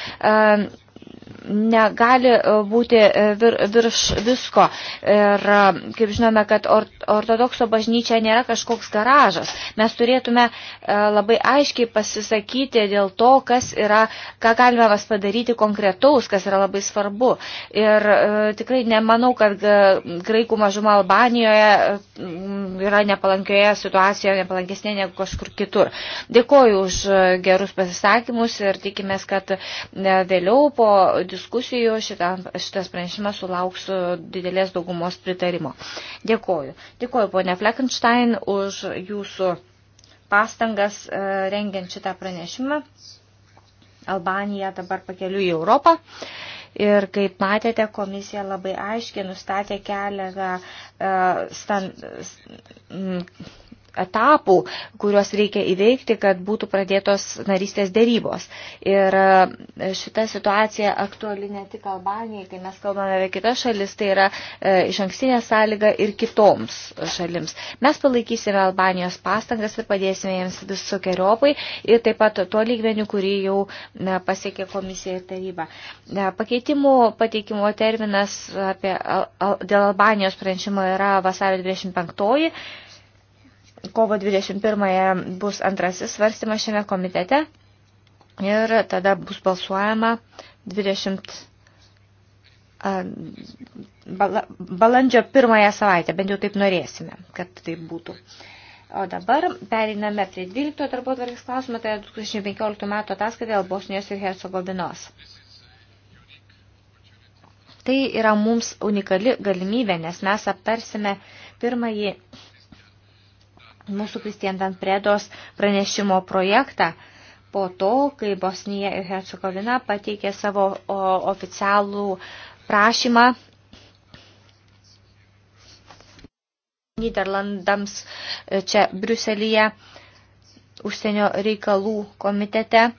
negali e, būti e, vir, virš visko. Ir e, kaip žinome, kad or, ortodokso bažnyčia nėra kažkoks garažas. Mes turėtume labai aiškiai pasisakyti dėl to, kas yra, ką galime vas padaryti konkretaus, kas yra labai svarbu. Ir tikrai nemanau, kad graikų mažuma Albanijoje yra nepalankioje situacijoje, nepalankesnė negu kažkur kitur. Dėkoju už gerus pasisakymus ir tikimės, kad vėliau po diskusijų šitą, šitas pranešimas sulauks e, didelės daugumos pritarimo. Dėkoju. Dėkoju, ponė Fleckenstein, už jūsų pastangas e, rengiant šitą pranešimą. Albanija dabar pakeliu į Europą. Ir kaip matėte, komisija labai aiškiai nustatė kelią e, stan, etapų, kuriuos reikia įveikti, kad būtų pradėtos narystės dėrybos. Ir e, šita situacija aktuali ne tik Albanijai, kai mes kalbame apie kitas šalis, tai yra e, iš ankstinė sąlyga ir kitoms šalims. Mes palaikysime Albanijos pastangas ir padėsime jiems visokiojopai ir taip pat tuo lygmeniu, kurį jau pasiekė komisija ir taryba. Pakeitimų pateikimo terminas apie, dėl Albanijos pranešimo yra vasario 25. -oji kovo 21 bus antrasis svarstymas šiame komitete ir tada bus balsuojama 20 balandžio pirmąją savaitę, bent jau taip norėsime, kad tai būtų. O dabar periname prie 12 darbo tvarkės klausimą, tai 2015 metų ataskaita dėl Bosnijos ir Hercegovinos. Tai yra mums unikali galimybė, nes mes aptarsime pirmąjį mūsų Kristijan Danpredos pranešimo projektą po to, kai Bosnija ir Hercegovina pateikė savo oficialų prašymą Niderlandams e, čia Briuselyje užsienio reikalų komitete.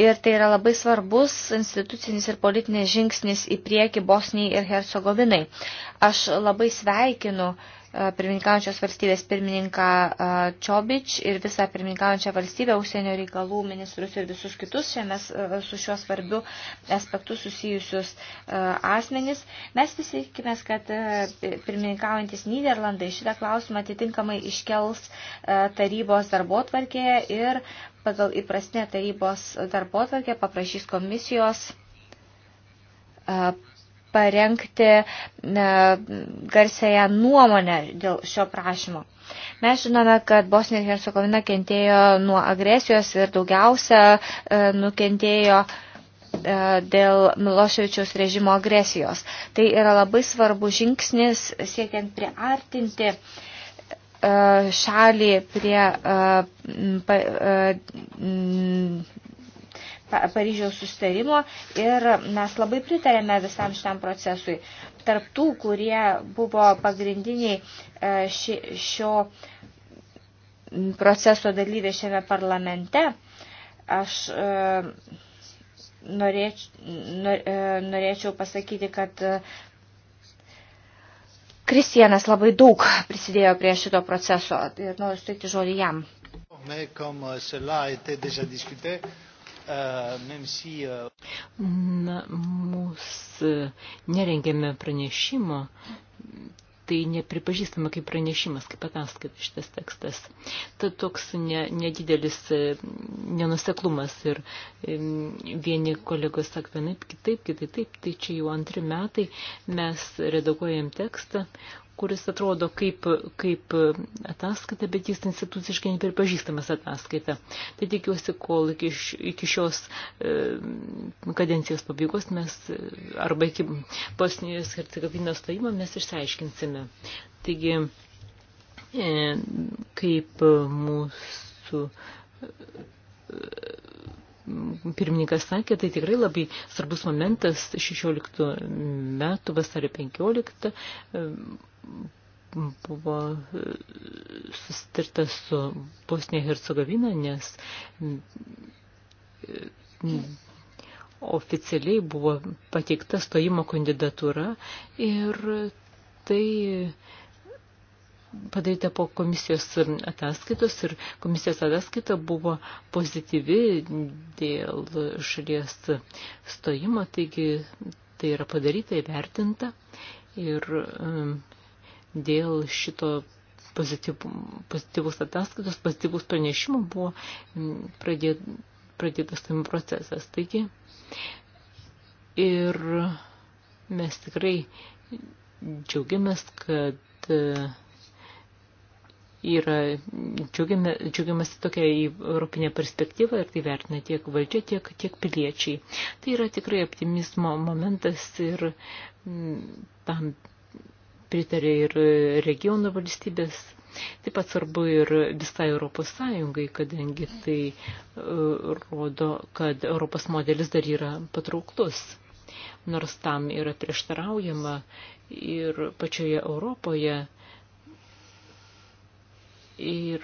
Ir tai yra labai svarbus institucinis ir politinis žingsnis į priekį Bosnijai ir Hercegovinai. Aš labai sveikinu uh, pirmininkaujančios valstybės pirmininką Čiobič ir visą pirmininkaujančią valstybę, užsienio reikalų ministrus ir visus kitus šiame su šiuo svarbiu aspektu susijusius asmenis. Mes visi tikimės, kad pirmininkaujantis Niderlandai šitą klausimą atitinkamai iškels tarybos darbo tvarkėje ir pagal įprastinę tarybos darbo tvarkę paprašys komisijos parengti garsėją nuomonę dėl šio prašymo. Mes žinome, kad Bosnija ir Hercegovina kentėjo nuo agresijos ir daugiausia e, nukentėjo e, dėl Miloševičiaus režimo agresijos. Tai yra labai svarbu žingsnis siekiant priartinti e, šalį prie Paryžiaus sustarimo ir mes labai pritarėme visam šitam procesui. Tarptų, kurie buvo pagrindiniai e, ši, šio proceso dalyvė šiame parlamente, aš e, norėč, nor, e, norėčiau pasakyti, kad Kristijanas labai daug prisidėjo prie šito proceso ir noriu suteikti žodį jam. Mais comme cela a été déjà discuté, euh, même si... Na, mūsų e, nerengėme pranešimo, tai nepripažįstama kaip pranešimas, kaip ataskaita šitas tekstas. Ta toks ne, nedidelis e, nenuseklumas ir e, vieni kolegos sako vienaip, kitaip, kitaip, taip, tai čia jau antri metai mes redaguojam tekstą, kuris atrodo kaip, kaip ataskaita, bet jis instituciškai nepripažįstamas ataskaita. Tai tikiuosi, kol iki, iki šios e, kadencijos pabaigos mes, arba iki Bosnijos Hercegovinos stojimo mes išsiaiškinsime. Taigi, e, kaip mūsų e, pirmininkas sakė, tai tikrai labai svarbus momentas 16 metų vasario 15 buvo susitarta su Bosnija Hercegovina, nes oficialiai buvo pateikta stojimo kandidatūra ir tai padaryta po komisijos ataskaitos ir komisijos ataskaita buvo pozityvi dėl šalies stojimo, taigi tai yra padaryta, įvertinta ir um, dėl šito pozityvus ataskaitos, pozityvus pranešimo buvo um, pradėt, pradėtas tam procesas. Taigi, ir mes tikrai džiaugiamės, kad yra džiugiamas tokia europinė perspektyva ir tai vertina tiek valdžia, tiek, tiek piliečiai. Tai yra tikrai optimizmo momentas ir mm, tam pritarė ir regiono valstybės. Taip pat svarbu ir visai Europos Sąjungai, kadangi tai e, rodo, kad Europos modelis dar yra patrauklus. Nors tam yra prieštaraujama ir pačioje Europoje ir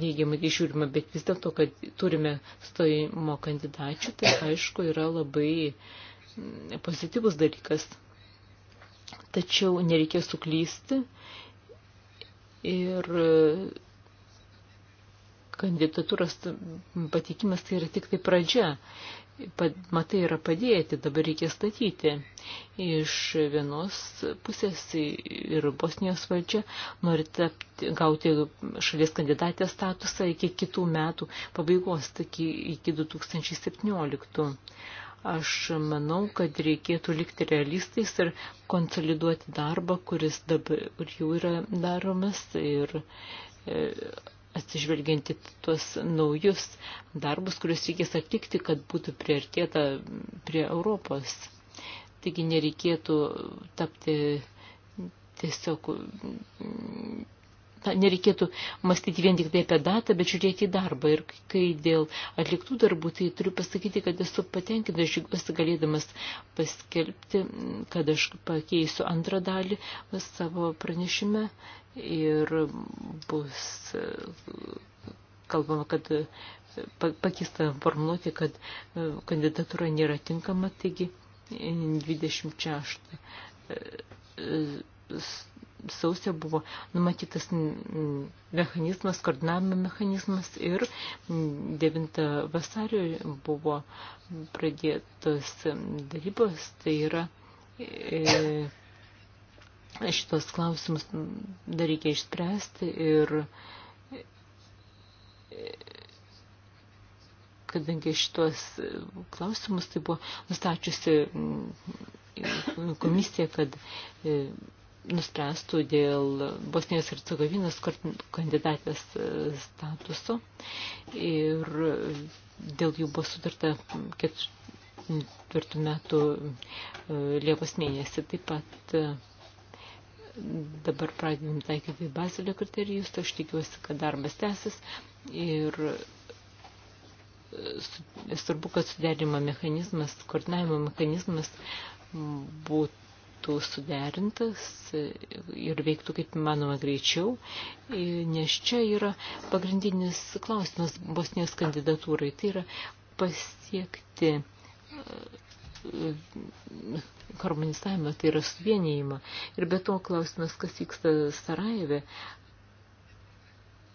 neigiamai žiūrima, bet vis dėlto, kad turime stojimo kandidačių, tai aišku yra labai mm, pozityvus dalykas. Tačiau nereikia suklysti ir e, kandidatūros patikimas tai yra tik tai pradžia matai yra padėti, dabar reikia statyti. Iš vienos pusės ir Bosnijos valdžia nori tapti, gauti šalies kandidatės statusą iki kitų metų pabaigos, taki, iki 2017. Aš manau, kad reikėtų likti realistais ir konsoliduoti darbą, kuris dabar jau yra daromas ir e, atsižvelginti tuos naujus darbus, kuriuos reikės atlikti, kad būtų priartėta prie Europos. Taigi nereikėtų tapti tiesiog na, nereikėtų mąstyti vien tik tai apie datą, bet žiūrėti į darbą. Ir kai dėl atliktų darbų, tai turiu pasakyti, kad esu patenkintas, džiugiuosi galėdamas paskelbti, kad aš pakeisiu antrą dalį savo pranešime ir bus kalbama, kad pakeista formuluoti, kad e, kandidatūra nėra tinkama, taigi 26 sausio buvo numatytas mechanizmas, koordinavimo mechanizmas ir 9 vasario buvo pradėtos darybos, tai yra e, e šitos klausimus dar reikia išspręsti ir e, kadangi šitos klausimus tai buvo nustačiusi komisija, kad e, nuspręstų dėl Bosnijos ir Cegovinos kandidatės e, statuso ir dėl jų buvo sutarta ketvirtų metų e, Liepos mėnesį. Taip pat e, dabar pradedam taikyti Basilio kriterijus, aš tikiuosi, kad darbas tęsis ir svarbu, kad suderimo mechanizmas, koordinavimo mechanizmas būtų būtų suderintas ir veiktų kaip manoma greičiau, nes čia yra pagrindinis klausimas Bosnijos kandidatūrai. Tai yra pasiekti e, harmonizavimą, tai yra suvienėjimą. Ir be to klausimas, kas vyksta Sarajeve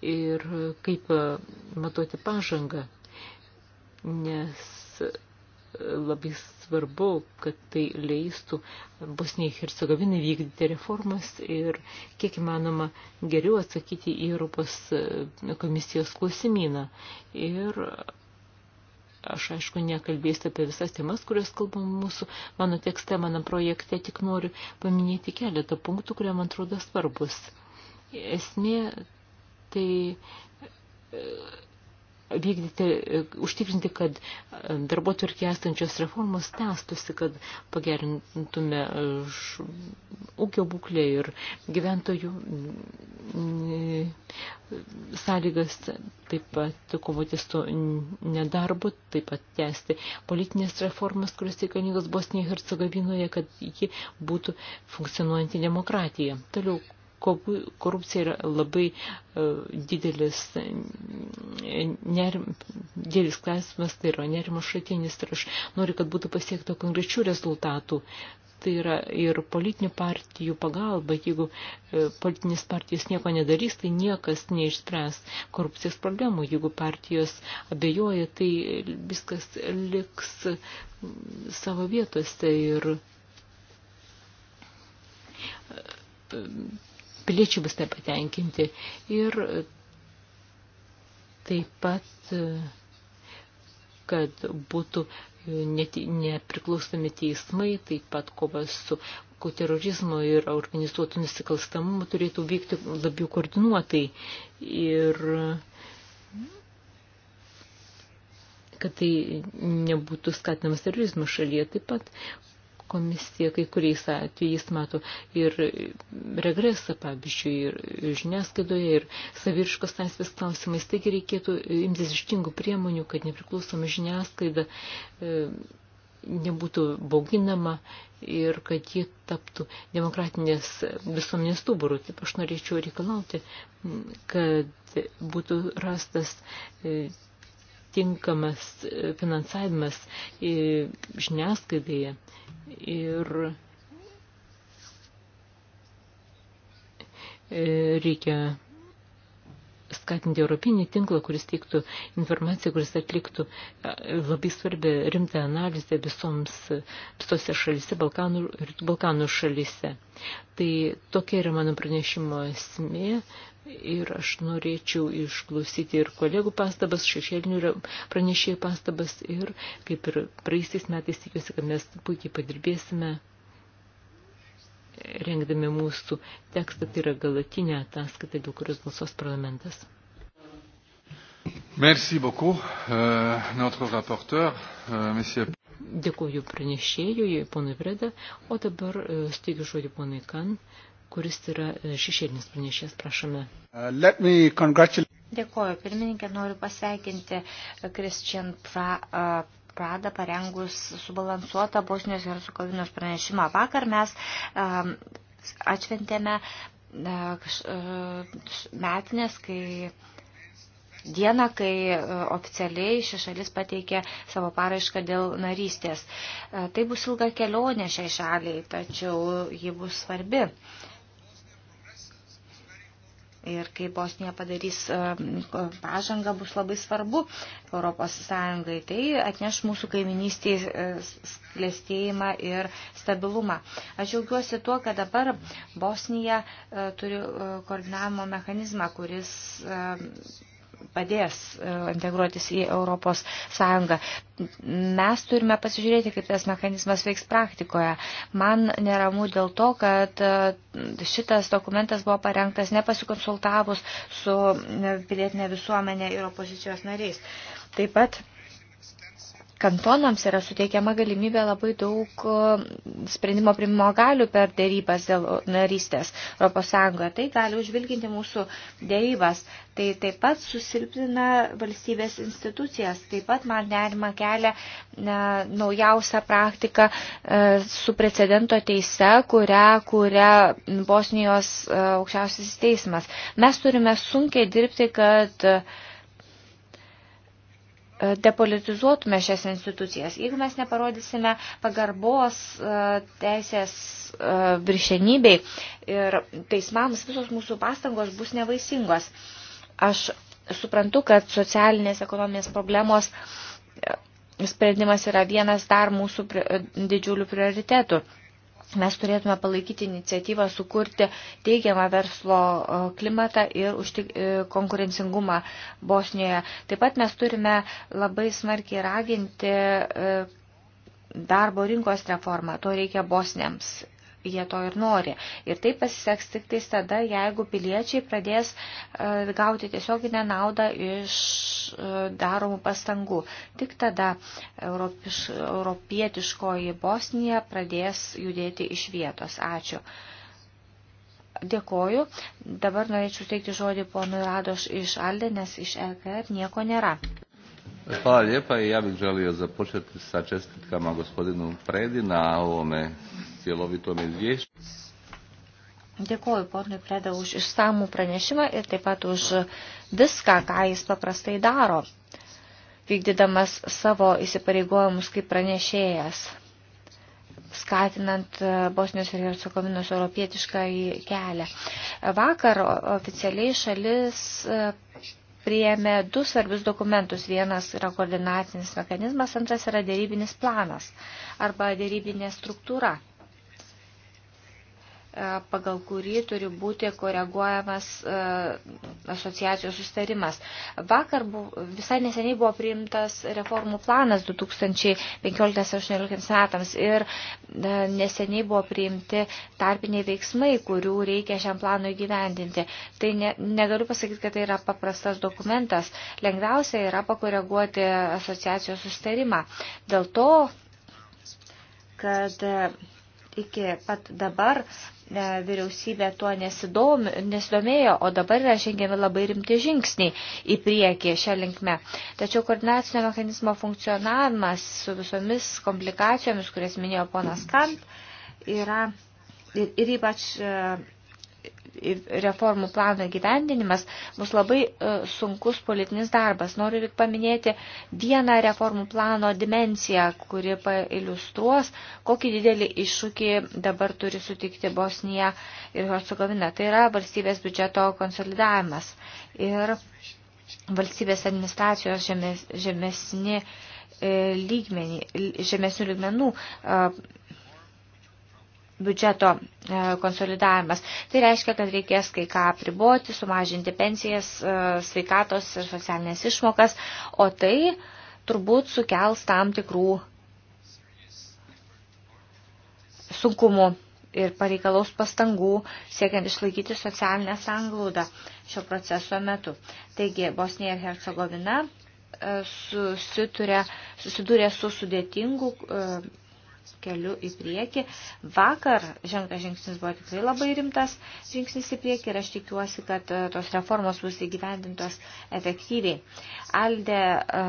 ir kaip e, matuoti pažangą, nes labai svarbu, kad tai leistų Bosnijai Hercegovinai vykdyti reformas ir kiek įmanoma geriau atsakyti į Europos komisijos klausimyną. Ir aš aišku nekalbėsiu apie visas temas, kurias kalbam mūsų mano tekste, mano projekte, tik noriu paminėti keletą punktų, kurie man atrodo svarbus. Esmė tai vykdyti, e, užtikrinti, kad e, darbo tvarkė esančios reformos tęstusi, kad pagerintume e, ūkio būklę ir gyventojų mm, sąlygas, taip pat kovoti su nedarbu, taip pat tęsti politinės reformas, kuris reikalingos Bosnijoje ir Hercegovinoje, kad ji būtų funkcionuojanti demokratija. Toliau Korupcija yra labai e, didelis, nerim, didelis klausimas, tai yra nerimo šaltinis ir aš noriu, kad būtų pasiekta konkrečių rezultatų. Tai yra ir politinių partijų pagalba, jeigu e, politinės partijos nieko nedarys, tai niekas neišspręs korupcijos problemų. Jeigu partijos abejoja, tai viskas liks mm, savo vietose ir e, piliečiai bus nepatenkinti. Ir taip pat, kad būtų nepriklausomi teismai, taip pat kova su terorizmu ir organizuotų nusikalstamumu turėtų vykti labiau koordinuotai. Ir kad tai nebūtų skatinamas terorizmas šalyje. Taip pat komisija kai kuriais atvejais mato ir regresą, pavyzdžiui, ir žiniasklaidoje, ir saviriškos laisvės klausimais. Taigi reikėtų imtis ištingų priemonių, kad nepriklausoma žiniasklaida e, nebūtų bauginama ir kad ji taptų demokratinės visuomenės stuburų. Taip aš norėčiau reikalauti, kad būtų rastas e, tinkamas e, finansavimas žiniasklaidoje ir e, reikia skatinti europinį tinklą, kuris teiktų informaciją, kuris atliktų labai svarbę rimtą analizę visoms visose šalise, Balkanų, Balkanų šalise. Tai tokia yra mano pranešimo esmė. Ir aš norėčiau išklausyti ir kolegų pastabas, šešėlinių pranešėjų pastabas ir kaip ir praeisiais metais tikiuosi, kad mes puikiai padirbėsime rengdami mūsų tekstą, tai yra galatinė ataskaita, dėl kurios balsos parlamentas. Merci beaucoup, euh, notre rapporteur, euh, monsieur. Dėkuoju pranešėjui, ponui Breda, o dabar uh, steigiu žodį ponui Kan, kuris yra e, šešėlinis pranešėjas, prašome. Uh, Dėkuoju, pirmininkė, noriu pasveikinti Christian pra, uh, Prada parengus subalansuotą Bosnijos ir Hercegovinos pranešimą. Vakar mes um, atšventėme uh, uh, metinės, kai dieną, kai uh, oficialiai ši šalis pateikė savo paraišką dėl narystės. Tai bus ilga kelionė šiai šaliai, tačiau ji bus svarbi. Ir kai Bosnija padarys e, pažangą, bus labai svarbu Europos Sąjungai. Tai atneš mūsų kaiminystės e, klėstėjimą ir stabilumą. Aš džiaugiuosi tuo, kad dabar Bosnija e, turi koordinavimo mechanizmą, kuris padės e, integruotis į Europos Sąjungą. Mes turime pasižiūrėti, kaip tas mechanizmas veiks praktikoje. Man neramu dėl to, kad e, šitas dokumentas buvo parengtas nepasikonsultavus su e, pilietinė visuomenė ir opozicijos nariais. Taip pat kantonams yra suteikiama galimybė labai daug e, sprendimo primimo galių per dėrybas dėl narystės ES. Tai gali užvilginti mūsų dėrybas. Tai taip pat susilpina valstybės institucijas. Taip pat man nerima kelia naujausia praktika e, su precedento teise, kurią kuria Bosnijos e, aukščiausiasis teismas. Mes turime sunkiai dirbti, kad E, depolitizuotume šias institucijas, jeigu mes neparodysime pagarbos e, teisės e, viršenybei ir teismams visos mūsų pastangos bus nevaisingos. Aš suprantu, kad socialinės ekonominės problemos sprendimas yra vienas dar mūsų didžiulių prioritetų mes turėtume palaikyti iniciatyvą sukurti teigiamą verslo e, klimatą ir užtik, e, konkurencingumą Bosnijoje. Taip pat mes turime labai smarkiai raginti e, darbo rinkos reformą. To reikia Bosniams jie to ir nori. Ir tai pasiseks tik tais tada, jeigu piliečiai pradės e, gauti tiesioginę naudą iš e, daromų pastangų. Tik tada europiš, europietiškoji Bosnija pradės judėti iš vietos. Ačiū. Dėkoju. Dabar norėčiau teikti žodį ponui Radoš iš Alde, nes iš LKR e nieko nėra. Hvala lijepa i ja bih želio započeti sa čestitkama gospodinu Predi na ovome Sielovitomis dėsniais. Dėkuoju ponui Preda už išsamų pranešimą ir taip pat už viską, ką jis paprastai daro, vykdydamas savo įsipareigojimus kaip pranešėjas, skatinant e, Bosnijos ir Hercegovinos europietišką į kelią. Vakar oficialiai šalis e, priėmė du svarbius dokumentus. Vienas yra koordinacinis mechanizmas, antras yra dėrybinis planas arba dėrybinė struktūra E, pagal kurį turi būti koreguojamas e, asociacijos sustarimas. Vakar buvo, visai neseniai buvo priimtas reformų planas 2015-2018 metams ir e, neseniai buvo priimti tarpiniai veiksmai, kurių reikia šiam planui gyvendinti. Tai ne, negaliu pasakyti, kad tai yra paprastas dokumentas. Lengviausia yra pakoreguoti asociacijos sustarimą. Dėl to, kad iki pat dabar E, vyriausybė tuo nesidomi, nesidomėjo, o dabar yra žengiami labai rimti žingsniai į priekį šią linkmę. Tačiau koordinacinio mechanizmo funkcionavimas su visomis komplikacijomis, kurias minėjo ponas Kant, yra ir, ir ypač e, reformų plano gyvendinimas bus labai e, sunkus politinis darbas. Noriu tik paminėti vieną reformų plano dimenciją, kuri pailiustruos, kokį didelį iššūkį dabar turi sutikti Bosnija ir Hercegovina. Tai yra valstybės biudžeto konsolidavimas ir valstybės administracijos žemės, žemesni e, lygmenį, žemesnių lygmenų e, biudžeto e, konsolidavimas. Tai reiškia, kad reikės kai ką apriboti, sumažinti pensijas, e, sveikatos ir socialinės išmokas, o tai turbūt sukels tam tikrų sunkumų ir pareikalaus pastangų siekiant išlaikyti socialinę sanglaudą šio proceso metu. Taigi, Bosnija ir Hercegovina e, susidūrė su sudėtingu keliu į priekį. Vakar žengtas žingsnis buvo tikrai labai rimtas žingsnis į priekį ir aš tikiuosi, kad e, tos reformos bus įgyvendintos efektyviai. Alde e,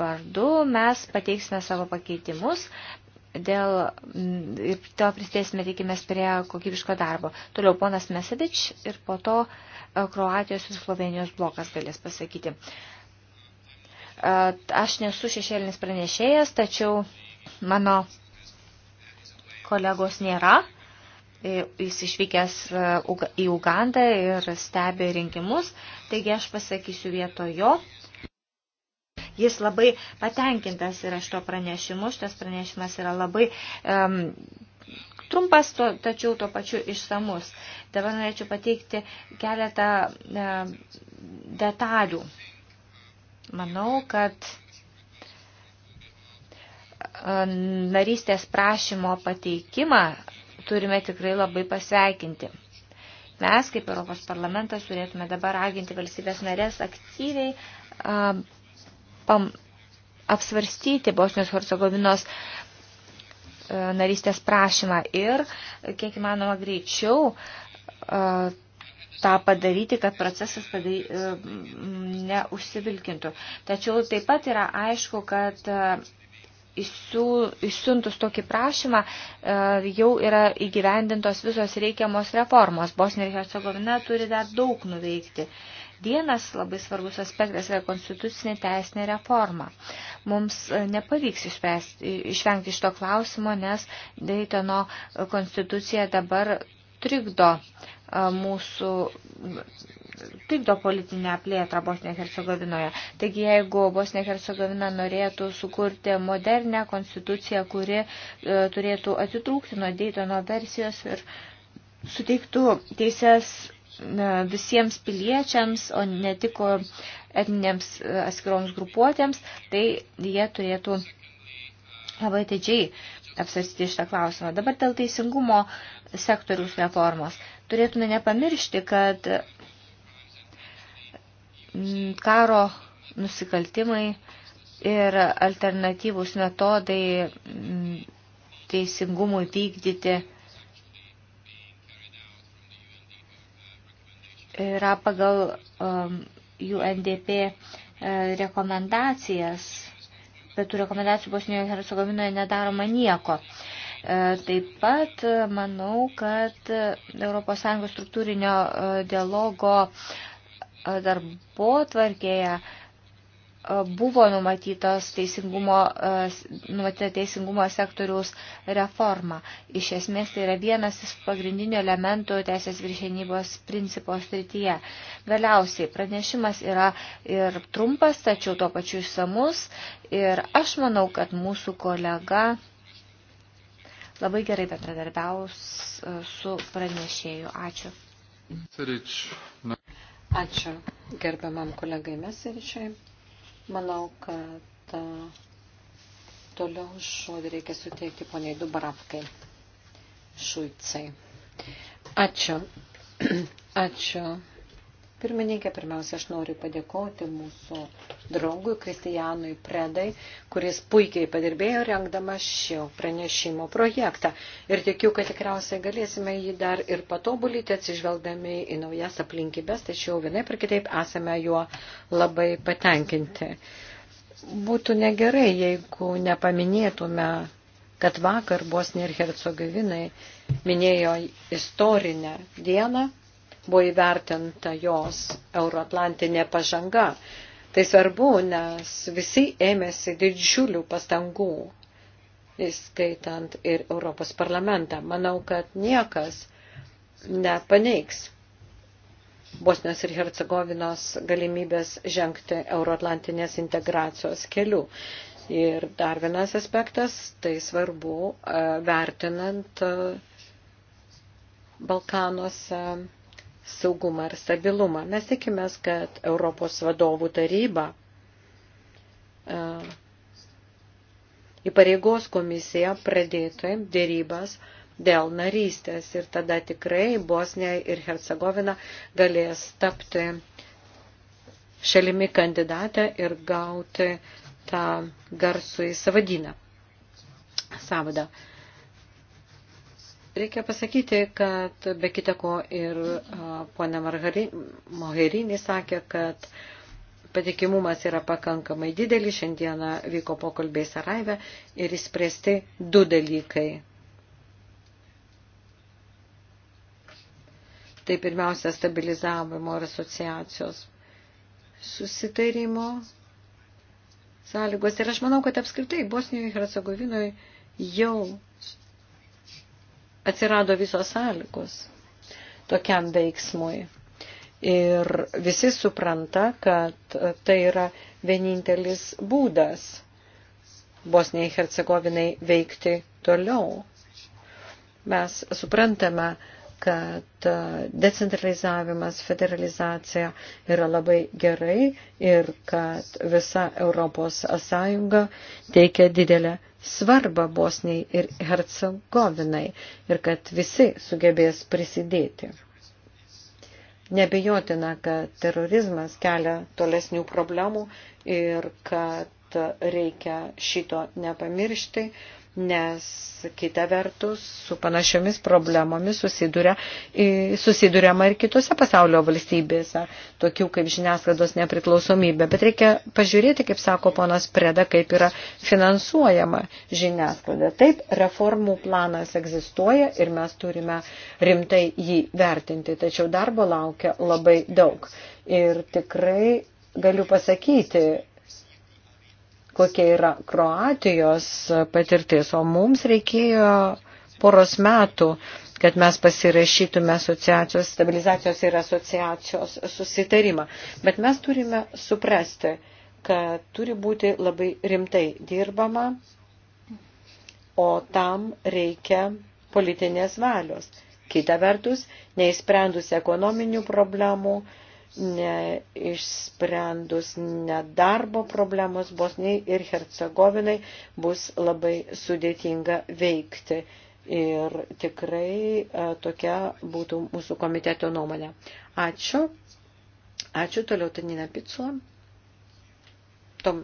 vardu mes pateiksime savo pakeitimus. Dėl, ir to pristėsime, tikimės, prie kokybiško darbo. Toliau ponas Mesedič ir po to e, Kroatijos ir Slovenijos blokas galės pasakyti. Aš nesu šešėlinis pranešėjas, tačiau mano Kolegos nėra. E, jis išvykęs e, į Ugandą ir stebi rinkimus, taigi aš pasakysiu vietojo. Jis labai patenkintas yra šito pranešimu, šitas pranešimas yra labai um, trumpas, to, tačiau tuo pačiu išsamus. Dabar norėčiau pateikti keletą um, detalių. Manau, kad narystės prašymo pateikimą turime tikrai labai pasveikinti. Mes, kaip Europos parlamentas, turėtume dabar raginti valstybės narės aktyviai pam, apsvarstyti Bosnijos Hercegovinos narystės prašymą ir, kiek įmanoma, greičiau tą padaryti, kad procesas padary, neužsivilkintų. Tačiau taip pat yra aišku, kad išsiuntus tokį prašymą e, jau yra įgyvendintos visos reikiamos reformos. Bosnija ir Hercegovina turi dar daug nuveikti. Vienas labai svarbus aspektas yra konstitucinė teisinė reforma. Mums e, nepavyks išspręsti, išvengti šito klausimo, nes Daytono konstitucija dabar trikdo e, mūsų trikdo politinę plėtrą Bosnijos Hercegovinoje. Taigi, jeigu Bosnija Hercegovina norėtų sukurti modernę konstituciją, kuri e, turėtų atitrūkti nuo Daytono versijos ir suteiktų teises e, visiems piliečiams, o ne tik etniniams e, atskiroms grupuotėms, tai jie turėtų labai teidžiai apsvarstyti šitą klausimą. Dabar dėl teisingumo sektoriaus reformos. Turėtume nepamiršti, kad Mm, karo nusikaltimai ir alternatyvūs metodai mm, teisingumui vykdyti yra pagal UNDP um, e, rekomendacijas, bet tų rekomendacijų Bosnijoje ir Hercegovinoje nedaroma nieko. E, taip pat e, manau, kad ES struktūrinio dialogo uh, darbo tvarkėje e, buvo numatytos teisingumo, e, numatyta teisingumo sektoriaus reforma. Iš esmės tai yra vienas iš pagrindinių elementų teisės viršenybos principo srityje. Galiausiai pranešimas yra ir trumpas, tačiau tuo pačiu išsamus ir aš manau, kad mūsų kolega labai gerai bendradarbiaus e, su pranešėju. Ačiū. Sarič, na. Ačiū gerbiamam kolegai Meseričiai. Manau, kad toliau žodį reikia suteikti poniai Dubravkai Šuicai. Ačiū. Ačiū Pirmininkė, pirmiausia, aš noriu padėkoti mūsų draugui Kristijanui Predai, kuris puikiai padirbėjo rengdamas šio pranešimo projektą. Ir tikiu, kad tikriausiai galėsime jį dar ir patobulyti, atsižvelgdami į naujas aplinkybės, tačiau vienai per kitaip esame juo labai patenkinti. Būtų negerai, jeigu nepaminėtume kad vakar Bosnija ir Hercegovinai minėjo istorinę dieną buvo įvertinta jos euroatlantinė pažanga. Tai svarbu, nes visi ėmėsi didžiulių pastangų, įskaitant ir Europos parlamentą. Manau, kad niekas nepaneigs Bosnios ir Hercegovinos galimybės žengti euroatlantinės integracijos keliu. Ir dar vienas aspektas, tai svarbu e, vertinant e, Balkanuose saugumą ir stabilumą. Mes tikimės, kad Europos vadovų taryba įpareigos komisiją pradėti dėrybas dėl narystės ir tada tikrai Bosnija ir Hercegovina galės tapti šalimi kandidatę ir gauti tą garsų į savadiną. Savadą. Reikia pasakyti, kad be kitako ir ponė Moherini sakė, kad patikimumas yra pakankamai didelis. Šiandieną vyko pokalbiai Saraivę ir įspręsti du dalykai. Tai pirmiausia stabilizavimo ir asociacijos susitarimo sąlygos. Ir aš manau, kad apskritai Bosnijoje ir Hercegovinoje jau atsirado visos sąlygos tokiam veiksmui. Ir visi supranta, kad tai yra vienintelis būdas Bosniai Hercegovinai veikti toliau. Mes suprantame, kad e, decentralizavimas, federalizacija yra labai gerai ir kad visa Europos sąjunga teikia didelę svarbą Bosniai ir Hercegovinai ir kad visi sugebės prisidėti. Nebejotina, kad terorizmas kelia tolesnių problemų ir kad reikia šito nepamiršti nes kita vertus su panašiomis problemomis susiduria, susiduriama ir kitose pasaulio valstybėse, tokių kaip žiniasklaidos nepriklausomybė. Bet reikia pažiūrėti, kaip sako ponas Preda, kaip yra finansuojama žiniasklaida. Taip, reformų planas egzistuoja ir mes turime rimtai jį vertinti, tačiau darbo laukia labai daug. Ir tikrai galiu pasakyti, kokia yra Kroatijos patirtis, o mums reikėjo poros metų, kad mes pasirašytume asociacijos, stabilizacijos ir asociacijos susitarimą. Bet mes turime suprasti, kad turi būti labai rimtai dirbama, o tam reikia politinės valios. Kita vertus, neįsprendus ekonominių problemų, išsprendus nedarbo problemos Bosniai ir Hercegovinai bus labai sudėtinga veikti. Ir tikrai e, tokia būtų mūsų komiteto nuomonė. Ačiū. Ačiū toliau Tanina Picula. Tom.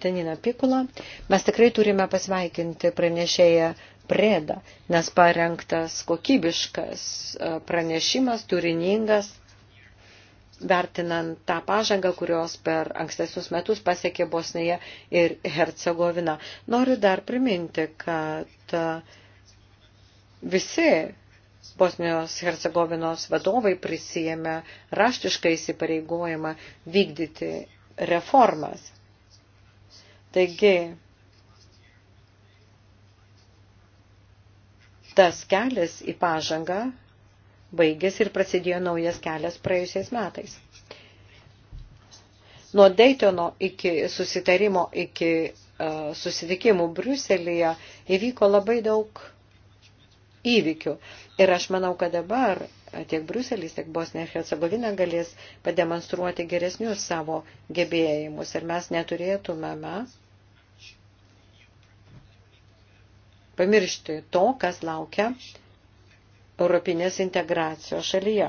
Tanina Pikula. Mes tikrai turime pasveikinti pranešėją Preda, nes parengtas kokybiškas e, pranešimas, turiningas, vertinant tą pažangą, kurios per ankstesnius metus pasiekė Bosnija ir Hercegovina. Noriu dar priminti, kad e, visi Bosnijos Hercegovinos vadovai prisijėmė raštiškai įsipareigojimą vykdyti reformas. Taigi, tas kelias į pažangą baigėsi ir prasidėjo naujas kelias praėjusiais metais. Nuo Daytono iki susitarimo, iki uh, susitikimų Bruselėje įvyko labai daug įvykių. Ir aš manau, kad dabar e, tiek Bruselis, tiek Bosnija ir Hercegovina galės pademonstruoti geresnius savo gebėjimus. Ir mes neturėtumėme pamiršti to, kas laukia europinės integracijos šalyje,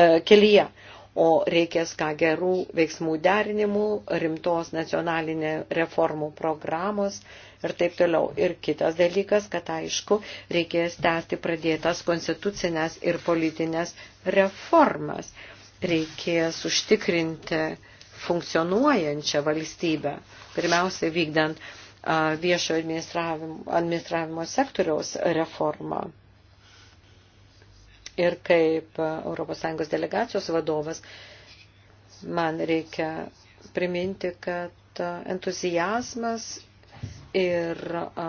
e, kelyje. O reikės ką gerų veiksmų derinimų, rimtos nacionalinė reformų programos ir taip toliau. Ir kitas dalykas, kad aišku, reikės tęsti pradėtas konstitucinės ir politinės reformas. Reikės užtikrinti funkcionuojančią valstybę, pirmiausia vykdant viešo administravimo, administravimo sektoriaus reformą. Ir kaip ES delegacijos vadovas, man reikia priminti, kad entuzijazmas ir a,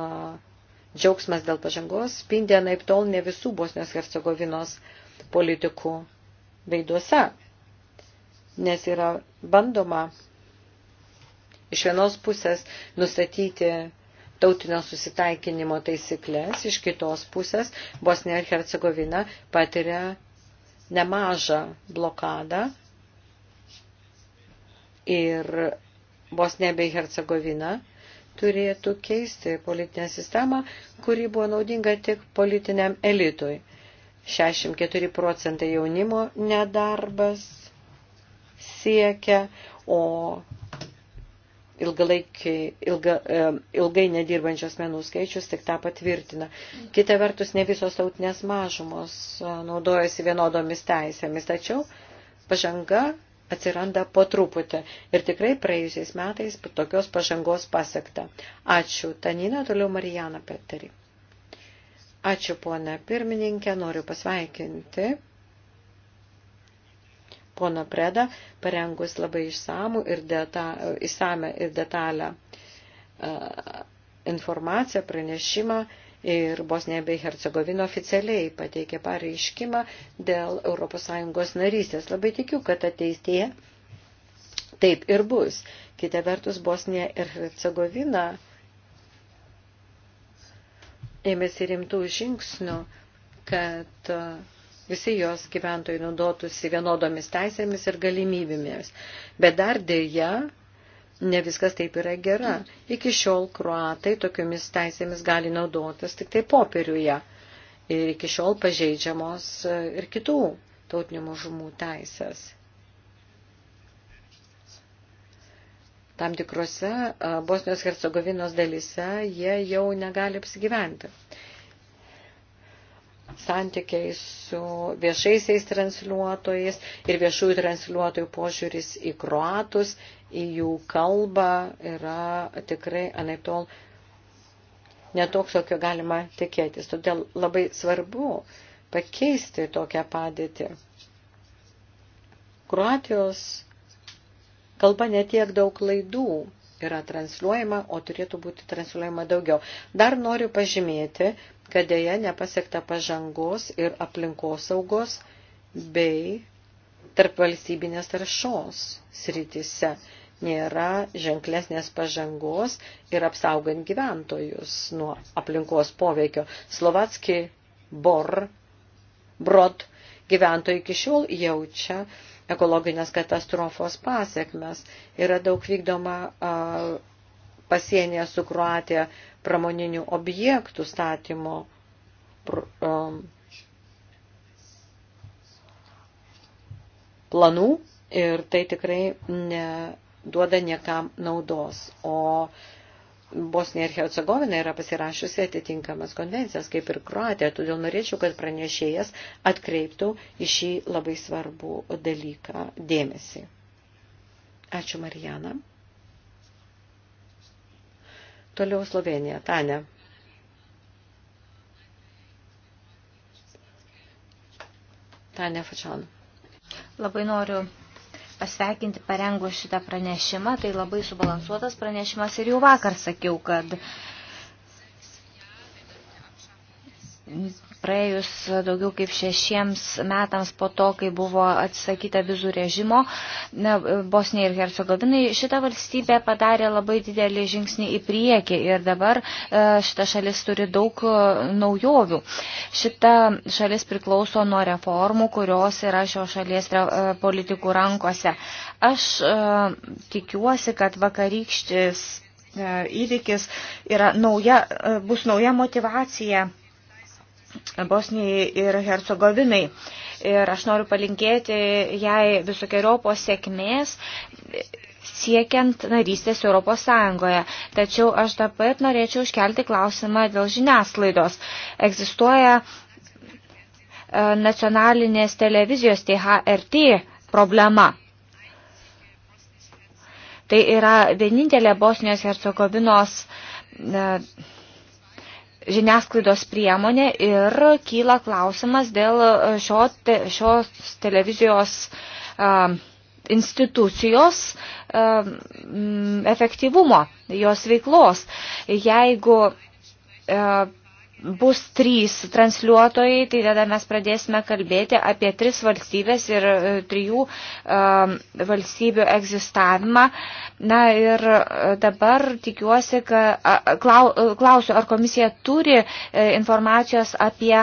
džiaugsmas dėl pažangos spindė naip tol ne visų Bosnijos Hercegovinos politikų veiduose, nes yra bandoma iš vienos pusės nustatyti tautinio susitaikinimo taisyklės, iš kitos pusės Bosnija ir Hercegovina patiria nemažą blokadą ir Bosnija bei Hercegovina turėtų keisti politinę sistemą, kuri buvo naudinga tik politiniam elitui. 64 procentai jaunimo nedarbas siekia, o ilga, e, ilgai nedirbančios menų skaičius tik tą patvirtina. Kita vertus, ne visos tautinės mažumos e, naudojasi vienodomis teisėmis, tačiau pažanga atsiranda po truputį ir tikrai praėjusiais metais tokios pažangos pasiekta. Ačiū, Tanina, toliau Marijana Peteri. Ačiū, ponė pirmininkė, noriu pasveikinti pono Preda, parengus labai išsamų ir, deta, išsame ir detalę e, informaciją, pranešimą ir Bosnija bei Hercegovina oficialiai pateikė pareiškimą dėl ES narystės. Labai tikiu, kad ateistėje taip ir bus. Kita vertus, Bosnija ir Hercegovina ėmėsi rimtų žingsnių, kad uh, visi jos gyventojai naudotųsi vienodomis teisėmis ir galimybėmis. Bet dar dėja, ne viskas taip yra gera. Iki šiol kruatai tokiomis teisėmis gali naudotis tik tai popieriuje. Ir iki šiol pažeidžiamos e, ir kitų tautinių mažumų teisės. Tam tikrose e, Bosnijos Hercegovinos dalyse jie jau negali apsigyventi santykiai su viešaisiais transliuotojais ir viešųjų transliuotojų požiūris į kroatus, į jų kalbą yra tikrai anaiptol netoks, kokio galima tikėtis. Todėl labai svarbu pakeisti tokią padėtį. Kroatijos kalba netiek daug klaidų, yra transliuojama, o turėtų būti transliuojama daugiau. Dar noriu pažymėti, kad dėja nepasiekta pažangos ir aplinkosaugos bei tarp valstybinės taršos sritise nėra ženklesnės pažangos ir apsaugant gyventojus nuo aplinkos poveikio. Slovatski bor, brod gyventojai iki šiol jaučia uh, ekologinės katastrofos pasiekmes. Yra daug vykdoma pasienyje su Kroatija pramoninių objektų statymo planų ir tai tikrai neduoda niekam naudos. O Bosnija ir Hercegovina yra pasirašiusi atitinkamas konvencijas, kaip ir Kroatija, todėl norėčiau, kad pranešėjas atkreiptų į šį labai svarbų dalyką dėmesį. Ačiū, Marijana. Toliau Slovenija, Tane. Tane Fačan. Labai noriu pasveikinti parengus šitą pranešimą. Tai labai subalansuotas pranešimas ir jau vakar sakiau, kad praėjus daugiau kaip šešiems metams po to, kai buvo atsisakyta vizų režimo Bosnijai ir Hercegovinai, šita valstybė padarė labai didelį žingsnį į priekį ir dabar e, šita šalis turi daug e, naujovių. Šita šalis priklauso nuo reformų, kurios yra šio šalies e, politikų rankose. Aš tikiuosi, kad vakarykštis įvykis yra nauja, bus nauja motivacija Bosnijai ir Hercegovinai. Ir aš noriu palinkėti jai visokiojopos sėkmės siekiant narystės Europos Sąjungoje. Tačiau aš taip pat norėčiau iškelti klausimą dėl žiniasklaidos. Egzistuoja e, nacionalinės televizijos THRT problema. Tai yra vienintelė Bosnijos Hercegovinos e, žiniasklaidos priemonė ir kyla klausimas dėl e, šio te, šios televizijos uh, institucijos uh, efektyvumo, jos veiklos. Jeigu uh, bus trys transliuotojai, tai tada mes pradėsime kalbėti apie tris valstybės ir e, trijų um, valstybių egzistavimą. Na ir e, dabar tikiuosi, kad klausiu, ar komisija turi informacijos apie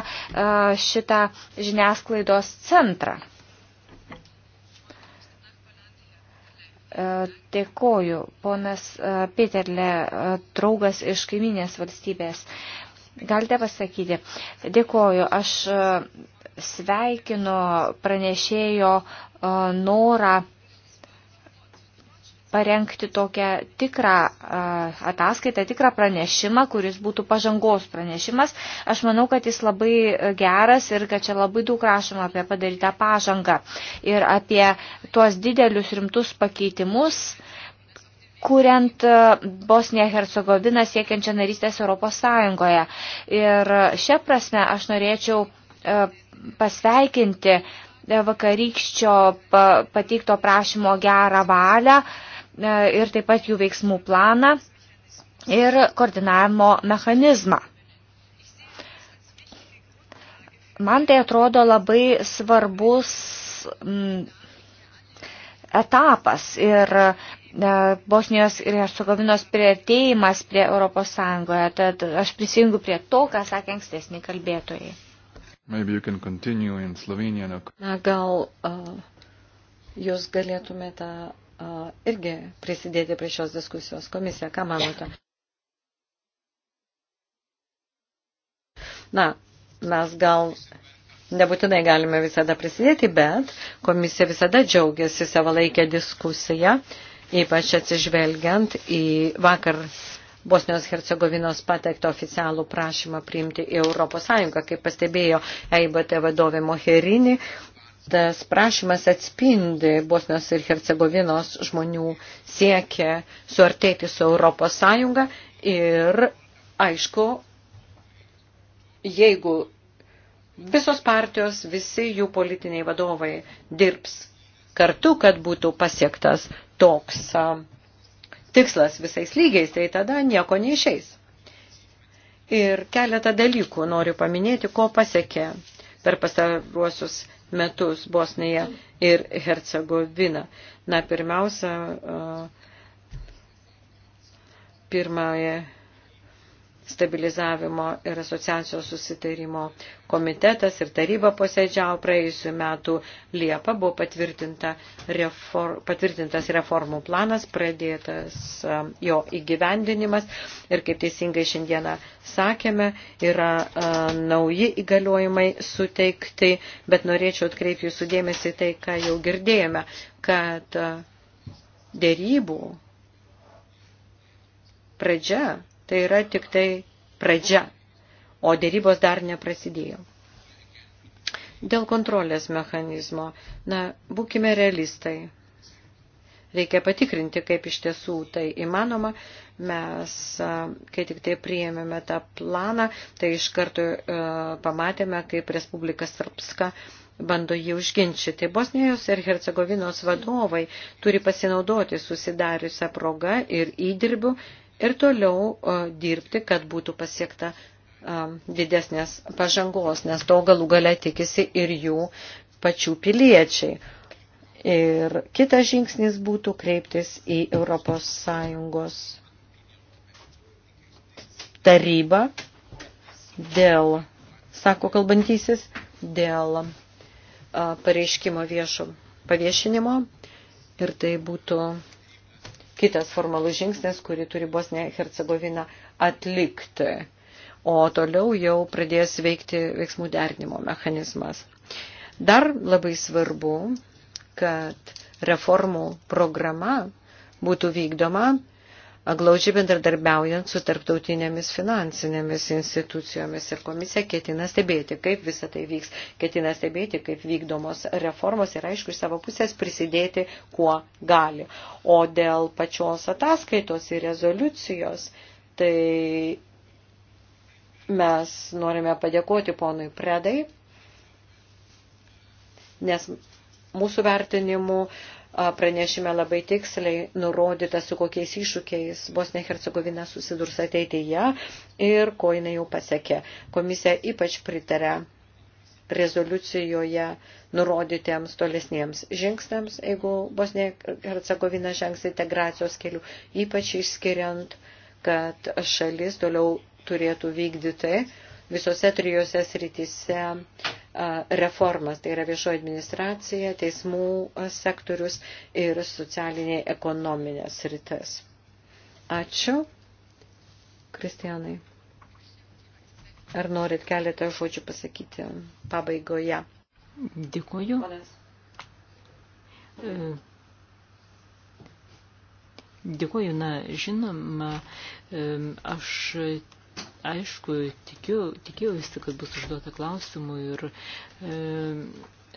šitą žiniasklaidos centrą. Dėkoju, ponas Peterle, draugas iš kaiminės valstybės. Uh, Galite pasakyti, dėkoju, aš e, sveikinu pranešėjo e, norą parengti tokią tikrą e, ataskaitą, tikrą pranešimą, kuris būtų pažangos pranešimas. Aš manau, kad jis labai geras ir kad čia labai daug rašoma apie padarytą pažangą ir apie tuos didelius rimtus pakeitimus, kuriant e, Bosniją Hercegoviną siekiančią narystės Europos Sąjungoje. Ir šią prasme aš norėčiau e, pasveikinti e, vakarykščio pateikto prašymo gerą valią ir taip pat jų veiksmų planą ir koordinavimo mechanizmą. Man tai atrodo labai svarbus etapas ir e, Bosnijos ir Hercegovinos prieartėjimas prie Europos Sąjungoje. Tad aš prisijungiu prie to, ką sakė ankstesni kalbėtojai. Na, gal uh, jūs galėtumėte uh, irgi prisidėti prie šios diskusijos komisiją. Ką manote? Na, mes gal nebūtinai galime visada prisidėti, bet komisija visada džiaugiasi savalaikę diskusiją, ypač atsižvelgiant į vakar Bosnijos Hercegovinos pateikto oficialų prašymą priimti į Europos Sąjungą, kaip pastebėjo EIBT vadovė Moherini. Tas prašymas atspindi Bosnijos ir Hercegovinos žmonių siekia suartėti su Europos Sąjunga ir, aišku, jeigu Visos partijos, visi jų politiniai vadovai dirbs kartu, kad būtų pasiektas toks tikslas visais lygiais, tai tada nieko neišeis. Ir keletą dalykų noriu paminėti, ko pasiekė per pastaruosius metus Bosnija ir Hercegovina. Na, pirmiausia, pirmąją stabilizavimo ir asociacijos susitarimo komitetas ir taryba posėdžiavo praėjusiu metu Liepą, buvo patvirtinta reform, patvirtintas reformų planas, pradėtas um, jo įgyvendinimas ir kaip teisingai šiandieną sakėme, yra a, um, nauji įgaliojimai suteikti, bet norėčiau atkreipti jūsų dėmesį tai, ką jau girdėjome, kad a, uh, dėrybų pradžia tai yra tik tai pradžia, o dėrybos dar neprasidėjo. Dėl kontrolės mechanizmo, na, būkime realistai. Reikia patikrinti, kaip iš tiesų tai įmanoma. Mes, kai tik tai priėmėme tą planą, tai iš karto e, pamatėme, kaip Respublika Srpska bando jį užginčyti. Bosnijos ir Hercegovinos vadovai turi pasinaudoti susidariusią progą ir įdirbių ir toliau dirbti, kad būtų pasiekta didesnės pažangos, nes to galų gale tikisi ir jų pačių piliečiai. Ir kitas žingsnis būtų kreiptis į Europos Sąjungos tarybą dėl, sako kalbantysis, dėl pareiškimo viešo paviešinimo ir tai būtų kitas formalus žingsnis, kurį turi Bosnija Hercegovina atlikti. O toliau jau pradės veikti veiksmų derinimo mechanizmas. Dar labai svarbu, kad reformų programa būtų vykdoma glaudžiai bendradarbiaujant su tarptautinėmis finansinėmis institucijomis ir komisija ketina stebėti, kaip visa tai vyks, ketina stebėti, kaip vykdomos reformos ir aišku iš savo pusės prisidėti, kuo gali. O dėl pačios ataskaitos ir rezoliucijos, tai mes norime padėkoti ponui Predai, nes mūsų vertinimu uh, pranešime labai tiksliai nurodyta, su kokiais iššūkiais Bosnė Hercegovina susidurs ateityje ir ko jinai jau pasiekė. Komisija ypač pritarė rezoliucijoje nurodytiems tolesniems žingsniams, jeigu Bosnė Hercegovina žengs integracijos keliu, ypač išskiriant, kad šalis toliau turėtų vykdyti visose trijose srityse reformas, tai yra viešoji administracija, teismų sektorius ir socialinė ekonominė sritis. Ačiū. Kristianai, ar norit keletą žodžių pasakyti pabaigoje? Dėkuoju. Panas. E, dėkuoju, na, žinoma, e, aš Aišku, tikiu, tikėjausi, kad bus užduota klausimų ir e,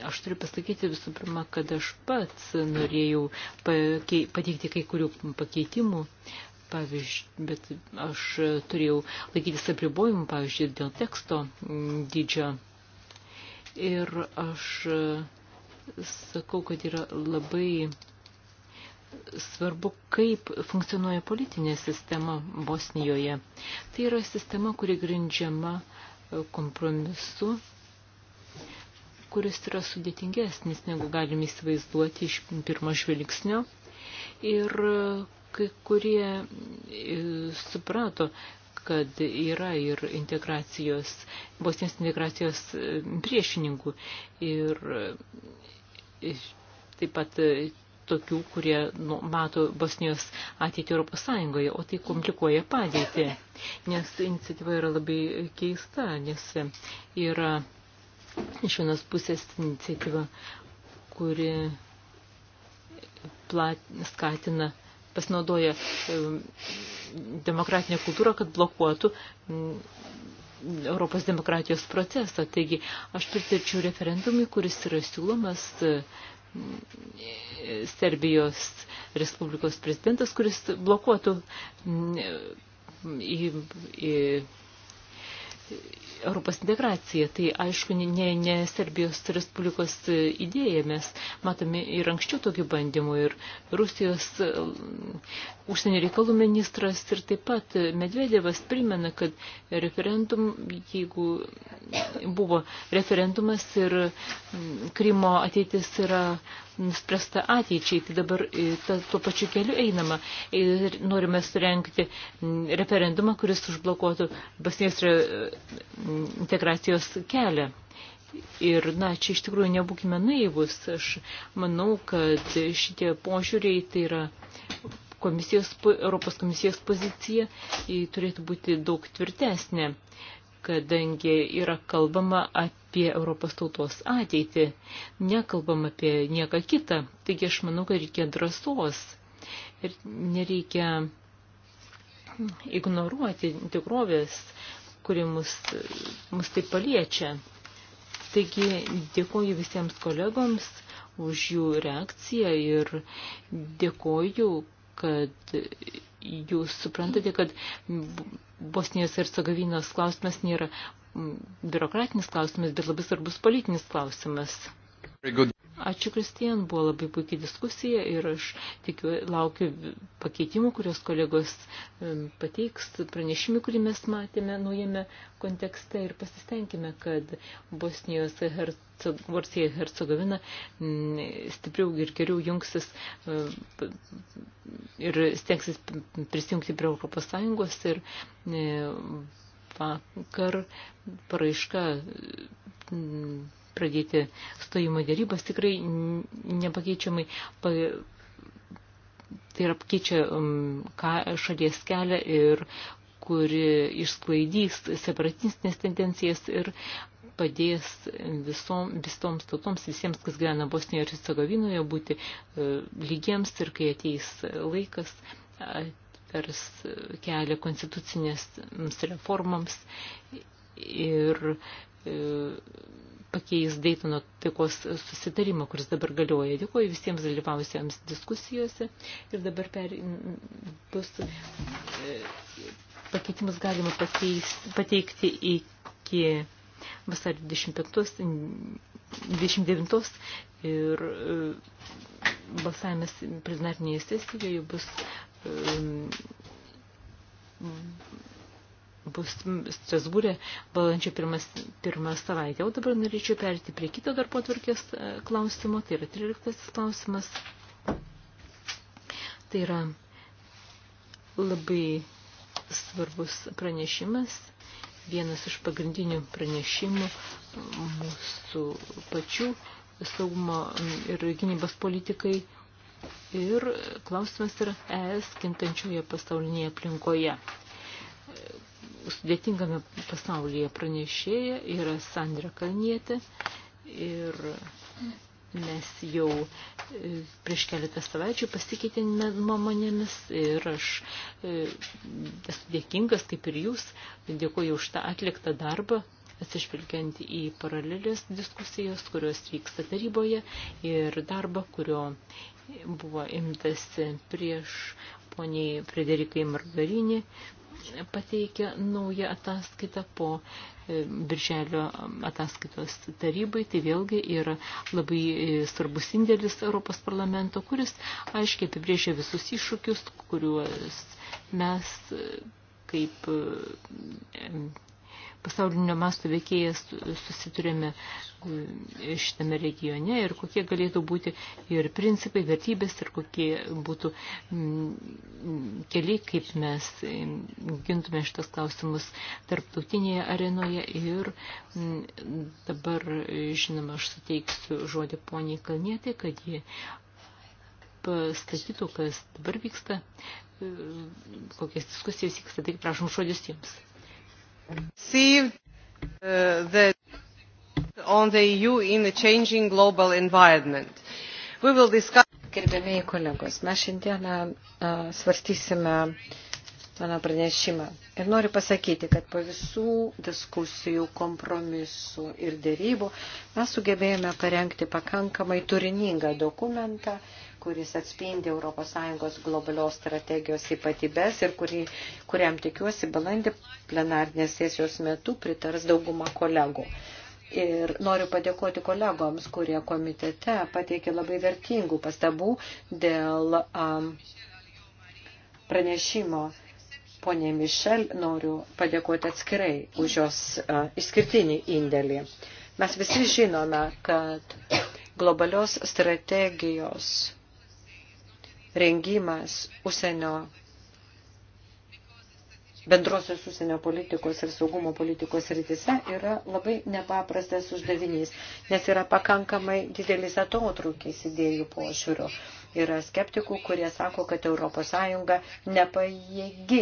aš turiu pasakyti visų pirma, kad aš pats norėjau pakei, pateikti kai kurių pakeitimų, pavyzdžiui, bet aš turėjau laikytis apribojimų, pavyzdžiui, dėl teksto mm, dydžio. Ir aš sakau, kad yra labai svarbu, kaip funkcionuoja politinė sistema Bosnijoje. Tai yra sistema, kuri grindžiama e, kompromisu, kuris yra sudėtingesnis, negu galime įsivaizduoti iš pirmo žvilgsnio. Ir e, kai kurie e, suprato, kad yra ir integracijos, Bosnijos integracijos priešininkų. Ir taip pat tokių, kurie nu, mato Bosnijos ateitį Europos Sąjungoje, o tai komplikuoja padėtį, nes iniciatyva yra labai keista, nes yra iš vienos pusės iniciatyva, kuri plat, skatina pasinaudoja demokratinę kultūrą, kad blokuotų Europos demokratijos procesą. Taigi aš pritarčiau referendumui, kuris yra siūlomas Serbijos Respublikos prezidentas, kuris blokuotų mm, į, į, Europos integracija. Tai aišku, ne, ne Serbijos Respublikos idėja, mes matome ir anksčiau tokių bandymų, ir Rusijos e, užsienio reikalų ministras, ir taip pat Medvedevas primena, kad referendum, jeigu buvo referendumas ir Krymo ateitis yra nuspręsta ateičiai. Tai dabar e, ta, tuo pačiu keliu einama ir norime surenkti referendumą, kuris užblokuotų basinės e, integracijos kelią. Ir, na, čia iš tikrųjų nebūkime naivus. Aš manau, kad šitie požiūriai tai yra komisijos, Europos komisijos pozicija turėtų būti daug tvirtesnė kadangi yra kalbama apie Europos tautos ateitį, nekalbam apie nieką kitą. Taigi aš manau, kad reikia drąsos ir nereikia ignoruoti tikrovės, kuri mus, mus taip paliečia. Taigi dėkoju visiems kolegoms už jų reakciją ir dėkoju, kad jūs suprantate, kad Bosnijos ir Sagavinos klausimas nėra mm, biurokratinis klausimas, bet labai svarbus politinis klausimas. Ačiū, Kristijan, buvo labai puikiai diskusija ir aš tikiu, laukiu pakeitimų, kurios kolegos pateiks, pranešimį, kurį mes matėme naujame kontekste ir pasistengime, kad Bosnijos Hercegovina Hercegovina stipriau ir geriau jungsis ir stengsis prisijungti prie Europos Sąjungos ir e, vakar paraiška pradėti stojimo dėrybas, tikrai nepakeičiamai pa, tai yra keičia um, ką šalies kelią ir kuri išsklaidys separatistinės tendencijas ir padės visom, visoms tautoms, visiems, kas gyvena Bosnijoje ir Hercegovinoje, būti e, lygiems ir kai ateis laikas, atvers kelią konstitucinės reformams ir e, pakeis Daytono taikos susitarimą, kuris dabar galioja. Dėkuoju visiems dalyvavusiems diskusijose ir dabar per, bus e, pakeitimus galima pakeis, pateikti iki vasario 25, 29 ir e, balsavimas plenarnėje sesijoje bus um, bus Strasbūrė balandžio pirmas, pirmą savaitę. O dabar norėčiau perėti prie kito darbo tvarkės e, klausimo, tai yra 13 klausimas. Tai yra labai svarbus pranešimas, vienas iš pagrindinių pranešimų mūsų pačių saugumo ir gynybos politikai. Ir klausimas yra ES kintančioje pasaulinėje aplinkoje sudėtingame pasaulyje pranešėja yra Sandra Kalnietė ir mes jau e, prieš keletą savaičių pasikeitėme nuomonėmis ir aš e, esu dėkingas, kaip ir jūs, dėkuoju už tą atliktą darbą, atsižvelgiant į paralelės diskusijas, kurios vyksta taryboje ir darbą, kurio buvo imtasi prieš poniai Frederikai Margarinį, pateikė naują ataskaitą po e, Birželio um, ataskaitos tarybai. Tai vėlgi yra labai e, svarbus indėlis Europos parlamento, kuris aiškiai apibrėžia visus iššūkius, kuriuos mes e, kaip pasaulinio masto veikėjas susiturime e, šitame regione ir kokie galėtų būti ir principai, vertybės ir kokie būtų mm, keli, kaip mes mm, gintume šitas klausimus tarptautinėje arenoje ir mm, dabar, e, žinoma, aš suteiksiu žodį poniai Kalnietė, kad ji pasakytų, kas dabar vyksta, e, kokias diskusijas vyksta, tai prašom žodis jums. Uh, e Gerbėmiai kolegos, mes šiandieną uh, svarstysime mano pranešimą. Ir noriu pasakyti, kad po visų diskusijų, kompromisų ir dėrybų mes sugebėjome parengti pakankamai turiningą dokumentą, uh, kuris atspindi ES globalios strategijos ypatybės ir kurį, kuriam tikiuosi balandį plenarnės sesijos metu pritars dauguma kolegų. Ir noriu padėkoti kolegoms, kurie komitete pateikė labai vertingų pastabų dėl um, pranešimo ponė Mišel, noriu padėkoti atskirai už jos uh, išskirtinį indėlį. Mes visi žinome, kad globalios strategijos rengimas užsienio bendrosios užsienio politikos ir saugumo politikos rytise yra labai nepaprastas uždavinys, nes yra pakankamai didelis atotrūkis idėjų pošiūrių. Yra skeptikų, kurie sako, kad ES nepajėgi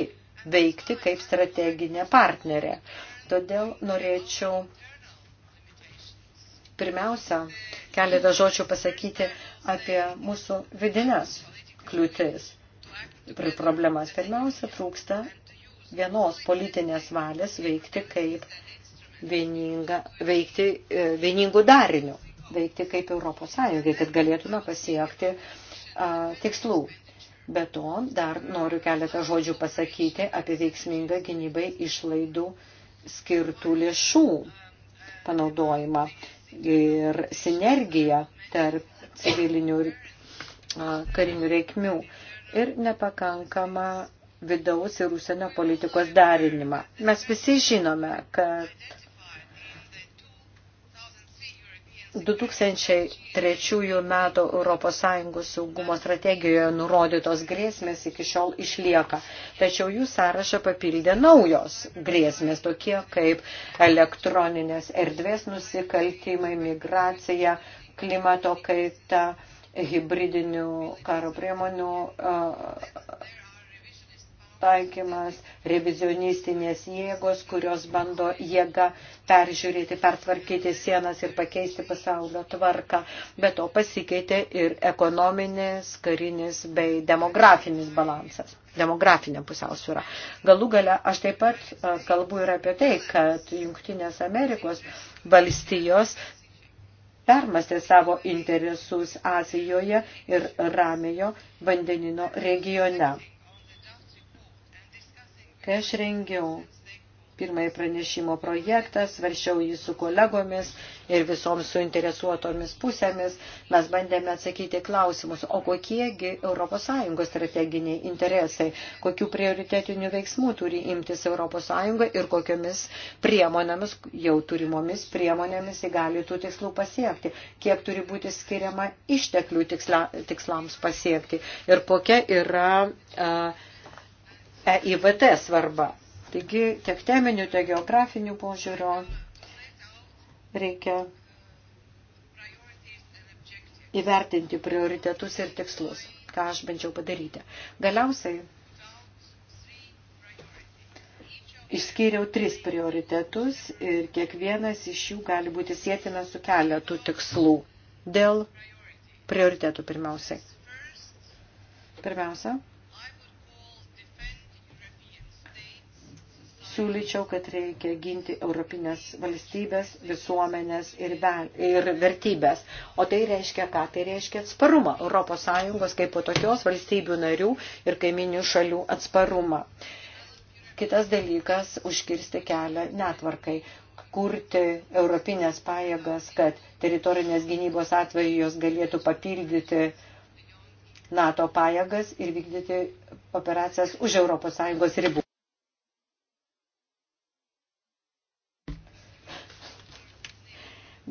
veikti kaip strateginė partnerė. Todėl norėčiau pirmiausia keletą žodžių pasakyti apie mūsų vidinės kliūtis ir problemas. Pirmiausia, trūksta vienos politinės valės veikti kaip vieninga, veikti e, vieningų darinių, veikti kaip Europos Sąjungai, kad galėtume pasiekti a, tikslų. Be to, dar noriu keletą žodžių pasakyti apie veiksmingą gynybai išlaidų skirtų lėšų panaudojimą ir sinergiją tarp civilinių ir karinių reikmių ir nepakankamą vidaus ir užsienio politikos darinimą. Mes visi žinome, kad 2003 metų ES saugumo strategijoje nurodytos grėsmės iki šiol išlieka, tačiau jų sąrašą papildė naujos grėsmės, tokie kaip elektroninės erdvės nusikaltimai, migracija, klimato kaita, hybridinių karo priemonių taikymas, revizionistinės jėgos, kurios bando jėgą peržiūrėti, pertvarkyti sienas ir pakeisti pasaulio tvarką. Be to pasikeitė ir ekonominis, karinis bei demografinis balansas, demografinė pusiausvyrą. Galų gale aš taip pat kalbu ir apie tai, kad Junktinės Amerikos valstijos permastė savo interesus Azijoje ir Ramėjo vandenino regione. Kai aš rengiau pirmąjį pranešimo projektą, svaršiau jį su kolegomis ir visoms suinteresuotomis pusėmis. Mes bandėme atsakyti klausimus, o kokiegi ES strateginiai interesai, kokių prioritetinių veiksmų turi imtis ES ir kokiomis priemonėmis, jau turimomis priemonėmis įgali tų tikslų pasiekti, kiek turi būti skiriama išteklių tiksla, tikslams pasiekti ir kokia yra. Uh, EIVT svarba. Taigi tiek teminių, tiek geografinių požiūrio reikia įvertinti prioritetus ir tikslus, ką aš bandžiau padaryti. Galiausiai išskyriau tris prioritetus ir kiekvienas iš jų gali būti sėtina su keletu tikslų dėl prioritetų pirmiausiai. Pirmiausia, siūlyčiau, kad reikia ginti europinės valstybės, visuomenės ir, vel, ir vertybės. O tai reiškia ką? Tai reiškia atsparumą Europos Sąjungos kaip po tokios valstybių narių ir kaiminių šalių atsparumą. Kitas dalykas – užkirsti kelią netvarkai kurti europinės pajėgas, kad teritorinės gynybos atveju jos galėtų papildyti NATO pajėgas ir vykdyti operacijas už ES ribų.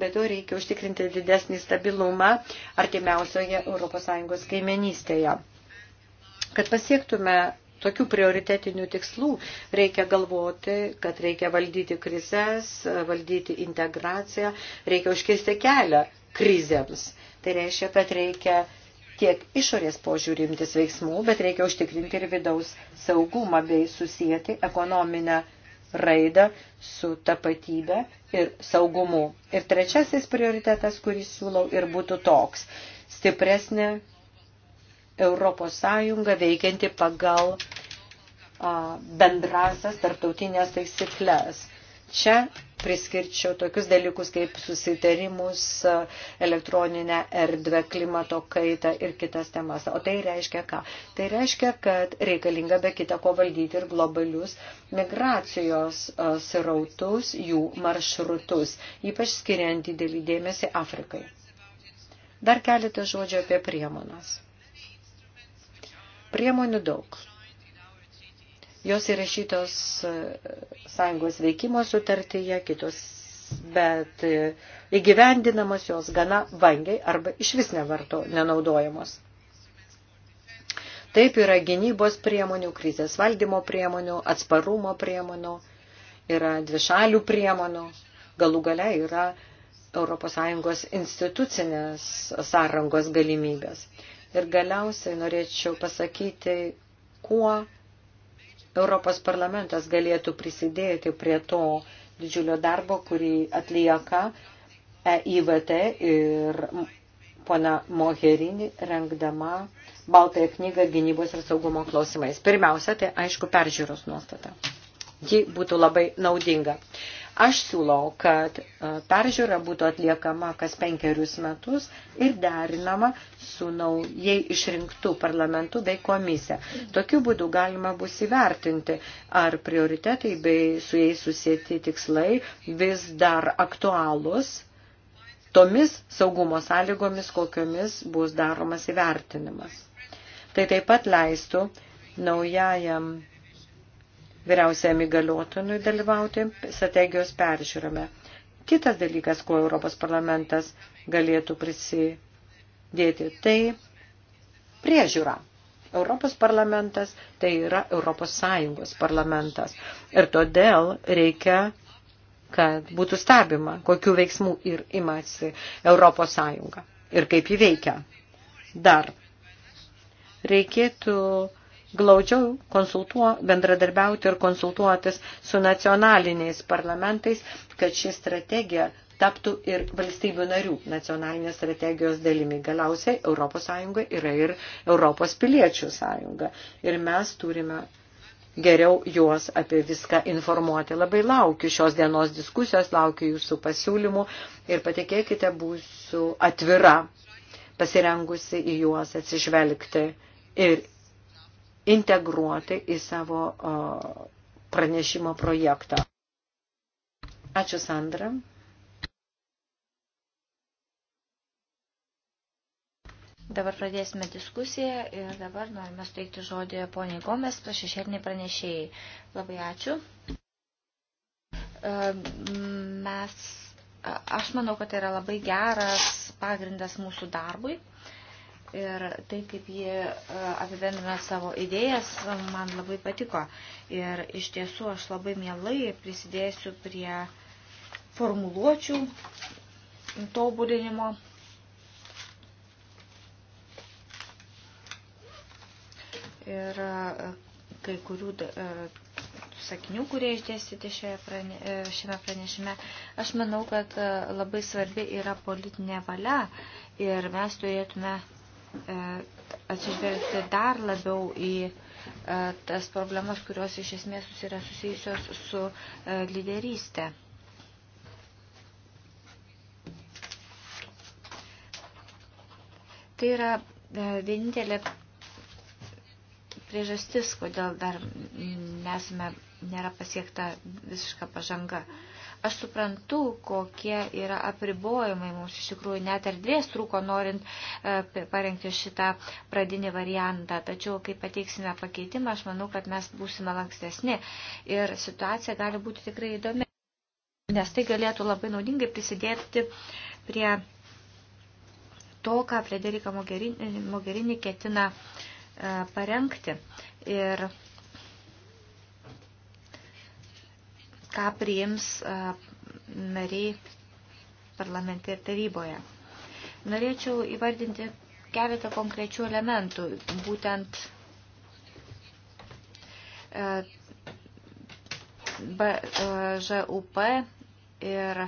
bet to reikia užtikrinti didesnį stabilumą artimiausioje ES kaimenystėje. Kad pasiektume tokių prioritetinių tikslų, reikia galvoti, kad reikia valdyti krizės, valdyti integraciją, reikia užkirsti kelią krizėms. Tai reiškia, kad reikia tiek išorės požiūrimtis veiksmų, bet reikia užtikrinti ir vidaus saugumą bei susijęti ekonominę raidą, su tapatybe ir saugumu. Ir trečiasis prioritetas, kurį siūlau, ir būtų toks – stipresnė Europos Sąjunga veikianti pagal a, bendrasas tarptautinės taisyklės. Čia priskirčiau tokius dalykus kaip susitarimus, elektroninę erdvę, klimato kaitą ir kitas temas. O tai reiškia ką? Tai reiškia, kad reikalinga be kita ko valdyti ir globalius migracijos e, srautus, jų maršrutus, ypač skiriant didelį dėmesį Afrikai. Dar keletą žodžių apie priemonas. Priemonių daug Jos įrašytos e, sąjungos veikimo sutartyje, kitos, bet e, įgyvendinamos jos gana vangiai arba iš vis nevarto nenaudojamos. Taip yra gynybos priemonių, krizės valdymo priemonių, atsparumo priemonių, yra dvišalių priemonių, galų gale yra ES institucinės sąrangos galimybės. Ir galiausiai norėčiau pasakyti, kuo Europos parlamentas galėtų prisidėti prie to didžiulio darbo, kurį atlieka EIVT ir pona Moherini rengdama Baltąją knygą gynybos ir saugumo klausimais. Pirmiausia, tai aišku peržiūros nuostata. Ji būtų labai naudinga. Aš siūlau, kad e, peržiūra būtų atliekama kas penkerius metus ir derinama su naujai išrinktų parlamentu bei komisija. Tokiu būdu galima bus įvertinti, ar prioritetai bei su jais susėti tikslai vis dar aktualūs tomis saugumo sąlygomis, kokiomis bus daromas įvertinimas. Tai taip pat leistų naujajam vyriausiam įgaliotinui dalyvauti strategijos peržiūrame. Kitas dalykas, kuo Europos parlamentas galėtų prisidėti, tai priežiūra. Europos parlamentas tai yra Europos Sąjungos parlamentas. Ir todėl reikia kad būtų stebima, kokių veiksmų ir imasi Europos Sąjunga ir kaip jį veikia. Dar reikėtų glaudžiau konsultuo, bendradarbiauti ir konsultuotis su nacionaliniais parlamentais, kad ši strategija taptų ir valstybių narių nacionalinės strategijos dalimi. Galiausiai ES yra ir Europos piliečių sąjunga. Ir mes turime geriau juos apie viską informuoti. Labai laukiu šios dienos diskusijos, laukiu jūsų pasiūlymų ir patikėkite, būsiu atvira pasirengusi į juos atsižvelgti ir integruoti į savo pranešimo projektą. Ačiū, Sandra. Dabar pradėsime diskusiją ir dabar norime suteikti žodį poniai Gomes, šešėliniai pranešėjai. Labai ačiū. E, mes, aš manau, kad tai yra labai geras pagrindas mūsų darbui. Ir tai, kaip jie apibendrina savo idėjas, man labai patiko. Ir iš tiesų aš labai mielai prisidėsiu prie formuluočių tobulinimo. Ir e, kai kurių e, sakinių, kurie išdėstyti prane, e, šiame pranešime, aš manau, kad labai svarbi yra politinė valia ir mes turėtume E, atsižvelgti dar labiau į e, tas problemas, kurios iš esmės yra susijusios su e, lyderystė. Tai yra vienintelė priežastis, kodėl dar nesame, nėra pasiekta visiška pažanga. Uh, Aš suprantu, kokie yra apribojimai mums iš tikrųjų net erdvės trūko, norint e, parengti šitą pradinį variantą. Tačiau, kai pateiksime pakeitimą, aš manau, kad mes būsime lankstesni ir situacija gali būti tikrai įdomi, nes tai galėtų labai naudingai prisidėti prie to, ką Frederika Mogherini, Mogherini ketina e, parengti. Ir ką priims nariai parlamente ir taryboje. Norėčiau įvardinti keletą konkrečių elementų, būtent ŽUP ir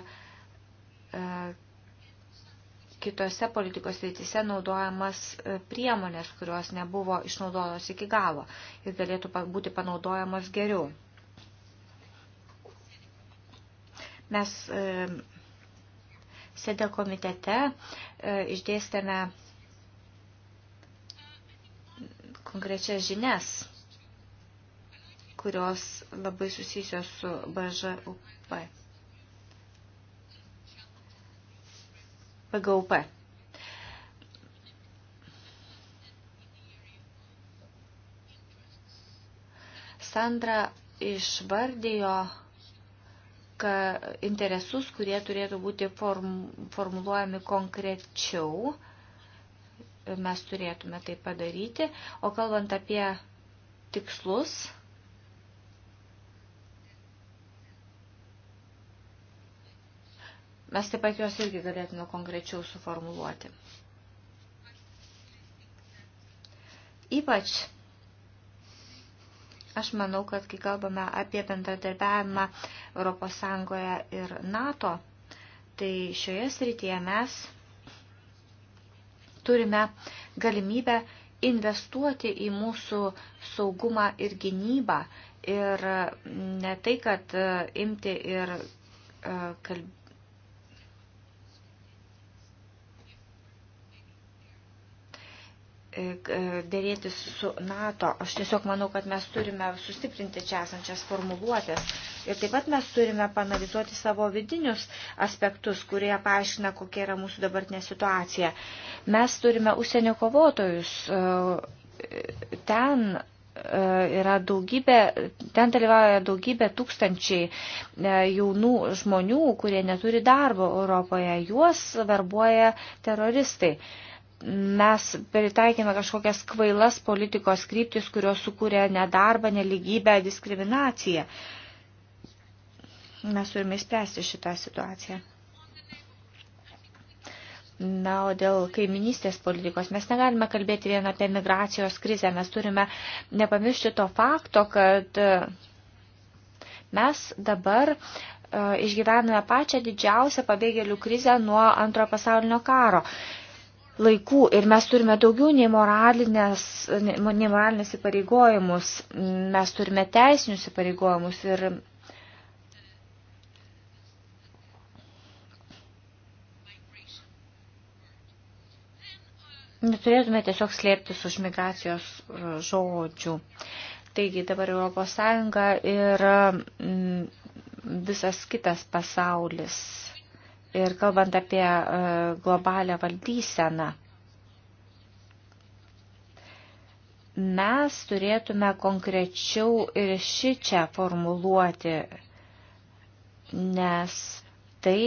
kitose politikos rytise naudojamas priemonės, kurios nebuvo išnaudotos iki galo ir galėtų būti panaudojamas geriau. Mes e, sėdė komitete e, išdėstėme konkrečias žinias, kurios labai susijusios su BŽUP. PGUP. Sandra išvardijo atitinka interesus, kurie turėtų būti form, formuluojami konkrečiau. Mes turėtume tai padaryti. O kalbant apie tikslus, mes taip pat juos irgi galėtume konkrečiau suformuluoti. Ypač Aš manau, kad kai kalbame apie bendradarbiavimą ES ir NATO, tai šioje srityje mes turime galimybę investuoti į mūsų saugumą ir gynybą ir ne tai, kad e, imti ir e, kalbėti E, dėrėtis su NATO. Aš tiesiog manau, kad mes turime sustiprinti čia esančias formuluotės. Ir taip pat mes turime panalizuoti savo vidinius aspektus, kurie paaiškina, kokia yra mūsų dabartinė situacija. Mes turime užsienio kovotojus. E, ten e, yra daugybė, ten dalyvauja daugybė tūkstančiai jaunų žmonių, kurie neturi darbo Europoje. Juos verbuoja teroristai mes pritaikėme kažkokias kvailas politikos kryptis, kurios sukūrė nedarbą, neligybę, diskriminaciją. Mes turime spręsti šitą situaciją. Na, o dėl kaiminystės politikos mes negalime kalbėti vien apie migracijos krizę. Mes turime nepamiršti to fakto, kad e, mes dabar e, išgyvename pačią didžiausią pabėgėlių krizę nuo antrojo pasaulinio karo laikų ir mes turime daugiau nei, moralinės, nei moralinės įpareigojimus, mes turime teisinius įpareigojimus ir neturėtume tiesiog slėptis už migracijos žodžių. Taigi dabar Europos Sąjunga ir mm, visas kitas pasaulis ir kalbant apie e, globalią valdyseną. Mes turėtume konkrečiau ir šį čia formuluoti, nes tai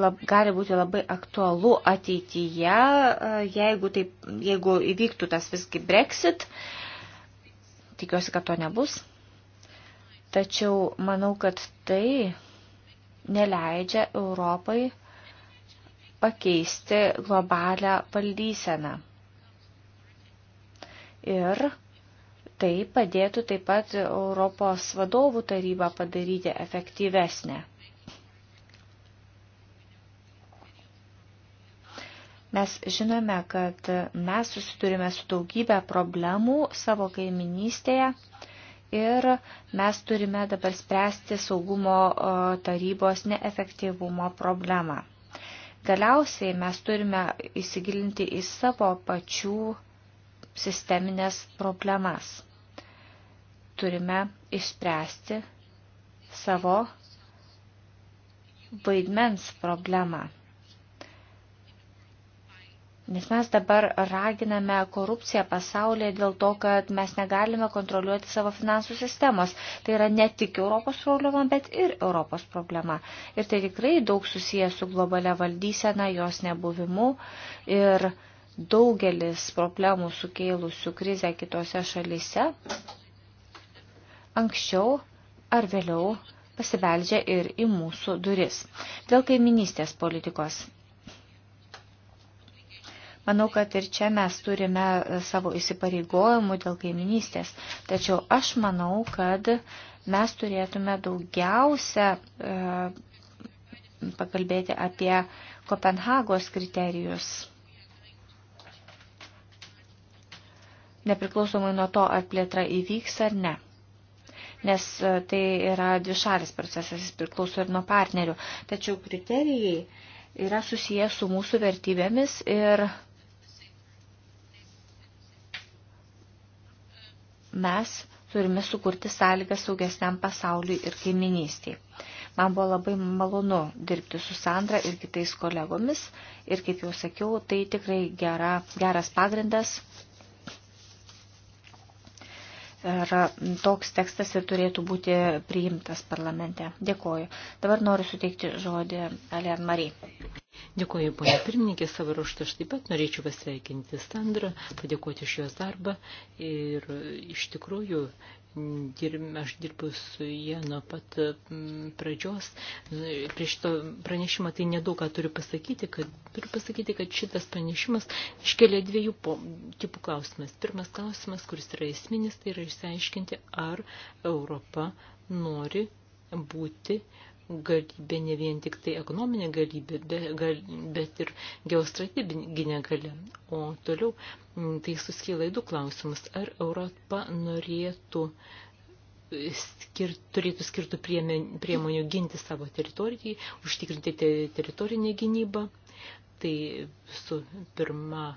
lab, gali būti labai aktualu ateityje, e, jeigu, taip, jeigu įvyktų tas visgi Brexit. Tikiuosi, kad to nebus. Tačiau manau, kad tai neleidžia Europai pakeisti globalią valdyseną. Ir tai padėtų taip pat Europos vadovų tarybą padaryti efektyvesnę. Mes žinome, kad mes susidurime su daugybė problemų savo kaiminystėje ir mes turime dabar spręsti saugumo tarybos neefektyvumo problemą. Galiausiai mes turime įsigilinti į savo pačių sisteminės problemas. Turime išspręsti savo vaidmens problemą. Nes mes dabar raginame korupciją pasaulyje dėl to, kad mes negalime kontroliuoti savo finansų sistemos. Tai yra ne tik Europos problema, bet ir Europos problema. Ir tai tikrai daug susijęs su globalia valdysena, jos nebuvimu ir daugelis problemų sukėlusių krizę kitose šalyse anksčiau ar vėliau pasibeldžia ir į mūsų duris. Dėl kaiminystės politikos Manau, kad ir čia mes turime e, savo įsipareigojimų dėl kaiminystės. Tačiau aš manau, kad mes turėtume daugiausia e, pakalbėti apie Kopenhagos kriterijus. Nepriklausomai nuo to, ar plėtra įvyks ar ne nes e, tai yra dvišalis procesas, jis priklauso ir nuo partnerių. Tačiau kriterijai yra susijęs su mūsų vertybėmis ir mes turime sukurti sąlygą saugesniam pasauliui ir kaiminystiai. Man buvo labai malonu dirbti su Sandra ir kitais kolegomis ir, kaip jau sakiau, tai tikrai gera, geras pagrindas. Ir toks tekstas ir turėtų būti priimtas parlamente. Dėkoju. Dabar noriu suteikti žodį Alian Marie. Dėkuoju, ponia pirmininkė, savo ruoštą aš taip pat norėčiau pasveikinti Sandrą, padėkoti už jos darbą ir iš tikrųjų aš dirbu su jie nuo pat pradžios. Prie šito pranešimo tai nedaug ką turiu pasakyti, kad, turiu pasakyti, kad šitas pranešimas iškelia dviejų po, tipų klausimas. Pirmas klausimas, kuris yra esminis, tai yra išsiaiškinti, ar Europa nori būti uh, galybė ne vien tik tai ekonominė galybė, be, gal, bet ir geostrateginė galia. O toliau tai suskyla į du klausimus. Ar Europa norėtų skir, turėtų skirtų priemonių ginti savo teritorijai, užtikrinti teritorinę gynybą. Tai su pirma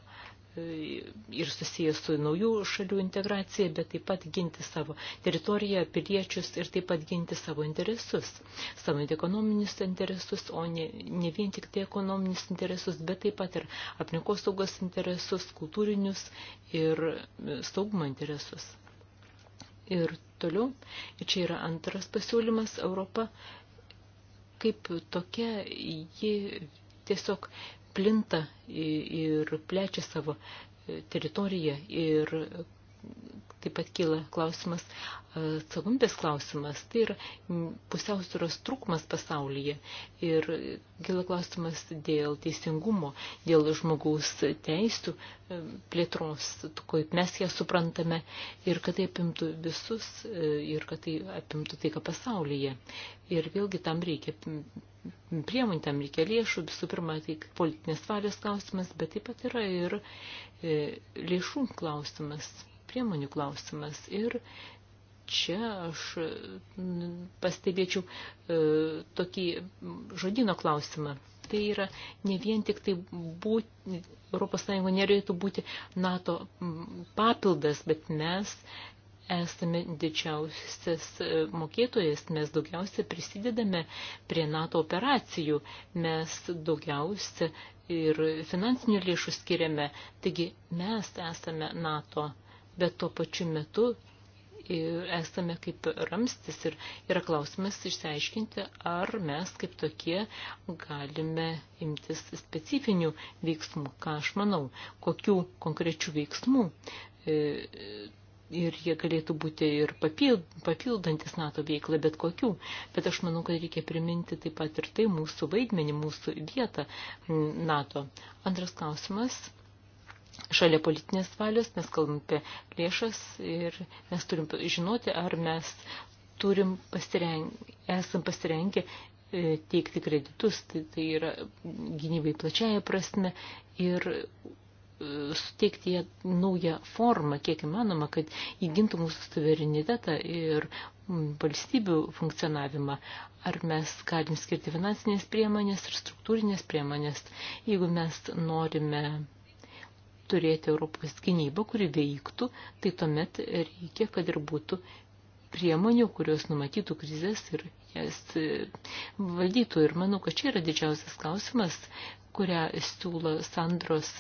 ir susijęs su naujų šalių integracija, bet taip pat ginti savo teritoriją, piliečius ir taip pat ginti savo interesus, savo ekonominius interesus, o ne, ne vien tik tai ekonominius interesus, bet taip pat ir aplinkosaugos interesus, kultūrinius ir saugumo interesus. Ir toliau, čia yra antras pasiūlymas Europa, kaip tokia ji tiesiog plinta ir plečia savo e, teritoriją ir taip pat kyla klausimas, atsakomybės e, klausimas, tai yra pusiausvėros trūkumas pasaulyje ir kyla klausimas dėl teisingumo, dėl žmogaus teisų e, plėtros, kaip mes ją suprantame ir kad tai apimtų visus e, ir kad tai apimtų tai, ką pasaulyje. Ir vėlgi tam reikia priemonių, tam reikia lėšų, visų pirma, tai politinės valios klausimas, bet taip pat yra ir lėšų klausimas priemonių klausimas. Ir čia aš pastebėčiau e, tokį žodino klausimą. Tai yra ne vien tik tai būti, Europos Sąjunga nereikėtų būti NATO papildas, bet mes esame didžiausias e, mokėtojas, mes daugiausia prisidedame prie NATO operacijų, mes daugiausia ir finansinių lėšų skiriame, taigi mes esame NATO papildas bet tuo pačiu metu esame kaip ramstis ir yra klausimas išsiaiškinti, ar mes kaip tokie galime imtis specifinių veiksmų, ką aš manau, kokių konkrečių veiksmų. E, ir jie galėtų būti ir papildantis NATO veiklą, bet kokių. Bet aš manau, kad reikia priminti taip pat ir tai mūsų vaidmenį, mūsų vietą NATO. Antras klausimas šalia politinės valios, mes kalbam apie lėšas ir mes turim žinoti, ar mes turim pasireng, esam pasirengę e, teikti kreditus, tai, tai yra gynybai plačiaja prasme ir e, suteikti ją naują formą, kiek įmanoma, kad įgintų mūsų suverenitetą ir valstybių funkcionavimą. Ar mes galim skirti finansinės priemonės ir struktūrinės priemonės, jeigu mes norime turėti Europos gynybą, kuri veiktų, tai tuomet reikia, kad ir būtų priemonių, kurios numatytų krizės ir jas e, valdytų. Ir manau, kad čia yra didžiausias klausimas, kurią siūlo Sandros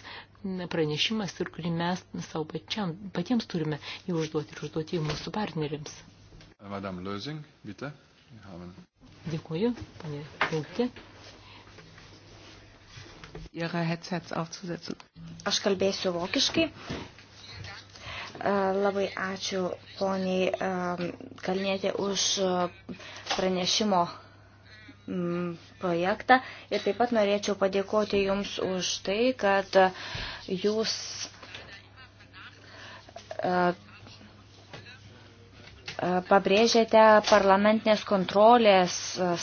pranešimas ir kurį mes savo pačiam, patiems turime jį užduoti ir užduoti jį mūsų partneriams. Madame Lozing, bitė. Dėkuoju, panė Rinkė. Aš kalbėsiu vokiškai. E, labai ačiū poniai e, Kalnėtė už e, pranešimo projektą ir taip pat norėčiau padėkoti Jums už tai, kad Jūs pabrėžėte parlamentinės kontrolės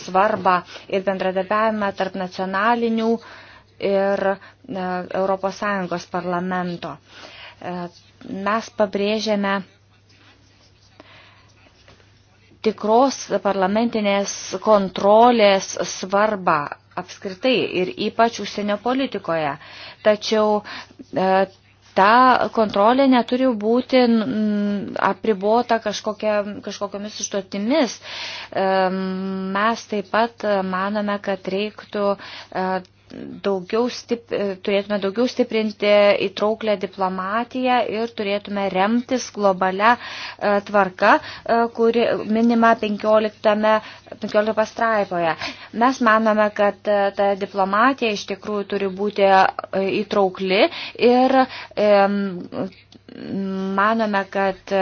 svarbą ir bendradarbiavimą tarp nacionalinių uh, ir ES parlamento. E, mes pabrėžėme tikros parlamentinės kontrolės svarbą apskritai ir ypač užsienio politikoje. Tačiau e, ta kontrolė neturi būti apribota kažkokia, kažkokiamis užduotimis. E, mes taip pat manome, kad reiktų daugiau stip, turėtume daugiau stiprinti įtrauklę diplomatiją ir turėtume remtis globalia e, tvarka, e, kuri minima 15, 15 pastraipoje. Mes manome, kad e, ta diplomatija iš tikrųjų turi būti įtraukli ir manome, kad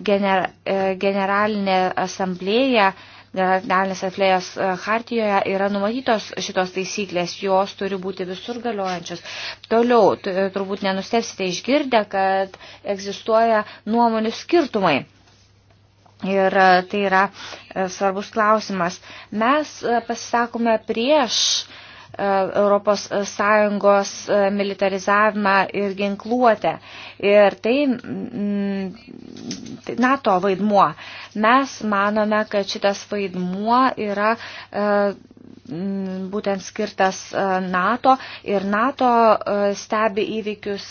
generalinė asamblėja generalinės atlėjas e, hartijoje yra numatytos šitos taisyklės, jos turi būti visur galiojančios. Toliau, turbūt nenustepsite išgirdę, kad egzistuoja nuomonių skirtumai. Ir e, tai yra e, svarbus klausimas. Mes pasisakome prieš uh, ES e, militarizavimą ir ginkluotę. Ir tai, tai NATO vaidmuo. Mes manome, kad šitas vaidmuo yra e, būtent skirtas e, NATO ir NATO stebi įvykius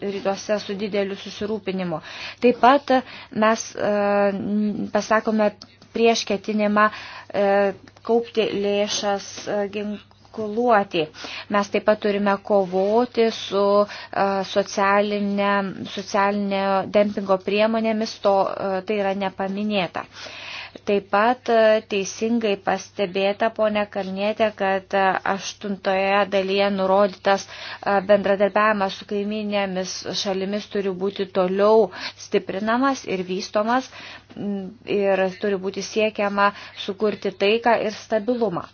rytuose su dideliu susirūpinimu. Taip pat mes pasakome prieš ketinimą kaupti lėšas gink eskaluoti. Mes taip pat turime kovoti su socialinė, socialinė dempingo priemonėmis, to tai yra nepaminėta. Taip pat teisingai pastebėta, ponė Kalnietė, kad aštuntoje dalyje nurodytas bendradarbiavimas su kaiminėmis šalimis turi būti toliau stiprinamas ir vystomas ir turi būti siekiama sukurti taiką ir stabilumą.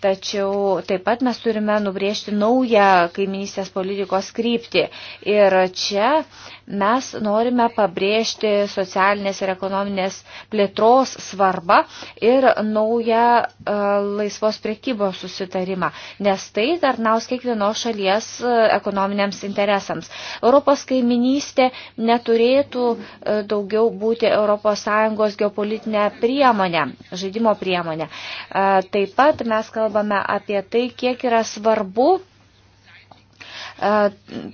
Tačiau taip pat mes turime nubriežti naują kaiminystės politikos kryptį. Ir čia Mes norime pabrėžti socialinės ir ekonominės plėtros svarbą ir naują e, laisvos priekybos susitarimą, nes tai tarnaus kiekvienos šalies e, ekonominiams interesams. Europos kaiminystė neturėtų e, daugiau būti ES geopolitinė priemonė, žaidimo priemonė. Taip pat mes kalbame apie tai, kiek yra svarbu E,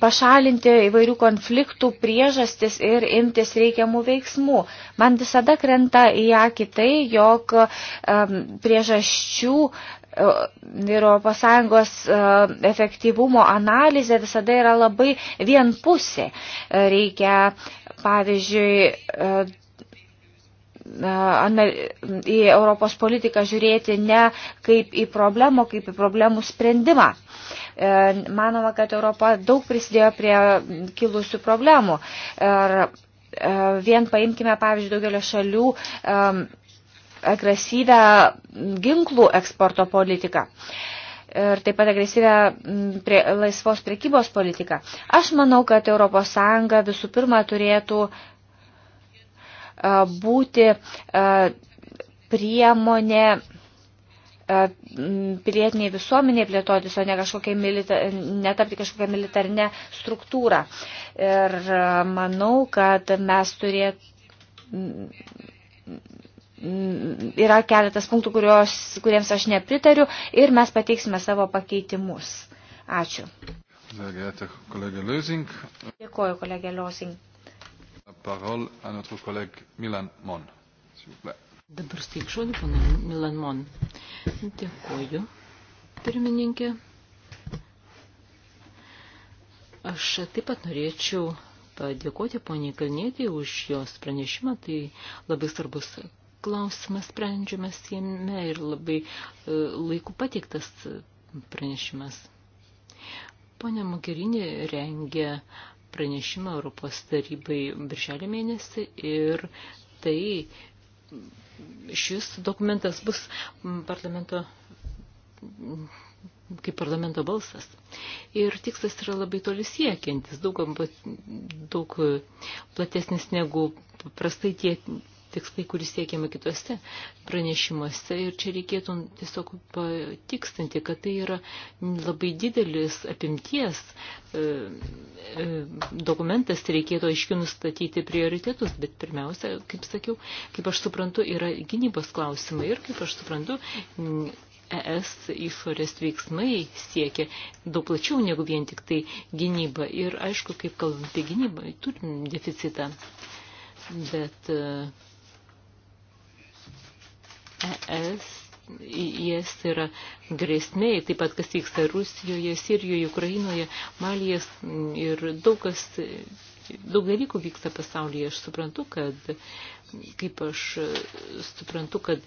pašalinti įvairių konfliktų priežastis ir imtis reikiamų veiksmų. Man visada krenta į akį tai, jog e, priežasčių e, Europos Sąjungos efektyvumo analizė visada yra labai vienpusė. Reikia, pavyzdžiui, į Europos politiką žiūrėti ne kaip į problemą, kaip į problemų sprendimą. E, manoma, kad Europa daug prisidėjo prie kilusių problemų. Ir e, vien paimkime, pavyzdžiui, daugelio šalių e, agresyvę ginklų eksporto politiką ir taip pat agresyvę prie, laisvos prekybos politiką. Aš manau, kad ES visų pirma turėtų būti priemonė E, pilietiniai visuomeniai plėtotis, o ne, kažkokia milita, netapti kažkokią militarinę struktūrą. Ir e, manau, kad mes turėt. Yra keletas punktų, kurios, kuriems aš nepritariu ir mes pateiksime savo pakeitimus. Ačiū. Dėkuoju, kolegė Liosing. Parol à notre collègue Milan Mon, s'il vous plaît. Dabar steikšuodį, pana Milan Mon. Dėkuoju, pirmininkė. Aš taip pat norėčiau padėkoti poniai Kalnėtį už jos pranešimą. Tai labai svarbus klausimas sprendžiamas jame ir labai e, laiku pateiktas pranešimas. Pone Mogerinė rengia pranešimą Europos tarybai birželio mėnesį ir tai šis dokumentas bus parlamento kaip parlamento balsas. Ir tikslas yra labai toli siekiantis, daug, daug platesnis negu prastai tie tikslai, kuris siekiama kitose pranešimuose. Ir čia reikėtų tiesiog patikstinti, kad tai yra labai didelis apimties e, e, dokumentas, tai reikėtų aiškiai nustatyti prioritetus, bet pirmiausia, kaip sakiau, kaip aš suprantu, yra gynybos klausimai ir kaip aš suprantu, ES išorės veiksmai siekia daug plačiau negu vien tik tai gynyba. Ir aišku, kaip kalbant apie gynybą, turim deficitą. Bet uh, ES jis e yra grėsmė, taip pat kas vyksta Rusijoje, Sirijoje, Ukrainoje, Malijas ir daug kas, daug dalykų vyksta pasaulyje. Aš suprantu, kad kaip aš suprantu, kad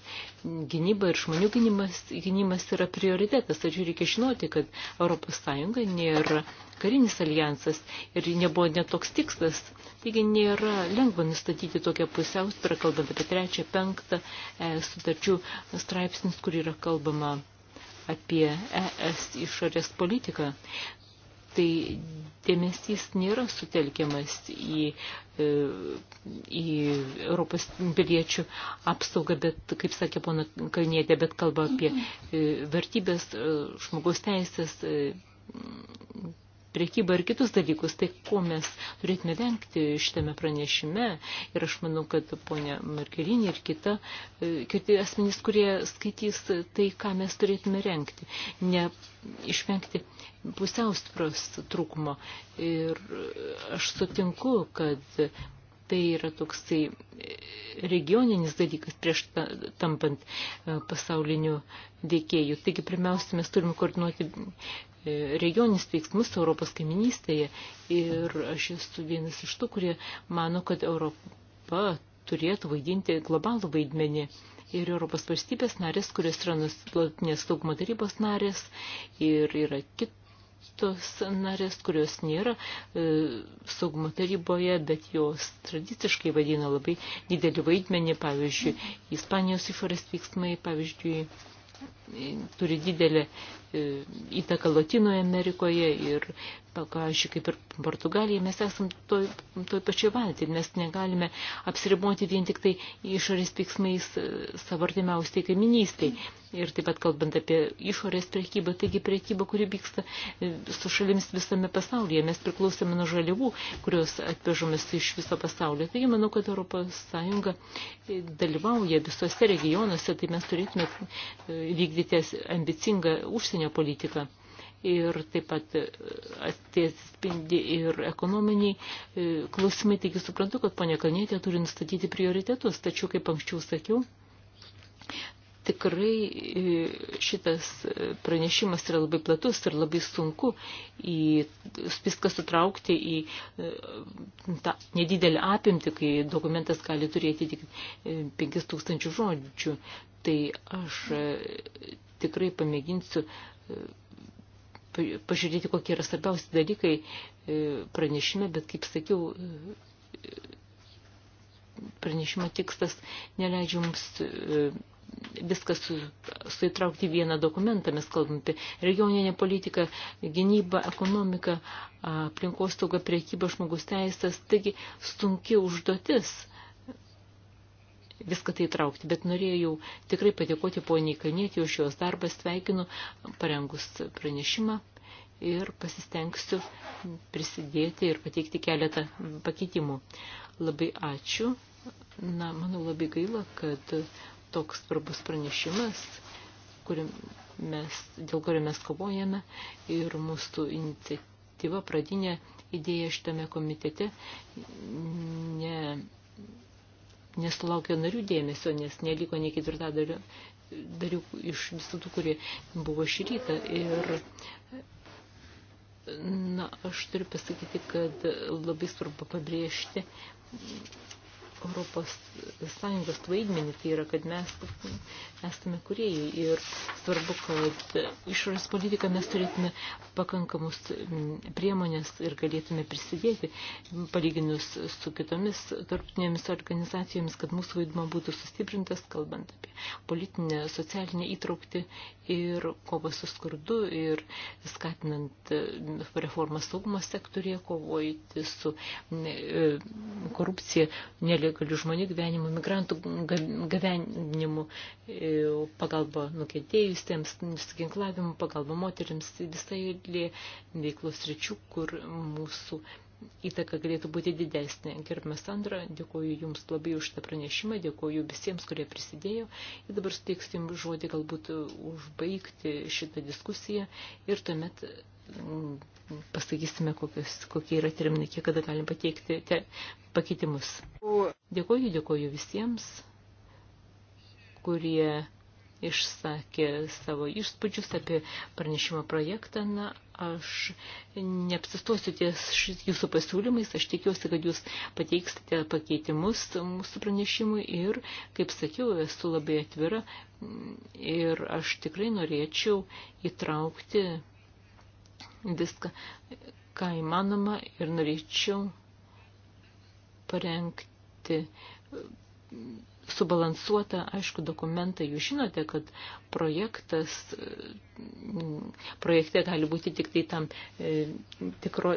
gynyba ir žmonių gynimas, gynimas yra prioritetas, tačiau reikia žinoti, kad ES nėra karinis alijansas ir nebuvo netoks tikslas. Taigi nėra lengva nustatyti tokią pusiausvyrą, kalbant apie trečią, penktą e, sutarčių straipsnis, kur yra kalbama apie ES išorės politiką tai dėmesys nėra sutelkiamas į, e, į Europos piliečių apsaugą, bet, kaip sakė pono Kalnietė, bet kalba apie e, vertybės, e, žmogaus teisės, priekybą ir kitus dalykus. Tai ko mes turėtume vengti šitame pranešime ir aš manau, kad ponia Markelinė ir kita, e, kiti asmenys, kurie skaitys tai, ką mes turėtume rengti, ne išvengti pusiaustros trūkumo. Ir aš sutinku, kad tai yra toksai regioninis dalykas prieš tampant e, pasauliniu veikėjų. Taigi, pirmiausia, mes turime koordinuoti E, regioninis veiksmus Europos kaiminystėje. Ir aš esu vienas iš tų, kurie mano, kad Europa turėtų vaidinti globalų vaidmenį. Ir Europos valstybės narės, kurios yra nusiplatinės saugumo tarybos narės ir yra kitos narės, kurios nėra e, saugumo taryboje, bet jos tradiciškai vadina labai didelį vaidmenį, pavyzdžiui, Ispanijos išorės veiksmai, pavyzdžiui, turi didelę e, įtaką Latinoje Amerikoje ir, pavyzdžiui, kaip ir Portugalija, mes esam toj, toj pačioj valty, mes negalime apsiriboti vien tik tai išorės veiksmais e, savo artimiausiai kaiminystai. Ir taip pat kalbant apie išorės priekybą, taigi priekyba, kuri vyksta e, su šalims visame pasaulyje, mes priklausome nuo žaliavų, kurios atvežomės iš viso pasaulio. Taigi manau, kad Europos Sąjunga dalyvauja visose regionuose, tai mes turėtume vykdyti vykdyti ambicingą užsienio politiką. Ir taip pat e, atsispindi ir ekonominiai e, klausimai, taigi suprantu, kad ponia Kalnėtė turi nustatyti prioritetus, tačiau, kaip anksčiau sakiau, tikrai e, šitas pranešimas yra labai platus ir labai sunku į viską sutraukti į tą nedidelį apimtį, kai dokumentas gali turėti tik 5000 žodžių tai aš e, tikrai pamėginsiu e, pažiūrėti, kokie yra svarbiausi dalykai e, pranešime, bet kaip sakiau, pranešimo tikslas neleidžia mums viskas suitraukti vieną dokumentą, mes kalbam apie regioninę politiką, gynybą, ekonomiką, aplinkosaugą, priekybą, žmogus teisės, taigi sunki užduotis – viską tai traukti. Bet norėjau tikrai padėkoti poniai Kanėti už jos darbą, sveikinu parengus pranešimą ir pasistengsiu prisidėti ir pateikti keletą pakeitimų. Labai ačiū. Na, manau labai gaila, kad toks svarbus pranešimas, kuriam mes, dėl kurio mes kovojame ir mūsų iniciatyva, pradinė idėja šitame komitete ne nesulaukė narių dėmesio, nes neliko nei ketvirtadalio darių iš visų tų, kurie buvo šį rytą. Ir Na, aš turiu pasakyti, kad labai svarbu pabrėžti Europos Sąjungos vaidmenį, tai yra, kad mes esame kuriejai ir svarbu, kad išorės politiką mes turėtume pakankamus priemonės ir galėtume prisidėti, palyginus su kitomis tarptinėmis organizacijomis, kad mūsų vaidmo būtų sustiprintas, kalbant apie politinę, socialinę įtraukti ir kovą su skurdu ir skatinant reformą saugumo sektorėje, kovojti su e, korupcija, nelietuvoje nelegalių žmonių gyvenimu, migrantų gyvenimu, e, pagalba nukentėjusiems, nusiginklavimu, pagalba moteriams, visai veiklos ryčių, kur mūsų įtaka galėtų būti didesnė. Gerbimas Sandra, dėkoju Jums labai už tą pranešimą, dėkoju visiems, kurie prisidėjo ir dabar suteiksiu Jums žodį galbūt užbaigti šitą diskusiją ir tuomet pasakysime, kokios, kokie yra terminai, kiek kada galim pateikti te, pakeitimus. Dėkoju, dėkoju visiems, kurie išsakė savo įspūdžius apie pranešimo projektą. Na, aš neapsistosiu ties jūsų pasiūlymais, aš tikiuosi, kad jūs pateiksite pakeitimus mūsų pranešimui ir, kaip sakiau, esu labai atvira mm, ir aš tikrai norėčiau įtraukti viską, ką įmanoma ir norėčiau parengti subalansuotą, aišku, dokumentą. Jūs žinote, kad projektas, projekte gali būti tik tai tam e, tikro,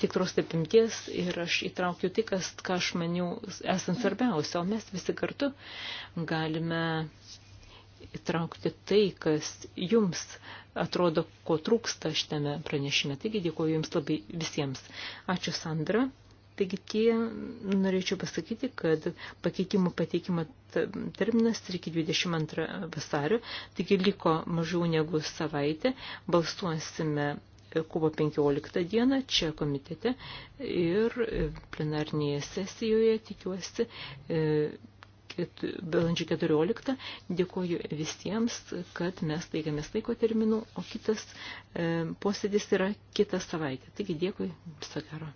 tikros apimties ir aš įtraukiu tai, kas, ką aš maniau esant svarbiausia, o mes visi kartu galime įtraukti tai, kas jums atrodo, ko trūksta šitame pranešime. Taigi dėkuoju Jums labai visiems. Ačiū Sandra. Taigi tie norėčiau pasakyti, kad pakeitimų pateikimo terminas iki 22 vasario, taigi liko mažiau negu savaitė, balsuosime kovo 15 dieną čia komitete ir plenarnėje sesijoje tikiuosi. E, balandžio 14. Dėkuoju visiems, kad mes taigiamės laiko terminų, o kitas e, posėdis yra kitą savaitę. Taigi dėkui, viso gero.